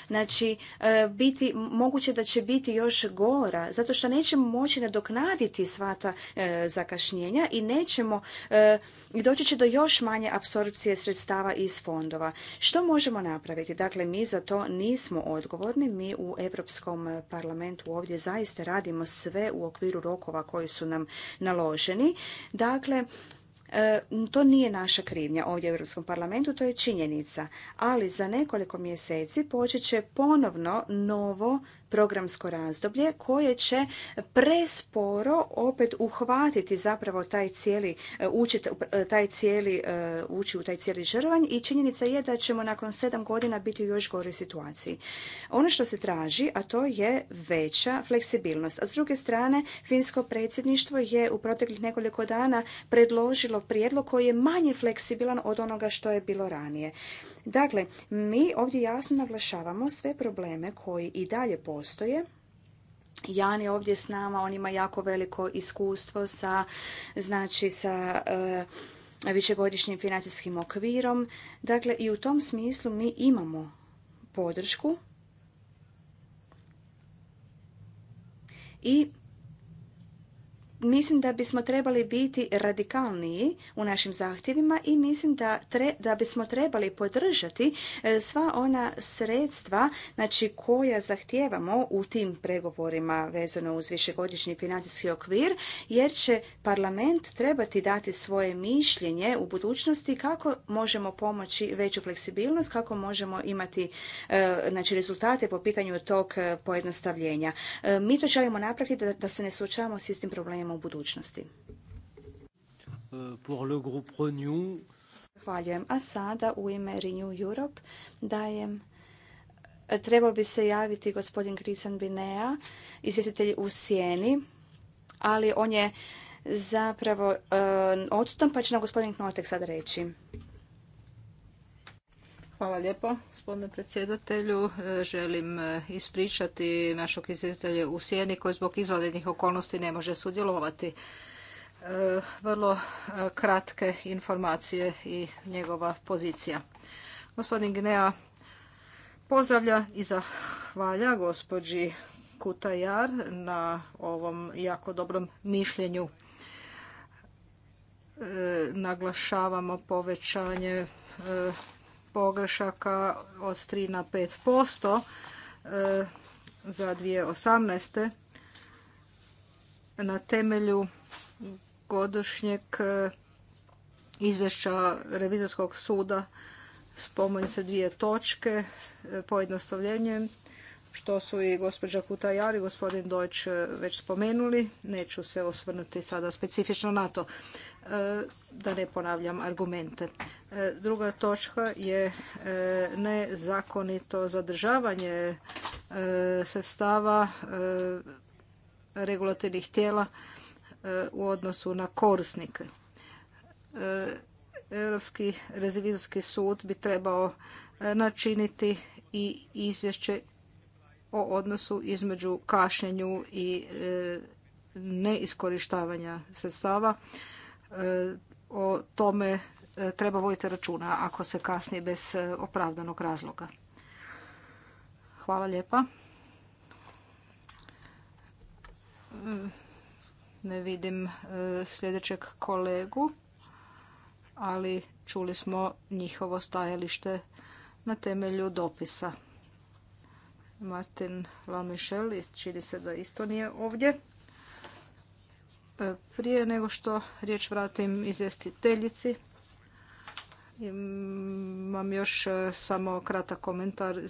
znači e, biti, moguće da će biti još gora, zato što nećemo moći nadoknaditi sva ta e, zakašnjenja i nećemo, i e, doći će do još manje apsorpcije sredstava iz fondova. Što možemo napraviti? Dakle, mi za to nismo odgovorni, mi u Europskom parlamentu ovdje zaista radimo sve u okviru rokova koji su nam naloženi. Dakle, E, to nije naša krivnja ovdje u Europskom parlamentu, to je činjenica. Ali za nekoliko mjeseci počet će ponovno novo programsko razdoblje koje će presporo opet uhvatiti zapravo taj cijeli e, uči e, taj cijeli, e, ući u taj cijeli žrvanj i činjenica je da ćemo nakon sedam godina biti u još goroj situaciji. Ono što se traži, a to je veća fleksibilnost. A s druge strane, finsko predsjedništvo je u proteklih nekoliko dana predložilo prijedlog koji je manje fleksibilan od onoga što je bilo ranije. Dakle, mi ovdje jasno naglašavamo sve probleme koji i dalje postoje, Jan je ovdje s nama, on ima jako veliko iskustvo sa, znači, sa e, višegodišnjim financijskim okvirom. Dakle, i u tom smislu mi imamo podršku i mislim da bismo trebali biti radikalniji u našim zahtjevima i mislim da, da bismo trebali podržati e, sva ona sredstva znači, koja zahtijevamo u tim pregovorima vezano uz višegodišnji financijski okvir, jer će parlament trebati dati svoje mišljenje u budućnosti kako možemo pomoći veću fleksibilnost, kako možemo imati e, znači, rezultate po pitanju tog e, pojednostavljenja. Mi to želimo napraviti da, da se ne suočavamo s istim problemima u budućnosti. Pour Zahvaljujem. A sada u ime Renew Europe dajem Trebao bi se javiti gospodin Krisan Binea, izvjestitelj u Sijeni, ali on je zapravo e, pa će nam gospodin Knotek sad reći. Hvala lijepo, gospodine predsjedatelju. E, želim e, ispričati našog izvjestitelja u Sjeni koji zbog izvanrednih okolnosti ne može sudjelovati. E, vrlo kratke informacije i njegova pozicija. Gospodin Gnea pozdravlja i zahvalja gospođi Kutajar na ovom jako dobrom mišljenju. Naglašavamo povećanje pogrešaka od 3 na 5% e, za 2018. na temelju godišnjeg e, izvješća revizorskog suda spominju se dvije točke e, pojednostavljenje što su i gospođa Kutajar i gospodin Dojč već spomenuli. Neću se osvrnuti sada specifično na to da ne ponavljam argumente. Druga točka je e, nezakonito zadržavanje e, sredstava e, regulativnih tijela u odnosu na korisnike. Europski revizorski sud bi trebao načiniti i izvješće o odnosu između kašnjenju i neiskorištavanja sredstava o tome e, treba voditi računa ako se kasnije bez e, opravdanog razloga. Hvala lijepa. Mm, ne vidim e, sljedećeg kolegu, ali čuli smo njihovo stajalište na temelju dopisa. Martin Lamichel, čini se da isto nije ovdje. Prije nego što riječ vratim izvjestiteljici, imam još e, samo kratak komentar.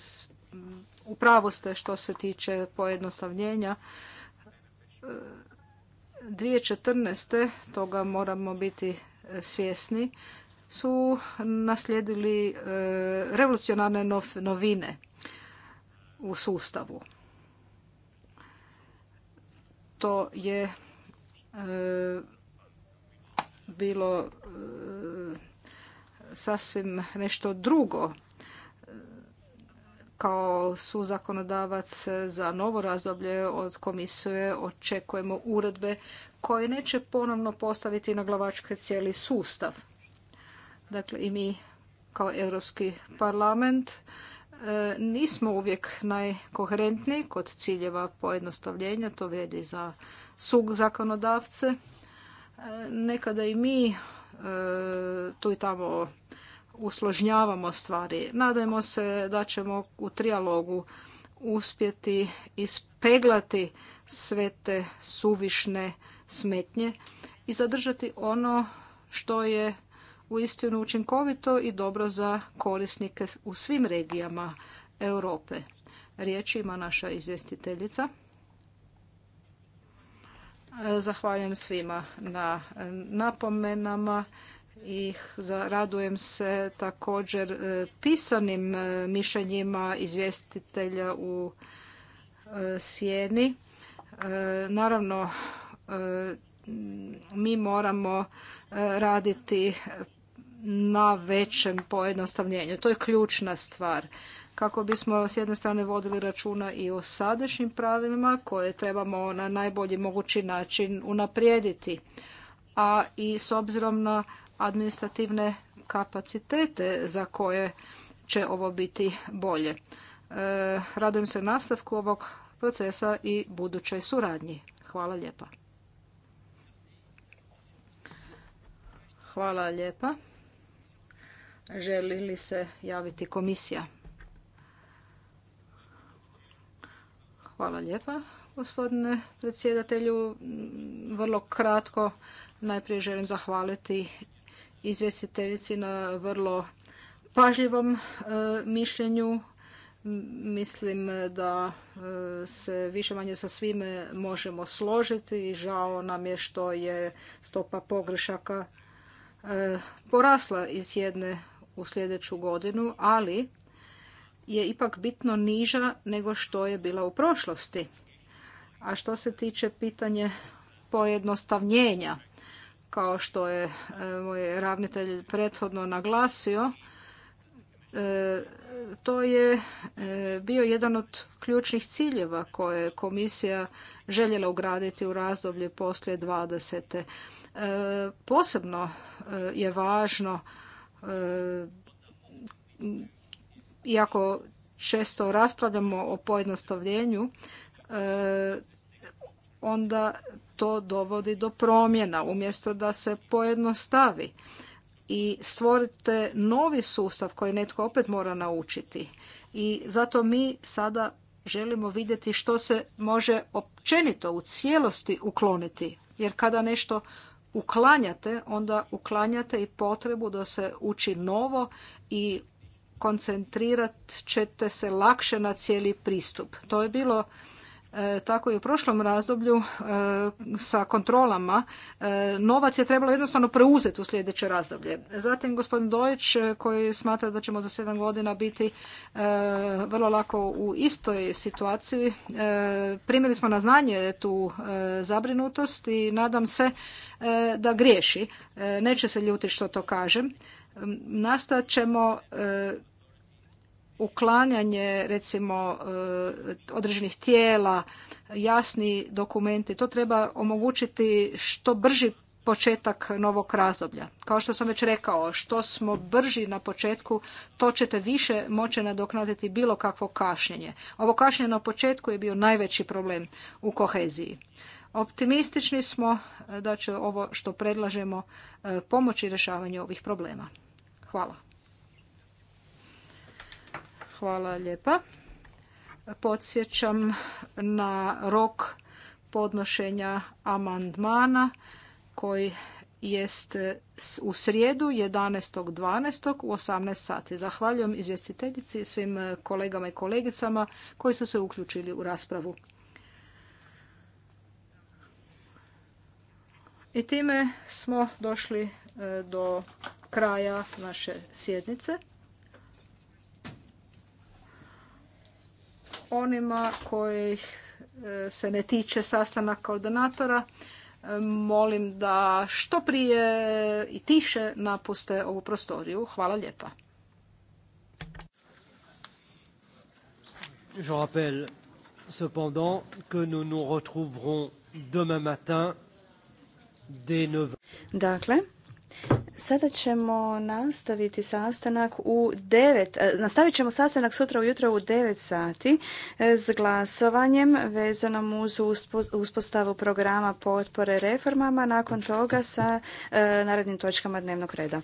U pravu ste što se tiče pojednostavljenja. 2014. E, toga moramo biti e, svjesni su naslijedili revolucionarne novine u sustavu. To je E, bilo e, sasvim nešto drugo e, kao su zakonodavac za novo razdoblje od komisije očekujemo uredbe koje neće ponovno postaviti na glavačke cijeli sustav. Dakle, i mi kao Europski parlament E, nismo uvijek najkoherentniji kod ciljeva pojednostavljenja, to vrijedi za sug zakonodavce. E, nekada i mi e, tu i tamo usložnjavamo stvari. Nadajmo se da ćemo u trijalogu uspjeti ispeglati sve te suvišne smetnje i zadržati ono što je uistinu učinkovito i dobro za korisnike u svim regijama Europe. Riječ ima naša izvjestiteljica. Zahvaljujem svima na napomenama i radujem se također e, pisanim e, mišljenjima izvjestitelja u e, sjeni. Naravno, mi moramo e, raditi na većem pojednostavljenju. To je ključna stvar kako bismo s jedne strane vodili računa i o sadašnjim pravilima koje trebamo na najbolji mogući način unaprijediti, a i s obzirom na administrativne kapacitete za koje će ovo biti bolje. E, radujem se nastavku ovog procesa i budućoj suradnji. Hvala lijepa. Hvala lijepa. Želi li se javiti komisija? Hvala lijepa, gospodine predsjedatelju. Vrlo kratko najprije želim zahvaliti izvjestiteljici na vrlo pažljivom e, mišljenju. Mislim da e, se više-manje sa svime možemo složiti i žao nam je što je stopa pogrešaka E, porasla iz jedne u sljedeću godinu, ali je ipak bitno niža nego što je bila u prošlosti. A što se tiče pitanje pojednostavnjenja, kao što je e, moj ravnitelj prethodno naglasio, e, to je bio jedan od ključnih ciljeva koje je komisija željela ugraditi u razdoblje poslije 20. Posebno e, je važno e, iako često raspravljamo o pojednostavljenju, e, onda to dovodi do promjena umjesto da se pojednostavi i stvorite novi sustav koji netko opet mora naučiti. I zato mi sada želimo vidjeti što se može općenito u cijelosti ukloniti. Jer kada nešto uklanjate, onda uklanjate i potrebu da se uči novo i koncentrirat ćete se lakše na cijeli pristup. To je bilo E, tako i u prošlom razdoblju e, sa kontrolama, e, novac je trebalo jednostavno preuzeti u sljedeće razdoblje. Zatim gospodin Dojić koji smatra da ćemo za sedam godina biti vrlo lako u istoj situaciji. Primili smo na znanje tu zabrinutost i nadam se da griješi. Neće se ljuti što to kažem. Nastojat ćemo uklanjanje recimo e, određenih tijela, jasni dokumenti, to treba omogućiti što brži početak novog razdoblja. Kao što sam već rekao, što smo brži na početku, to ćete više moći nadoknaditi bilo kakvo kašnjenje. Ovo kašnjenje na početku je bio najveći problem u koheziji. Optimistični smo e, da će ovo što predlažemo e, pomoći rješavanju ovih problema. Hvala. Hvala lijepa. Podsjećam na rok podnošenja amandmana koji jest u srijedu 11.12. u 18 sati. Zahvaljujem izvjestiteljici i svim kolegama i kolegicama koji su se uključili u raspravu. I time smo došli e, do kraja naše sjednice. onima kojih e, se ne tiče sastanak koordinatora, e, molim da što prije i tiše napuste ovu prostoriju. Hvala lijepa. Je rappelle cependant que nous nous retrouverons demain matin dès 9 Dakle, Sada ćemo nastaviti sastanak u 9, e, nastavit ćemo sastanak sutra ujutro u 9 sati e, s glasovanjem vezanom uz uspostavu programa potpore reformama, nakon toga sa e, narednim točkama dnevnog reda.